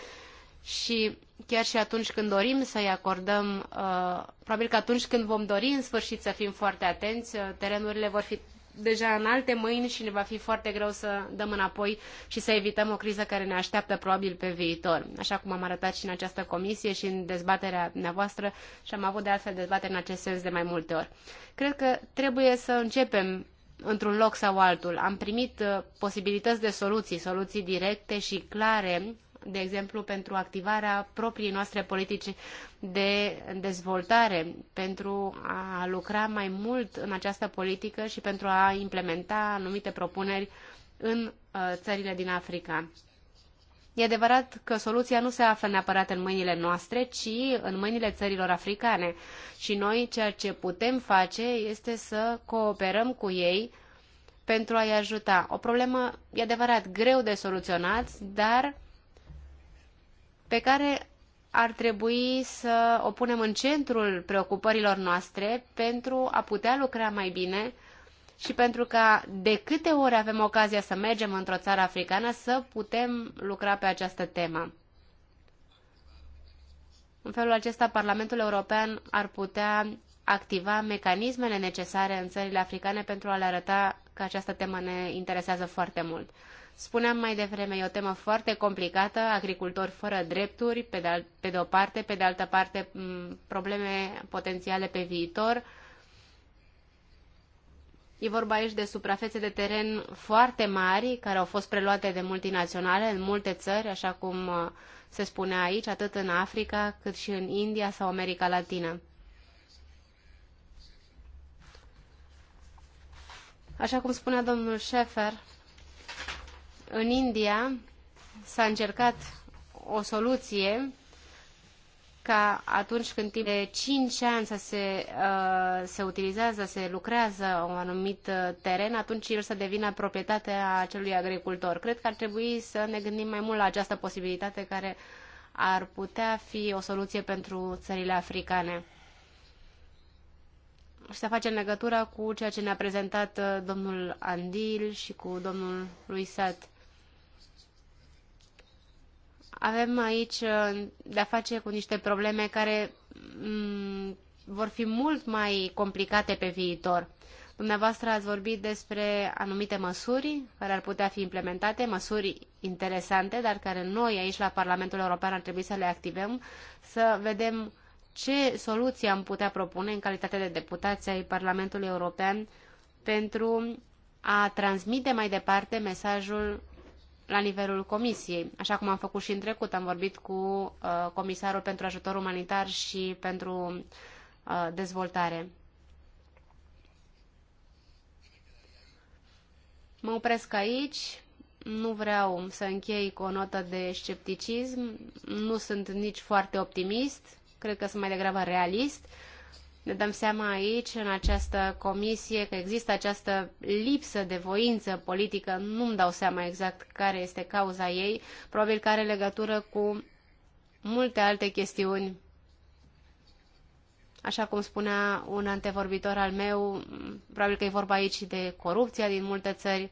și chiar și atunci când dorim să-i acordăm, uh, probabil că atunci când vom dori în sfârșit să fim foarte atenți, uh, terenurile vor fi deja în alte mâini și ne va fi foarte greu să dăm înapoi și să evităm o criză care ne așteaptă probabil pe viitor. Așa cum am arătat și în această comisie și în dezbaterea dumneavoastră și am avut de altfel dezbateri în acest sens de mai multe ori. Cred că trebuie să începem într-un loc sau altul. Am primit uh, posibilități de soluții, soluții directe și clare de exemplu, pentru activarea propriei noastre politici de dezvoltare, pentru a lucra mai mult în această politică și pentru a implementa anumite propuneri în uh, țările din Africa. E adevărat că soluția nu se află neapărat în mâinile noastre, ci în mâinile țărilor africane. Și noi ceea ce putem face este să cooperăm cu ei pentru a-i ajuta. O problemă, e adevărat, greu de soluționat, dar pe care ar trebui să o punem în centrul preocupărilor noastre pentru a putea lucra mai bine și pentru ca de câte ori avem ocazia să mergem într-o țară africană să putem lucra pe această temă. În felul acesta, Parlamentul European ar putea activa mecanismele necesare în țările africane pentru a le arăta că această temă ne interesează foarte mult. Spuneam mai devreme, e o temă foarte complicată, agricultori fără drepturi, pe de, pe de o parte, pe de altă parte probleme potențiale pe viitor. E vorba aici de suprafețe de teren foarte mari, care au fost preluate de multinaționale în multe țări, așa cum uh, se spune aici, atât în Africa, cât și în India sau America Latină. Așa cum spunea domnul Șefer, în India s-a încercat o soluție ca atunci când timp de 5 ani să se, uh, se utilizează, se lucrează un anumit uh, teren, atunci el să devină proprietatea acelui agricultor. Cred că ar trebui să ne gândim mai mult la această posibilitate care ar putea fi o soluție pentru țările africane. Și să facem legătura cu ceea ce ne-a prezentat uh, domnul Andil și cu domnul Luisat. Avem aici uh, de-a face cu niște probleme care mm, vor fi mult mai complicate pe viitor. Dumneavoastră ați vorbit despre anumite măsuri care ar putea fi implementate, măsuri interesante, dar care noi aici la Parlamentul European ar trebui să le activăm, să vedem ce soluții am putea propune în calitate de deputați ai Parlamentului European pentru a transmite mai departe mesajul la nivelul Comisiei. Așa cum am făcut și în trecut, am vorbit cu uh, Comisarul pentru Ajutor Umanitar și pentru uh, Dezvoltare. Mă opresc aici. Nu vreau să închei cu o notă de scepticism. Nu sunt nici foarte optimist. Cred că sunt mai degrabă realist. Uh, ne dăm seama aici, în această comisie, că există această lipsă de voință politică. Nu-mi dau seama exact care este cauza ei. Probabil că are legătură cu multe alte chestiuni. Așa cum spunea un antevorbitor al meu, probabil că e vorba aici de corupția din multe țări.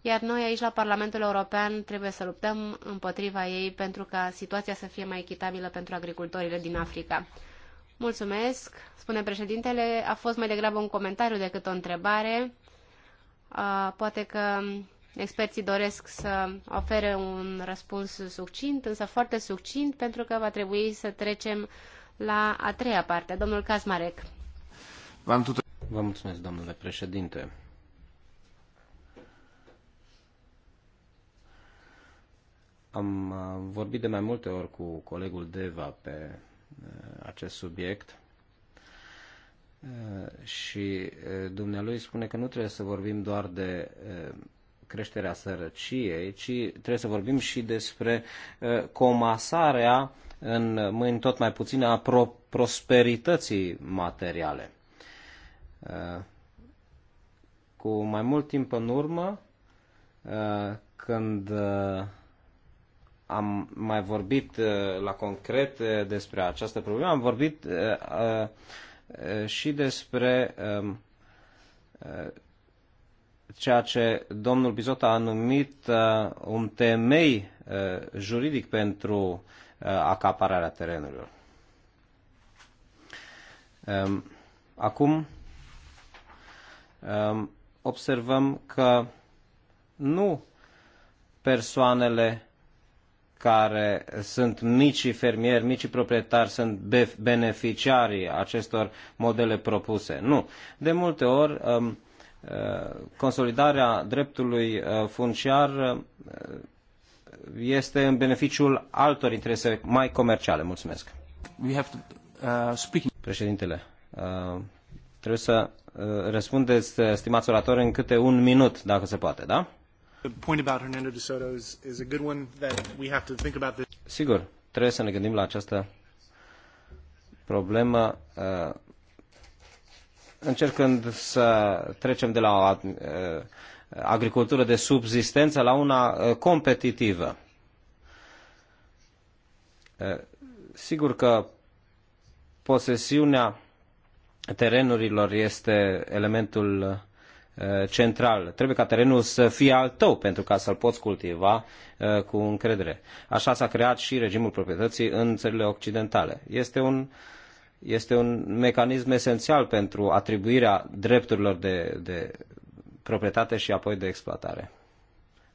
Iar noi aici la Parlamentul European trebuie să luptăm împotriva ei pentru ca situația să fie mai echitabilă pentru agricultorile din Africa. Mulțumesc, spune președintele. A fost mai degrabă un comentariu decât o întrebare. Poate că experții doresc să ofere un răspuns succint, însă foarte succint, pentru că va trebui să trecem la a treia parte. Domnul Casmarec. Vă mulțumesc, domnule președinte. Am vorbit de mai multe ori cu colegul Deva pe Uh, acest subiect uh, și uh, dumnealui spune că nu trebuie să vorbim doar de creșterea sărăciei, ci trebuie să vorbim și despre comasarea în mâini tot mai puține a pro- prosperității materiale. Cu mai mult timp în urmă, când am mai vorbit uh, la concret uh, despre această problemă, am vorbit uh, și despre um, ceea ce domnul Bizot a numit un temei juridic pentru acapararea terenurilor. Um, acum um, observăm că nu persoanele care sunt micii fermieri, micii proprietari, sunt beneficiarii acestor modele propuse. Nu. De multe ori, um, uh, consolidarea dreptului uh, funciar uh, este în beneficiul altor interese mai comerciale. Mulțumesc. We have to, uh, speak... Președintele, uh, trebuie să uh, răspundeți, stimați oratori, în câte un minut, dacă se poate, da? Sigur, trebuie să ne gândim la această problemă uh, încercând să trecem de la o uh, agricultură de subzistență la una uh, competitivă. Sigur că posesiunea terenurilor este elementul Uh, central. Trebuie ca terenul să fie al tău pentru ca să-l poți cultiva uh, cu încredere. Așa s-a creat și regimul proprietății în țările occidentale. Este un, este un mecanism esențial pentru atribuirea drepturilor de, de proprietate și apoi de exploatare.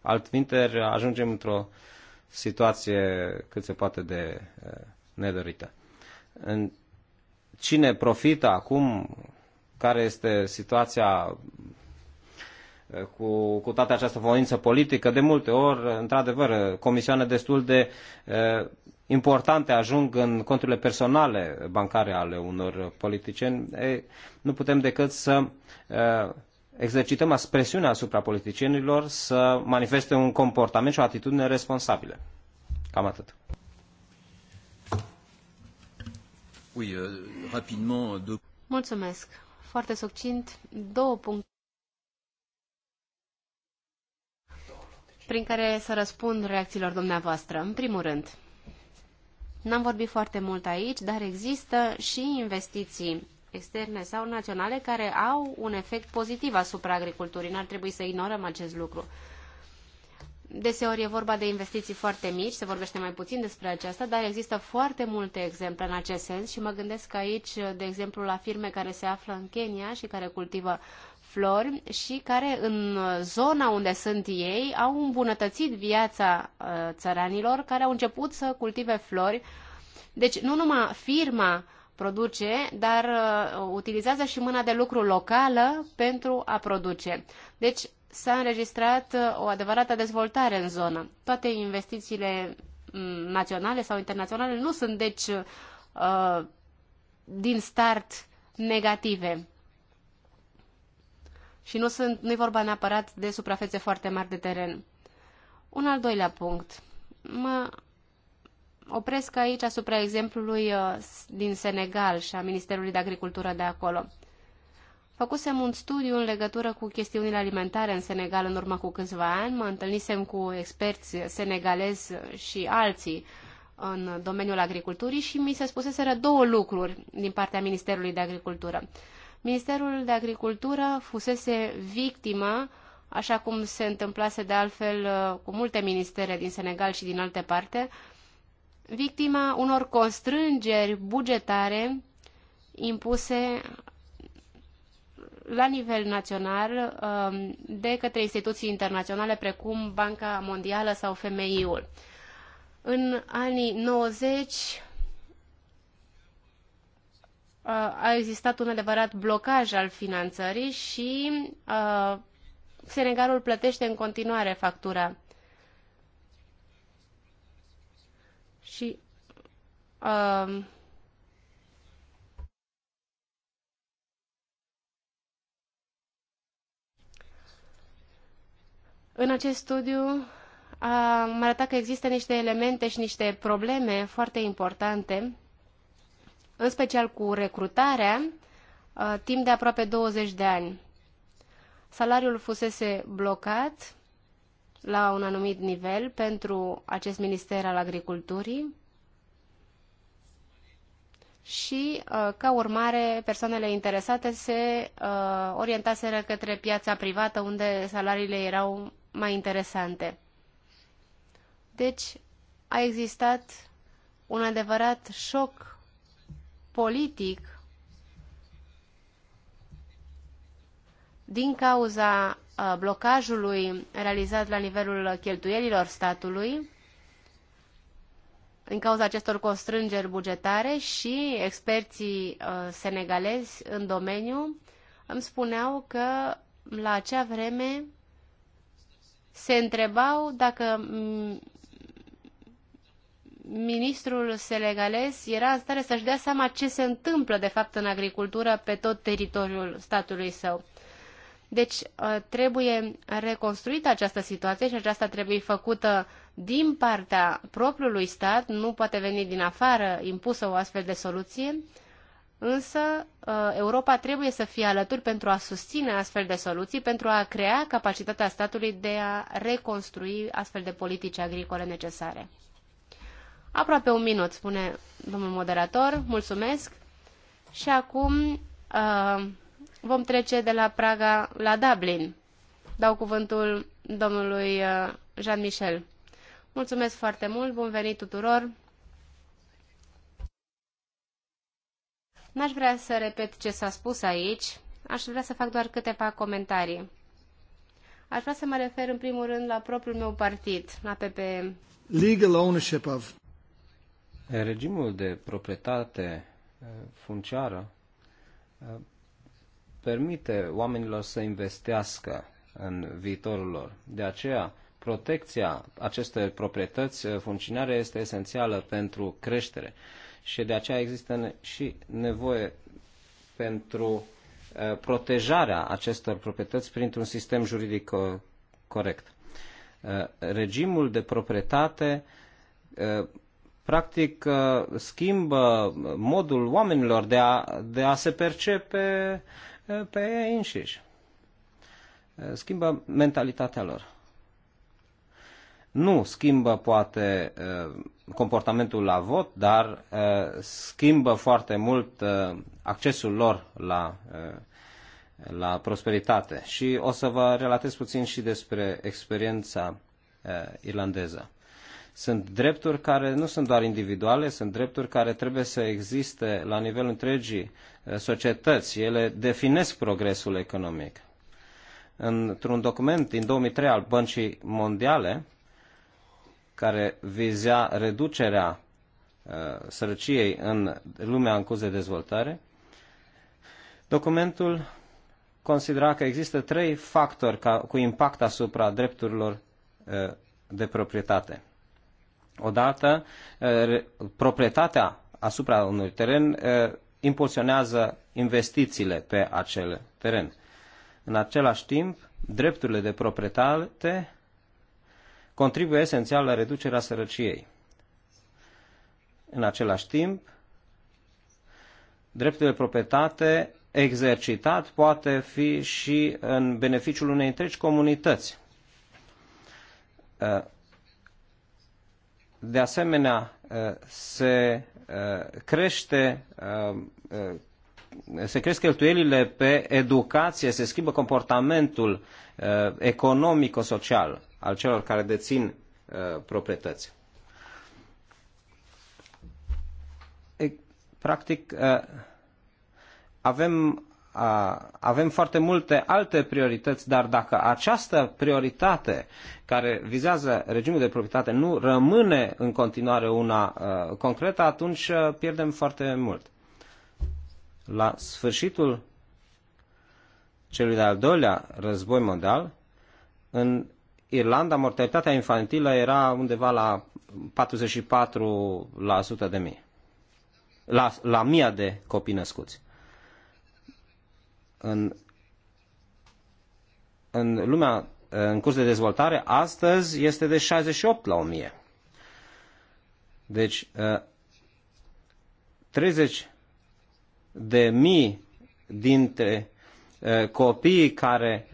Altminteri ajungem într-o situație cât se poate de uh, nedorită. În cine profită acum, care este situația cu, cu toată această voință politică. De multe ori, într-adevăr, comisioane destul de uh, importante ajung în conturile personale bancare ale unor politicieni. Ei, nu putem decât să uh, exercităm presiunea asupra politicienilor să manifeste un comportament și o atitudine responsabile. Cam atât. Euh, Mulțumesc. Foarte succint, două puncte. prin care să răspund reacțiilor dumneavoastră. În primul rând, n-am vorbit foarte mult aici, dar există și investiții externe sau naționale care au un efect pozitiv asupra agriculturii. N-ar trebui să ignorăm acest lucru. Deseori e vorba de investiții foarte mici, se vorbește mai puțin despre aceasta, dar există foarte multe exemple în acest sens și mă gândesc aici, de exemplu, la firme care se află în Kenya și care cultivă flori și care în zona unde sunt ei au îmbunătățit viața uh, țăranilor care au început să cultive flori. Deci nu numai firma produce, dar uh, utilizează și mâna de lucru locală pentru a produce. Deci s-a înregistrat uh, o adevărată dezvoltare în zonă. Toate investițiile mm, naționale sau internaționale nu sunt deci din start negative. Și nu sunt, nu-i vorba neapărat de suprafețe foarte mari de teren. Un al doilea punct. Mă opresc aici asupra exemplului uh, din Senegal și a Ministerului de Agricultură de acolo. Făcusem un studiu în legătură cu chestiunile alimentare în Senegal în urmă cu câțiva ani. Mă întâlnisem cu experți senegalezi și alții în domeniul agriculturii și mi se spuseseră două lucruri din partea Ministerului de Agricultură. Ministerul de Agricultură fusese victima, așa cum se întâmplase de altfel uh, cu multe ministere din Senegal și din alte parte, victima unor constrângeri bugetare impuse la nivel național um, de către instituții internaționale precum Banca Mondială sau FMI-ul. În anii 90 a existat un adevărat blocaj al finanțării și Senegalul plătește în continuare factura. Și uh, în acest studiu am arătat că există niște elemente și niște probleme foarte importante în special cu recrutarea, uh, timp de aproape 20 de ani. Salariul fusese blocat la un anumit nivel pentru acest minister al agriculturii și, uh, ca urmare, persoanele interesate se uh, orientaseră către piața privată, unde salariile erau mai interesante. Deci, a existat un adevărat șoc politic din cauza uh, blocajului realizat la nivelul cheltuielilor statului, din cauza acestor constrângeri bugetare și experții uh, senegalezi în domeniu îmi spuneau că la acea vreme se întrebau dacă ministrul senegalez era în stare să-și dea seama ce se întâmplă, de fapt, în agricultură pe tot teritoriul statului său. Deci ă, trebuie reconstruită această situație și aceasta trebuie făcută din partea propriului stat, nu poate veni din afară impusă o astfel de soluție, însă ă, Europa trebuie să fie alături pentru a susține astfel de soluții, pentru a crea capacitatea statului de a reconstrui astfel de politici agricole necesare. Aproape un minut, spune domnul moderator. Mulțumesc. Și acum uh, vom trece de la Praga la Dublin. Dau cuvântul domnului uh, Jean-Michel. Mulțumesc foarte mult, bun venit tuturor. N-aș vrea să repet ce s-a spus aici, aș vrea să fac doar câteva comentarii. Aș vrea să mă refer în primul rând la propriul meu partid, la PPM. Legal ownership of Regimul de proprietate eh, funciară eh, permite oamenilor să investească în viitorul lor. De aceea, protecția acestor proprietăți eh, funcționare este esențială pentru creștere și de aceea există și nevoie pentru protejarea acestor proprietăți printr-un sistem juridic corect. Regimul de proprietate practic uh, schimbă modul oamenilor de a, de a se percepe uh, pe ei înșiși. Uh, schimbă mentalitatea lor. Nu schimbă poate comportamentul la vot, dar schimbă foarte mult accesul lor la, la prosperitate. Și o să vă relatez puțin și despre experiența irlandeză. Sunt drepturi care nu sunt doar individuale, sunt drepturi care trebuie să existe la nivelul întregii uh, societăți. Ele definesc progresul economic. Într-un document din 2003 al Băncii Mondiale, care vizea reducerea uh, sărăciei în lumea în curs de dezvoltare, documentul considera că există trei factori ca, cu impact asupra drepturilor uh, de proprietate. Odată, proprietatea asupra unui teren impulsionează investițiile pe acel teren. În același timp, drepturile de proprietate contribuie esențial la reducerea sărăciei. În același timp, dreptul de proprietate exercitat poate fi și în beneficiul unei întregi comunități. De asemenea, uh, se uh, crește uh, se cresc cheltuielile pe educație, se schimbă comportamentul economico-social al celor care dețin proprietăți. Practic, avem avem foarte multe alte priorități, dar dacă această prioritate care vizează regimul de proprietate nu rămâne în continuare una uh, concretă, atunci uh, pierdem foarte mult. La sfârșitul celui de-al doilea război mondial, în Irlanda mortalitatea infantilă era undeva la 44% de mii. La, la mii de copii născuți în, în lumea în curs de dezvoltare astăzi este de 68 la 1000. Deci 30 uh, de mii dintre uh, copiii care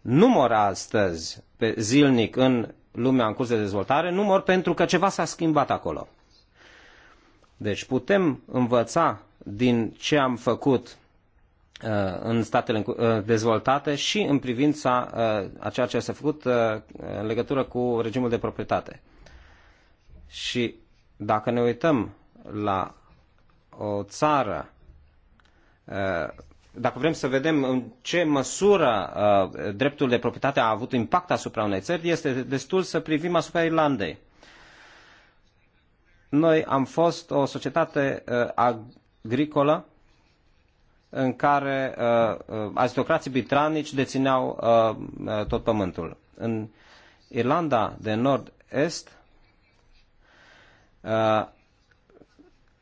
nu mor astăzi pe zilnic în lumea în curs de dezvoltare, nu mor pentru că ceva s-a schimbat acolo. Deci putem învăța din ce am făcut Uh, în statele uh, dezvoltate și în privința uh, a ceea ce s-a făcut în legătură cu regimul de proprietate. Și dacă ne uităm la o țară, dacă vrem să vedem în ce măsură dreptul de proprietate a avut impact asupra unei țări, este destul să privim asupra Irlandei. Noi am fost o societate agricolă în care uh, uh aristocrații britanici dețineau uh, uh, tot pământul. În Irlanda de Nord-Est, uh,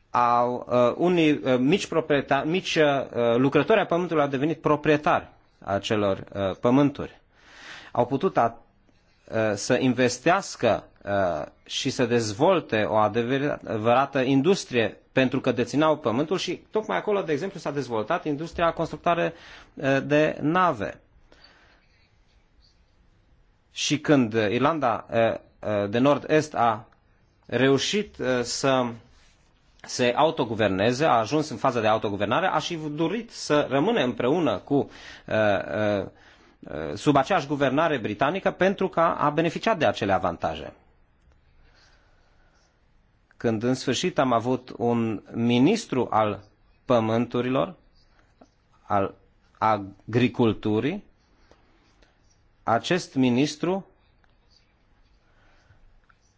au, uh, unii uh, mici, mici uh, lucrători a pământului au devenit proprietari acelor uh, pământuri. Au putut a, uh, să investească uh, și să dezvolte o adevărată industrie pentru că dețineau pământul și tocmai acolo, de exemplu, s-a dezvoltat industria constructare de nave. Și când Irlanda de Nord-Est a reușit să se autoguverneze, a ajuns în faza de autoguvernare, a și dorit să rămâne împreună cu sub aceeași guvernare britanică pentru că a beneficiat de acele avantaje când în sfârșit am avut un ministru al pământurilor, al agriculturii, acest ministru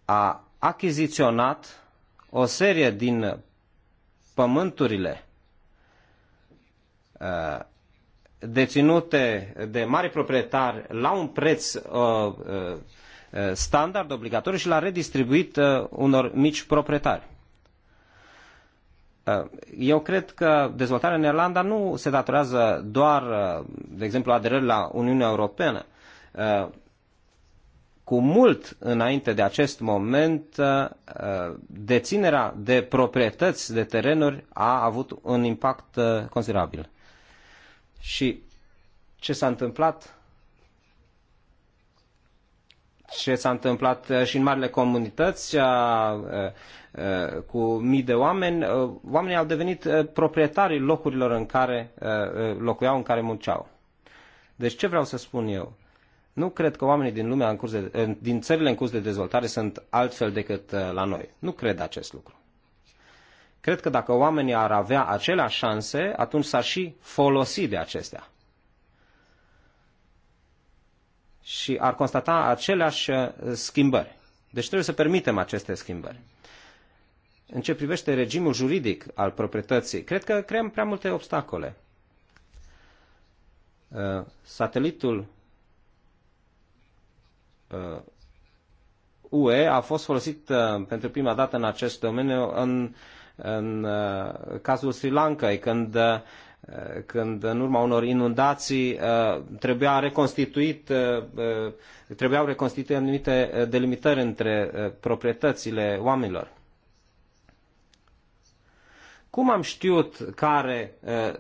a achiziționat o serie din pământurile uh, deținute de mari proprietari la un preț uh, uh, standard obligatoriu și l-a redistribuit uh, unor mici proprietari. Uh, eu cred că dezvoltarea în Irlanda nu se datorează doar, uh, de exemplu, aderării la Uniunea Europeană. Cu mult înainte de acest moment, deținerea de proprietăți, de terenuri, a avut un impact considerabil. Și ce s-a întâmplat ce s-a întâmplat uh, și în marile comunități uh, uh, cu mii de oameni, oamenii au devenit proprietarii locurilor în care locuiau, în care munceau. Deci ce vreau să spun eu? Nu cred că oamenii din lumea în curs de, din țările în curs de dezvoltare sunt altfel decât la noi. Nu cred acest lucru. Cred că dacă oamenii ar avea acelea șanse, atunci s-ar și folosi de acestea. și ar constata aceleași uh, schimbări. Deci trebuie să permitem aceste schimbări. În ce privește regimul juridic al proprietății, cred că creăm prea multe obstacole. Uh, satelitul UE uh, a fost folosit pentru prima dată în acest domeniu în, în cazul Sri Lankai, când Eh, când în urma unor inundații eh, trebuia reconstituit, eh, trebuiau reconstituite anumite delimitări între proprietățile oamenilor. Cum am știut care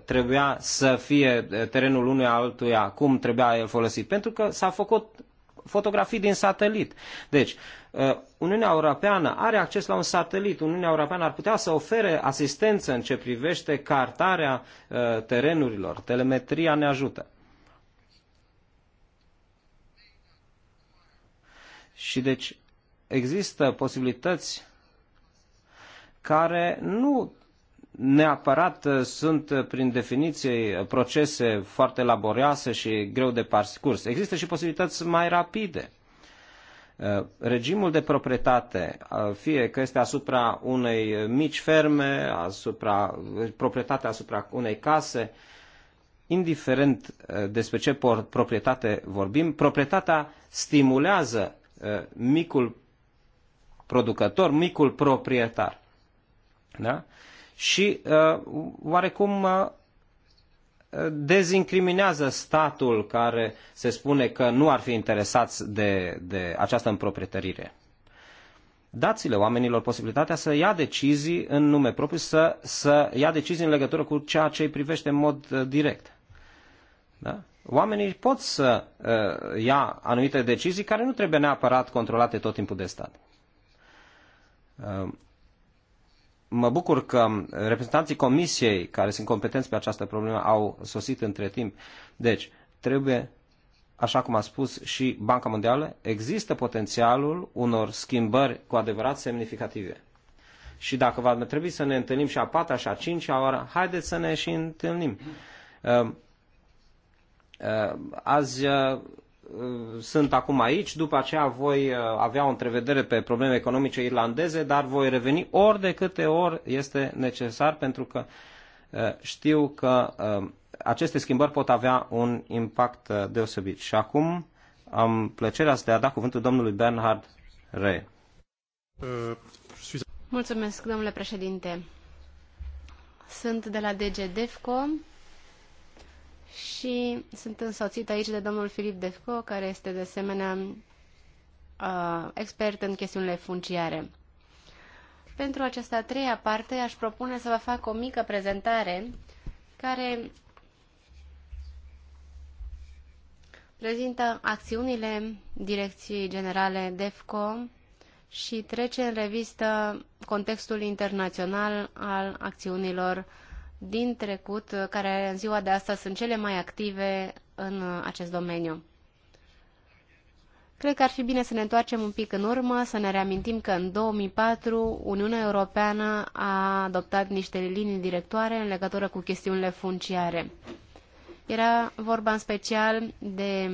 trebuia să fie terenul unui altuia, cum trebuia el folosit? Pentru că s-a făcut fotografii din satelit. Deci, uh, Uniunea Europeană are acces la un satelit. Uniunea Europeană ar putea să ofere asistență în ce privește cartarea uh, terenurilor. Telemetria ne ajută. Și deci există posibilități care nu neapărat uh, sunt uh, prin definiție uh, procese foarte laborioase și greu de parcurs. Există și posibilități mai rapide. Regimul de proprietate, fie că este asupra unei mici ferme, asupra, proprietatea asupra unei case, indiferent despre ce proprietate vorbim, proprietatea stimulează micul producător, micul proprietar. Da? și uh, oarecum uh, dezincriminează statul care se spune că nu ar fi interesat de, de această împroprietărire. Dați-le oamenilor posibilitatea să ia decizii în nume propriu, să, să ia decizii în legătură cu ceea ce îi privește în mod uh, direct. Da? Oamenii pot să uh, ia anumite decizii care nu trebuie neapărat controlate tot timpul de stat. Uh, mă bucur că reprezentanții comisiei care sunt competenți pe această problemă au sosit între timp. Deci, trebuie, așa cum a spus și Banca Mondială, există potențialul unor schimbări cu adevărat semnificative. Și dacă va trebui să ne întâlnim și a patra și a cincea oară, haideți să ne și întâlnim. Ehm, ehm, azi sunt acum aici, după aceea voi uh, avea o întrevedere pe probleme economice irlandeze, dar voi reveni ori de câte ori este necesar, pentru că uh, știu că uh, aceste schimbări pot avea un impact deosebit. Și acum am plăcerea să te da cuvântul domnului Bernhard Rey. Mulțumesc, domnule președinte. Sunt de la DG DEFCO și sunt însoțit aici de domnul Filip Defco, care este de asemenea uh, expert în chestiunile funciare. Pentru această a treia parte aș propune să vă fac o mică prezentare care prezintă acțiunile Direcției Generale DEFCO și trece în revistă contextul internațional al acțiunilor uh, din trecut, uh, care în ziua de astăzi sunt cele mai active în uh, acest domeniu. Cred că ar fi bine să ne întoarcem un pic în urmă, să ne reamintim că în 2004 Uniunea Europeană a adoptat niște linii directoare în legătură cu chestiunile funciare. Era vorba în special de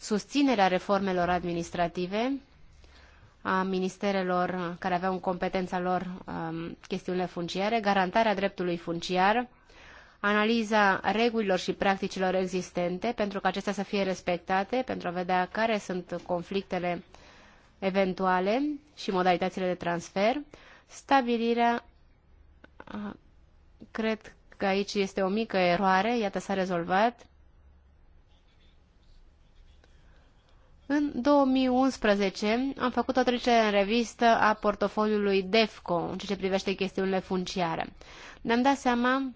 susținerea reformelor administrative a ministerelor care aveau în competența lor um, chestiunile funciare, garantarea dreptului funciar, analiza regulilor și practicilor existente pentru că acestea să fie respectate, pentru a vedea care sunt conflictele eventuale și modalitățile de transfer, stabilirea, uh, cred că aici este o mică eroare, iată s-a rezolvat, În 2011 am făcut o trecere în revistă a portofoliului DEFCO în ceea ce privește chestiunile funciare. Ne-am dat seama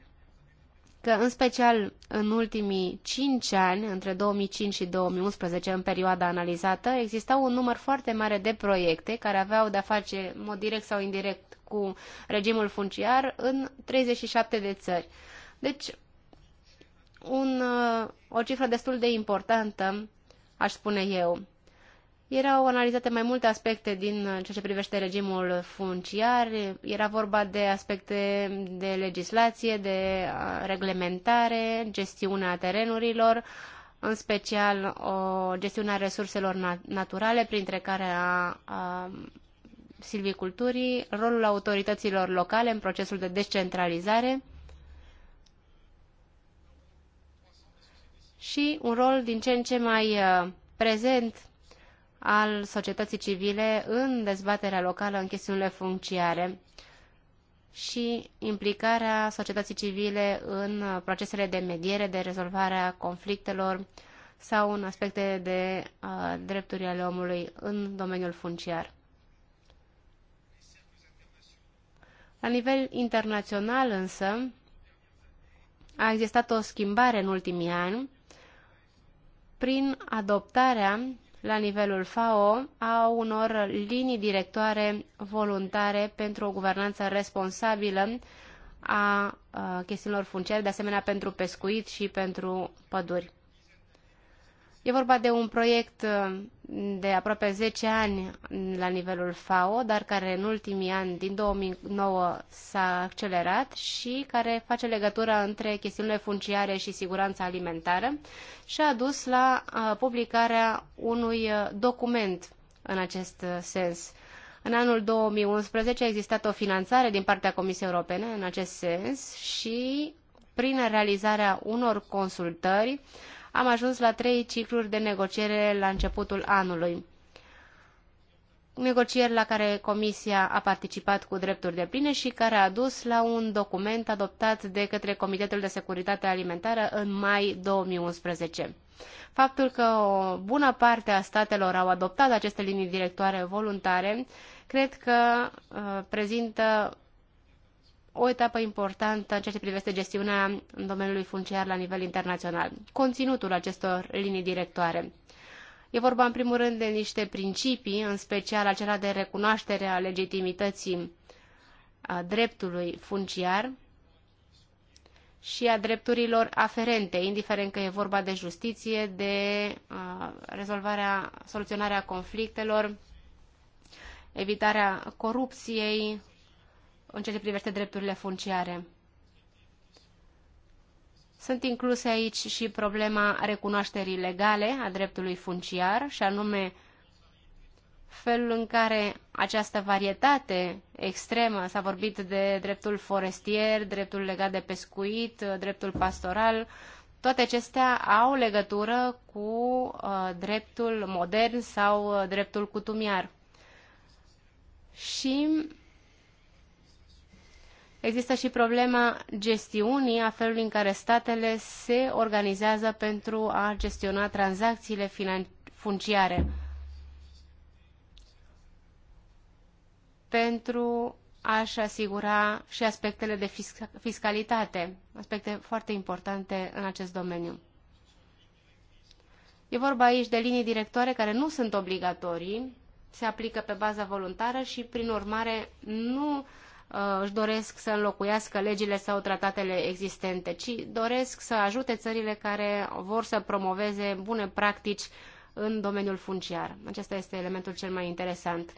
că în special în ultimii 5 ani, între 2005 și 2011, în perioada analizată, exista un număr foarte mare de proiecte care aveau de-a face, în mod direct sau indirect, cu regimul funciar în 37 de țări. Deci, un, uh, o cifră destul de importantă aș spune eu. Erau analizate mai multe aspecte din uh, ceea ce privește regimul funciar, era vorba de aspecte de legislație, de uh, reglementare, gestiunea terenurilor, în special o gestiune a resurselor naturale, printre care a, a silviculturii, rolul autorităților locale în procesul de descentralizare, și un rol din ce în ce mai uh, prezent al societății civile în dezbaterea locală în chestiunile funciare și implicarea societății civile în uh, procesele de mediere, de rezolvare a conflictelor sau în aspecte de uh, drepturi ale omului în domeniul funciar. La nivel internațional însă a existat o schimbare în ultimii ani prin adoptarea la nivelul FAO a unor linii directoare voluntare pentru o guvernanță responsabilă a, chestiunilor funciare, de asemenea pentru pescuit și pentru păduri. E vorba de un proiect uh, de aproape 10 ani la nivelul FAO, dar care în ultimii ani, din 2009, s-a accelerat și care face legătura între chestiunile funciare și siguranța alimentară și a dus la uh, publicarea unui uh, document în acest sens. În anul 2011 a existat o finanțare din partea Comisiei Europene în acest sens și prin realizarea unor consultări am ajuns la trei cicluri de negociere la începutul anului. Negocieri la care Comisia a participat cu drepturi de pline și care a dus la un document adoptat de către Comitetul de Securitate Alimentară în mai 2011. Faptul că o bună parte a statelor au adoptat aceste linii directoare voluntare, cred că uh, prezintă o etapă importantă în ceea ce privește gestiunea în domeniului funciar la nivel internațional. Conținutul acestor linii directoare. E vorba în primul rând de niște principii, în special acela de recunoaștere a legitimității a dreptului funciar și a drepturilor aferente, indiferent că e vorba de justiție, de a, rezolvarea, soluționarea conflictelor, evitarea corupției, în ceea ce privește drepturile funciare. Sunt incluse aici și problema recunoașterii legale a dreptului funciar, și anume felul în care această varietate extremă, s-a vorbit de dreptul forestier, dreptul legat de pescuit, dreptul pastoral, toate acestea au legătură cu uh, dreptul modern sau uh, dreptul cutumiar. Și Există și problema gestiunii a felului în care statele se organizează pentru a gestiona tranzacțiile funciare. Pentru a-și asigura și aspectele de fiscalitate, aspecte foarte importante în acest domeniu. E vorba aici de linii directoare care nu sunt obligatorii, se aplică pe baza voluntară și, prin urmare, nu uh, Uh, își doresc să înlocuiască legile sau tratatele existente, ci doresc să ajute țările care vor să promoveze bune practici în domeniul funciar. Acesta este elementul cel mai interesant.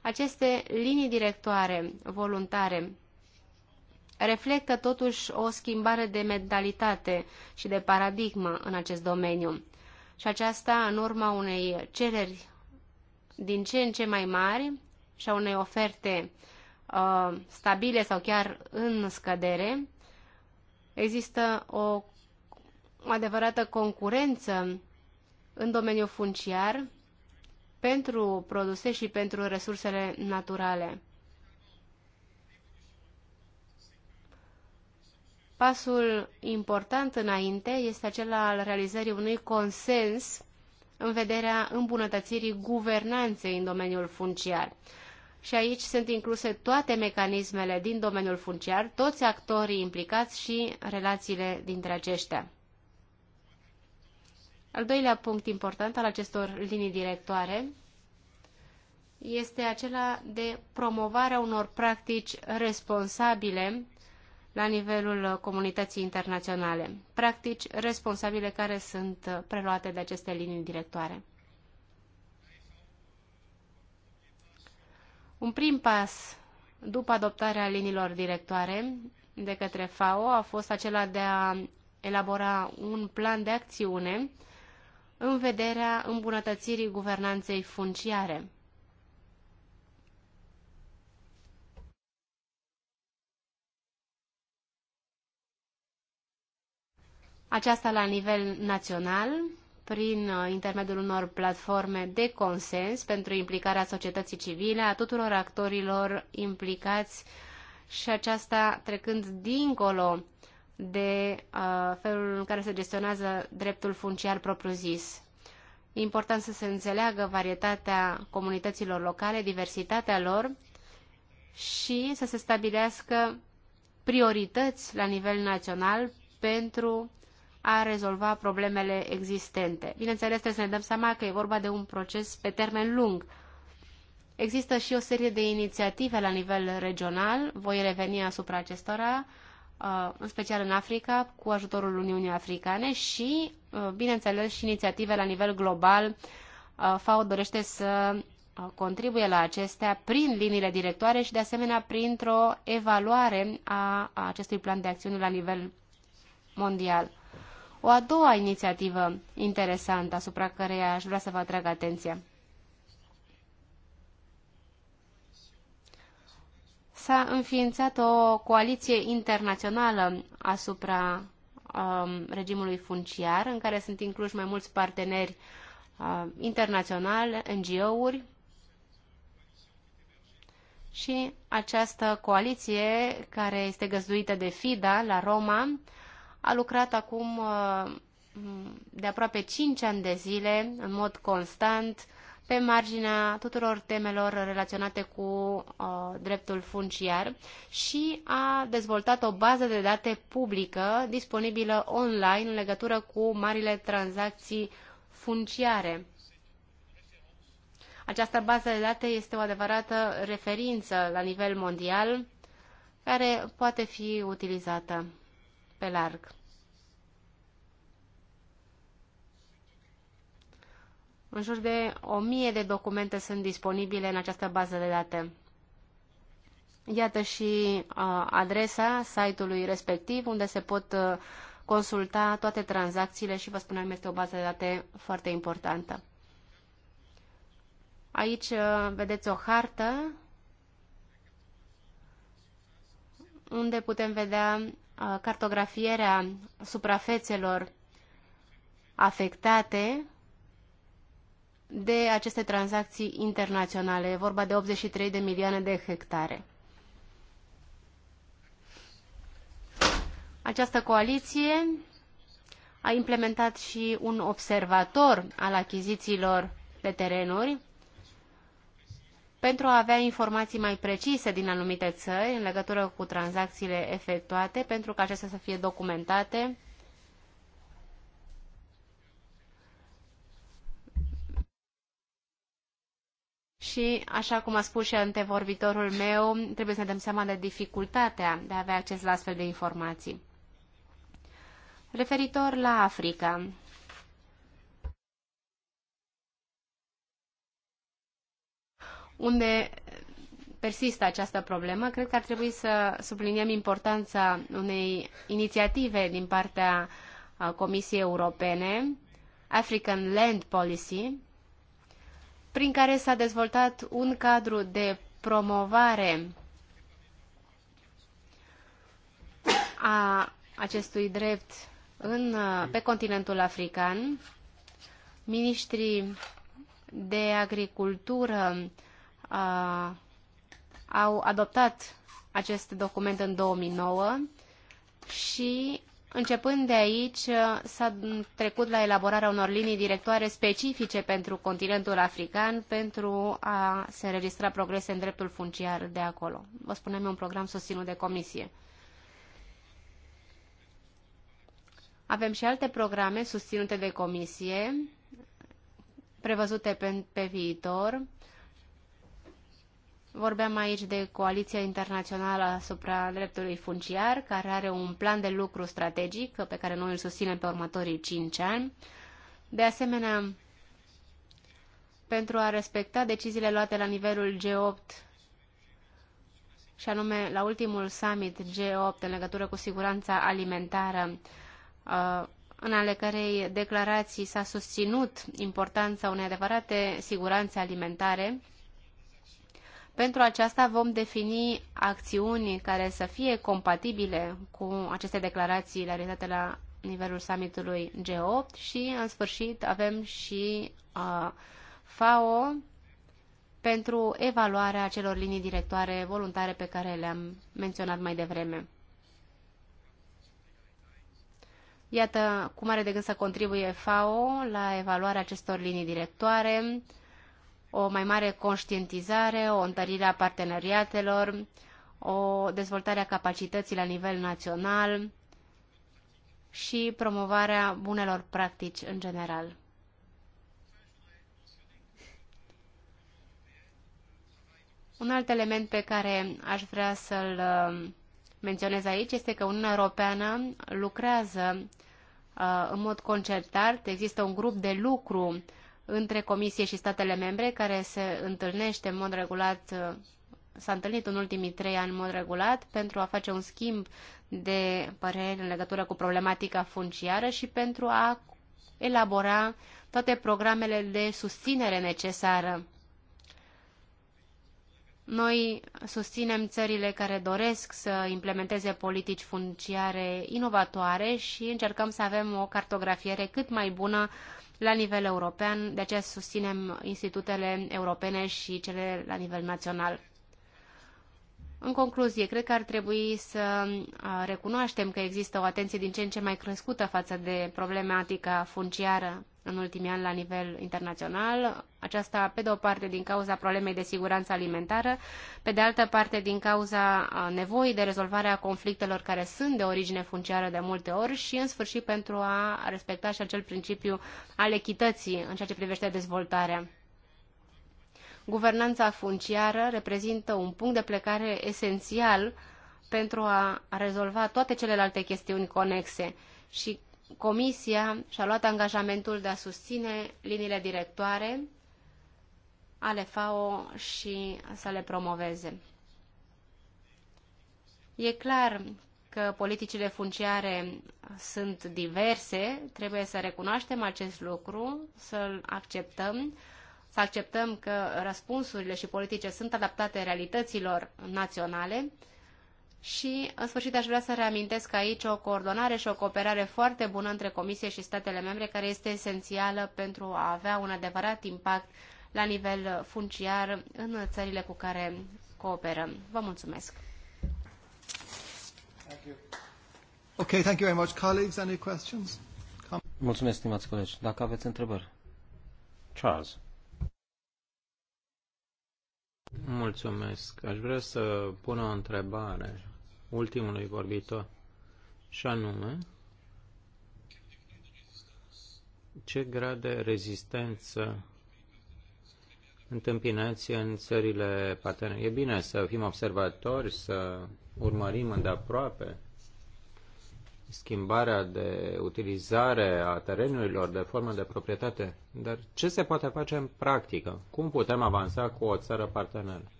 Aceste linii directoare voluntare reflectă totuși o schimbare de mentalitate și de paradigmă în acest domeniu. Și aceasta în urma unei cereri din ce în ce mai mari și a unei oferte uh, uh, stabile sau chiar în scădere, există o adevărată concurență în domeniul funciar pentru produse și pentru resursele naturale. Pasul important înainte este acela al realizării unui consens în vederea îmbunătățirii guvernanței în domeniul funciar și aici sunt incluse toate mecanismele din domeniul funciar, toți actorii implicați și relațiile dintre aceștia. Al doilea punct important al acestor linii directoare este acela de promovarea unor practici responsabile la nivelul comunității internaționale, practici responsabile care sunt preluate de aceste linii directoare. Un prim pas după adoptarea liniilor directoare de către FAO a fost acela de a elabora un plan de acțiune în vederea îmbunătățirii guvernanței funciare. Aceasta la nivel național prin uh, intermediul unor platforme de consens pentru implicarea societății civile, a tuturor actorilor implicați și aceasta trecând dincolo de uh, felul în care se gestionează dreptul funciar propriu-zis. E important să se înțeleagă varietatea comunităților locale, diversitatea lor și să se stabilească priorități la nivel național pentru a rezolva problemele existente. Bineînțeles, trebuie să ne dăm seama că e vorba de un proces pe termen lung. Există și o serie de inițiative la nivel regional, voi reveni asupra acestora, uh, în special în Africa, cu ajutorul Uniunii Africane și, uh, bineînțeles, și inițiative la nivel global. Uh, FAO dorește să contribuie la acestea prin liniile directoare și, de asemenea, printr-o evaluare a acestui plan de acțiune la nivel mondial. O a doua inițiativă interesantă asupra căreia aș vrea să vă atrag atenția. S-a înființat o coaliție internațională asupra um, regimului funciar, în care sunt incluși mai mulți parteneri uh, internaționali, NGO-uri, și această coaliție, care este găzduită de FIDA la Roma, a lucrat acum uh, de aproape 5 ani de zile, în mod constant, pe marginea tuturor temelor relaționate cu uh, dreptul funciar și a dezvoltat o bază de date publică disponibilă online în legătură cu marile tranzacții funciare. Această bază de date este o adevărată referință la nivel mondial care poate fi utilizată pe larg. În jur de o mie de documente sunt disponibile în această bază de date. Iată și uh, adresa site-ului respectiv, unde se pot uh, consulta toate tranzacțiile și vă spuneam, este o bază de date foarte importantă. Aici uh, vedeți o hartă unde putem vedea cartografierea suprafețelor afectate de aceste tranzacții internaționale. E vorba de 83 de milioane de hectare. Această coaliție a implementat și un observator al achizițiilor de terenuri pentru a avea informații mai precise din anumite țări în legătură cu tranzacțiile efectuate, pentru ca acestea să fie documentate. Și, așa cum a spus și antevorbitorul meu, trebuie să ne dăm seama de dificultatea de a avea acces la astfel de informații. Referitor la Africa, unde persistă această problemă, cred că ar trebui să subliniem importanța unei inițiative din partea Comisiei Europene, African Land Policy, prin care s-a dezvoltat un cadru de promovare a acestui drept în, pe continentul african. Ministrii de agricultură au adoptat acest document în 2009 și Începând de aici, s-a trecut la elaborarea unor linii directoare specifice pentru continentul african pentru a se înregistra progrese în dreptul funciar de acolo. Vă spunem, un program susținut de comisie. Avem și alte programe susținute de comisie, prevăzute pe, pe viitor, Vorbeam aici de Coaliția Internațională asupra dreptului funciar, care are un plan de lucru strategic pe care noi îl susținem pe următorii 5 ani. De asemenea, pentru a respecta deciziile luate la nivelul G8 și anume la ultimul summit G8 în legătură cu siguranța alimentară, uh, în ale cărei declarații s-a susținut importanța unei adevărate siguranțe alimentare, pentru aceasta vom defini acțiuni care să fie compatibile cu aceste declarații realizate la nivelul summitului G8 și, în sfârșit, avem și uh, FAO pentru evaluarea acelor linii directoare voluntare pe care le-am menționat mai devreme. Iată cum are de gând să contribuie FAO la evaluarea acestor linii directoare, uh, o mai mare conștientizare, o întărire a parteneriatelor, o dezvoltare a capacității la nivel național și promovarea bunelor practici în general. Un alt element pe care aș vrea să-l uh, menționez aici este că Uniunea Europeană lucrează uh, în mod concertat, există un grup de lucru între Comisie și statele membre, care se întâlnește în mod regulat, uh, s-a întâlnit în ultimii trei ani în mod regulat, pentru a face un schimb de păreri în legătură cu problematica funciară și pentru a elabora toate programele de susținere necesară. Noi susținem țările care doresc să implementeze politici funciare inovatoare și încercăm să avem o cartografiere cât mai bună la nivel european, de aceea susținem institutele europene și cele la nivel național. În concluzie, cred că ar trebui să recunoaștem că există o atenție din ce în ce mai crescută față de problematica funciară în ultimii ani la nivel internațional. Aceasta, pe de o parte, din cauza problemei de siguranță alimentară, pe de altă parte, din cauza nevoii de rezolvare a conflictelor care sunt de origine funciară de multe ori și, în sfârșit, pentru a respecta și acel principiu al echității în ceea ce privește dezvoltarea. Guvernanța funciară reprezintă un punct de plecare esențial pentru a rezolva toate celelalte chestiuni conexe și Comisia și-a luat angajamentul de a susține liniile directoare ale FAO și să le promoveze. E clar că politicile funciare sunt diverse, trebuie să recunoaștem acest lucru, să-l acceptăm, să acceptăm că răspunsurile și politice sunt adaptate realităților naționale și, în sfârșit, aș vrea să reamintesc aici o coordonare și o cooperare foarte bună între Comisie și statele membre, care este esențială pentru a avea un adevărat impact la nivel funciar în țările cu care cooperăm. Vă mulțumesc! Okay, thank you very much, colleagues. Any questions? Mulțumesc, stimați colegi. Dacă aveți întrebări. Charles. Mulțumesc. Aș vrea să pun o întrebare ultimului vorbitor și anume ce grad de rezistență întâmpinați în țările paternă? E bine să fim observatori, să urmărim îndeaproape schimbarea de utilizare a terenurilor de formă de proprietate, dar ce se poate face în practică? Cum putem avansa cu o țară parteneră?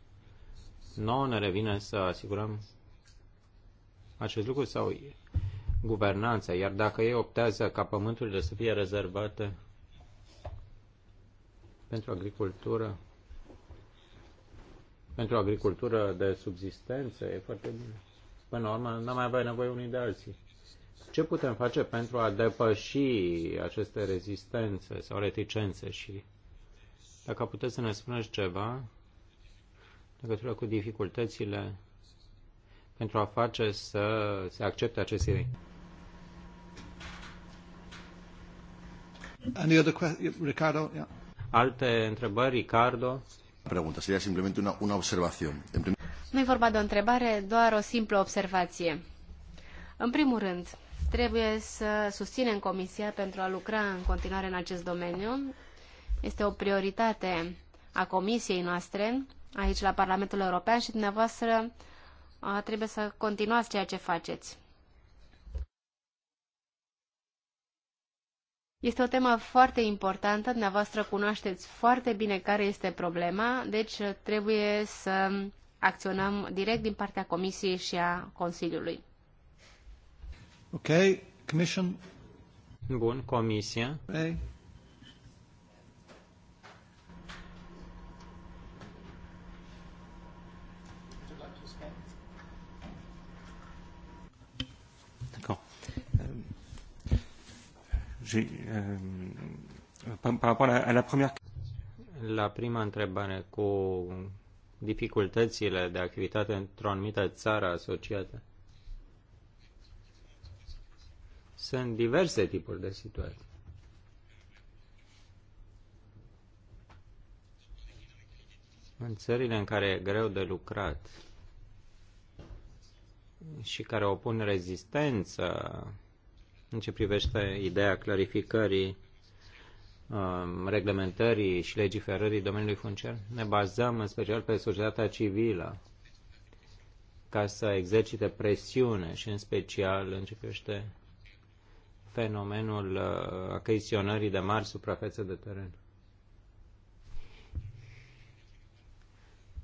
Nu ne revine să asigurăm acest lucru sau guvernanța, iar dacă ei optează ca pământurile să fie rezervate pentru agricultură, pentru agricultură de subsistență, e foarte bine. Până la urmă, n-am mai avea nevoie unii de alții. Ce putem face pentru a depăși aceste rezistențe sau reticențe și dacă puteți să ne spuneți ceva în legătură cu dificultățile pentru a face să se accepte aceste idei. Any other Ricardo? Yeah. Alte întrebări, Ricardo? Pregunta seria simplemente una, una observación. Nu e vorba de o întrebare, doar o simplă observație. În primul rând, Trebuie să susținem Comisia pentru a lucra în continuare în acest domeniu. Este o prioritate a Comisiei noastre aici la Parlamentul European și dumneavoastră trebuie să continuați ceea ce faceți. Este o temă foarte importantă, dumneavoastră cunoașteți foarte bine care este problema, deci trebuie să acționăm direct din partea Comisiei și a Consiliului. Ok, Commission. Bun, Comisia. Hey. Euh, euh, la prima întrebare, cu dificultățile de activitate într-o anumită țară asociată, sunt diverse tipuri de situații. În țările în care e greu de lucrat și care opun rezistență în ce privește ideea clarificării um, reglementării și legiferării domeniului funcțional, ne bazăm în special pe societatea civilă ca să exercite presiune și în special în ce privește fenomenul uh, achiziționării de mari suprafețe de teren.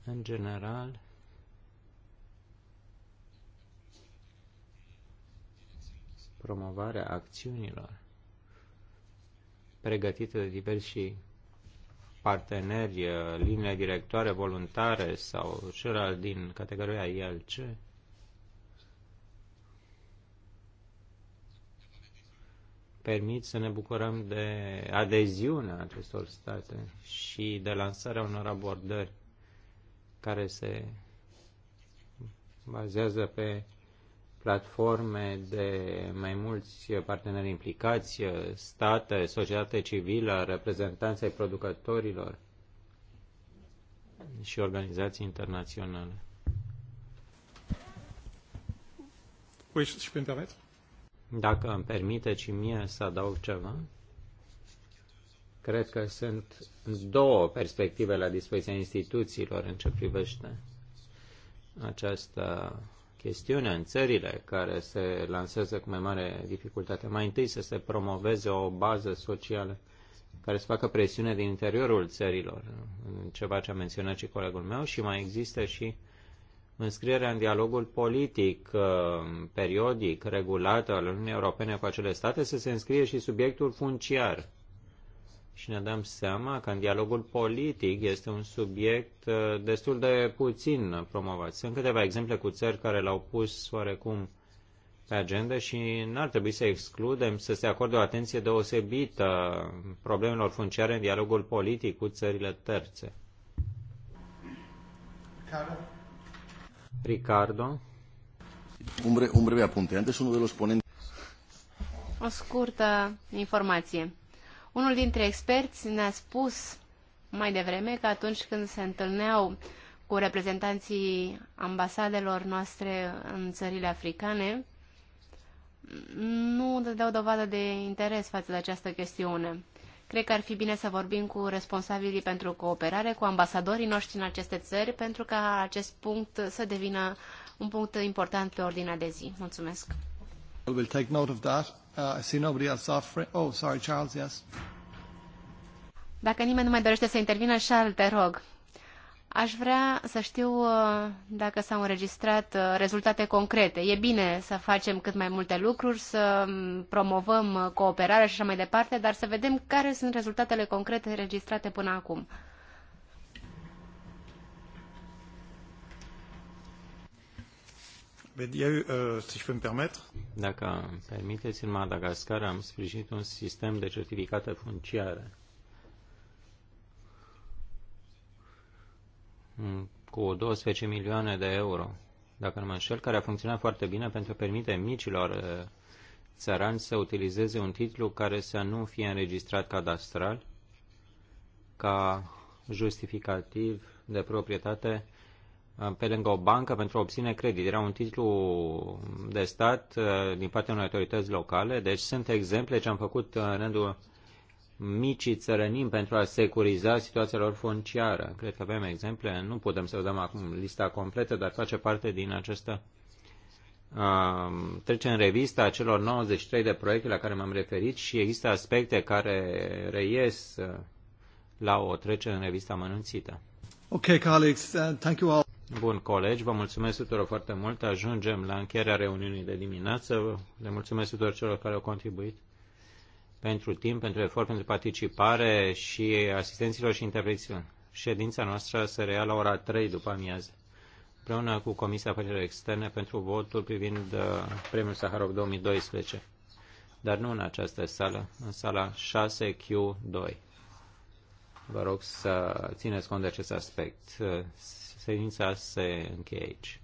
În general, promovarea acțiunilor pregătite de diversi parteneri, uh, linii directoare voluntare sau celălalt din categoria ILC, permit să ne bucurăm de adeziunea acestor state și de lansarea unor abordări care se bazează pe platforme de mai mulți parteneri implicați, state, societate civilă, reprezentanți ai producătorilor și organizații internaționale. Oui, je peux me permettre dacă îmi permite și mie să adaug ceva, cred că sunt două perspective la dispoziția instituțiilor în ce privește această chestiune în țările care se lansează cu mai mare dificultate. Mai întâi să se promoveze o bază socială care să facă presiune din interiorul țărilor, ceva ce a menționat și colegul meu, și mai există și uh, înscrierea în dialogul politic uh, periodic, regulat al Uniunii Europene cu acele state, să se înscrie și subiectul funciar. Și ne dăm seama că în dialogul politic este un subiect uh, destul de puțin promovat. Sunt câteva exemple cu țări care l-au pus oarecum pe agenda și n-ar trebui să excludem să se acorde o atenție deosebită problemelor funciare în dialogul politic cu țările terțe. Carol? Ricardo. Un, un breve apunte. Antes unul de los ponentes... O scurtă informație. Unul dintre experți ne-a spus mai devreme că atunci când se întâlneau cu reprezentanții ambasadelor noastre în țările africane, nu dădeau dovadă de interes față de această chestiune. Cred că ar fi bine să vorbim cu responsabilii pentru cooperare, cu ambasadorii noștri în aceste țări, pentru ca acest punct să devină un punct important pe ordinea de zi. Mulțumesc. Will take note of that. Uh, I see nobody else offering. Oh, sorry, Charles, yes. Dacă nimeni nu mai dorește să intervină, Charles, te rog. Aș vrea să știu uh, dacă s-au înregistrat uh, rezultate concrete. E bine să facem cât mai multe lucruri, să mm, promovăm uh, cooperarea și așa mai departe, dar să vedem care sunt rezultatele concrete înregistrate până acum. Euh, dacă permiteți, în Madagascar am sprijinit un sistem de certificate funciare cu 12 milioane de euro, dacă nu mă înșel, care a funcționat foarte bine pentru a permite micilor uh, țărani să utilizeze un titlu care să nu fie înregistrat cadastral ca justificativ de proprietate uh, pe lângă o bancă pentru a obține credit. Era un titlu de stat uh, din partea unei autorități locale, deci sunt exemple ce am făcut în rândul micii țărănim pentru a securiza situația lor funciară. Cred că avem exemple, nu putem să dăm acum lista completă, dar face parte din această um, trece în revista celor 93 de proiecte la care m-am referit și există aspecte care reies uh, la o trece în revista mănânțită. Ok, colleagues, uh, thank you all. Bun, colegi, vă mulțumesc tuturor foarte mult. Ajungem la încheierea reuniunii de dimineață. Le mulțumesc tuturor celor care au contribuit pentru timp, pentru efort, pentru participare și asistenților și interpreților. Ședința noastră se reia la ora 3 după amiază, împreună cu Comisia Afacerilor Externe pentru votul privind uh, Premiul Saharov 2012, dar nu în această sală, în sala 6Q2. Vă rog să țineți cont de acest aspect. Uh, ședința se încheie aici.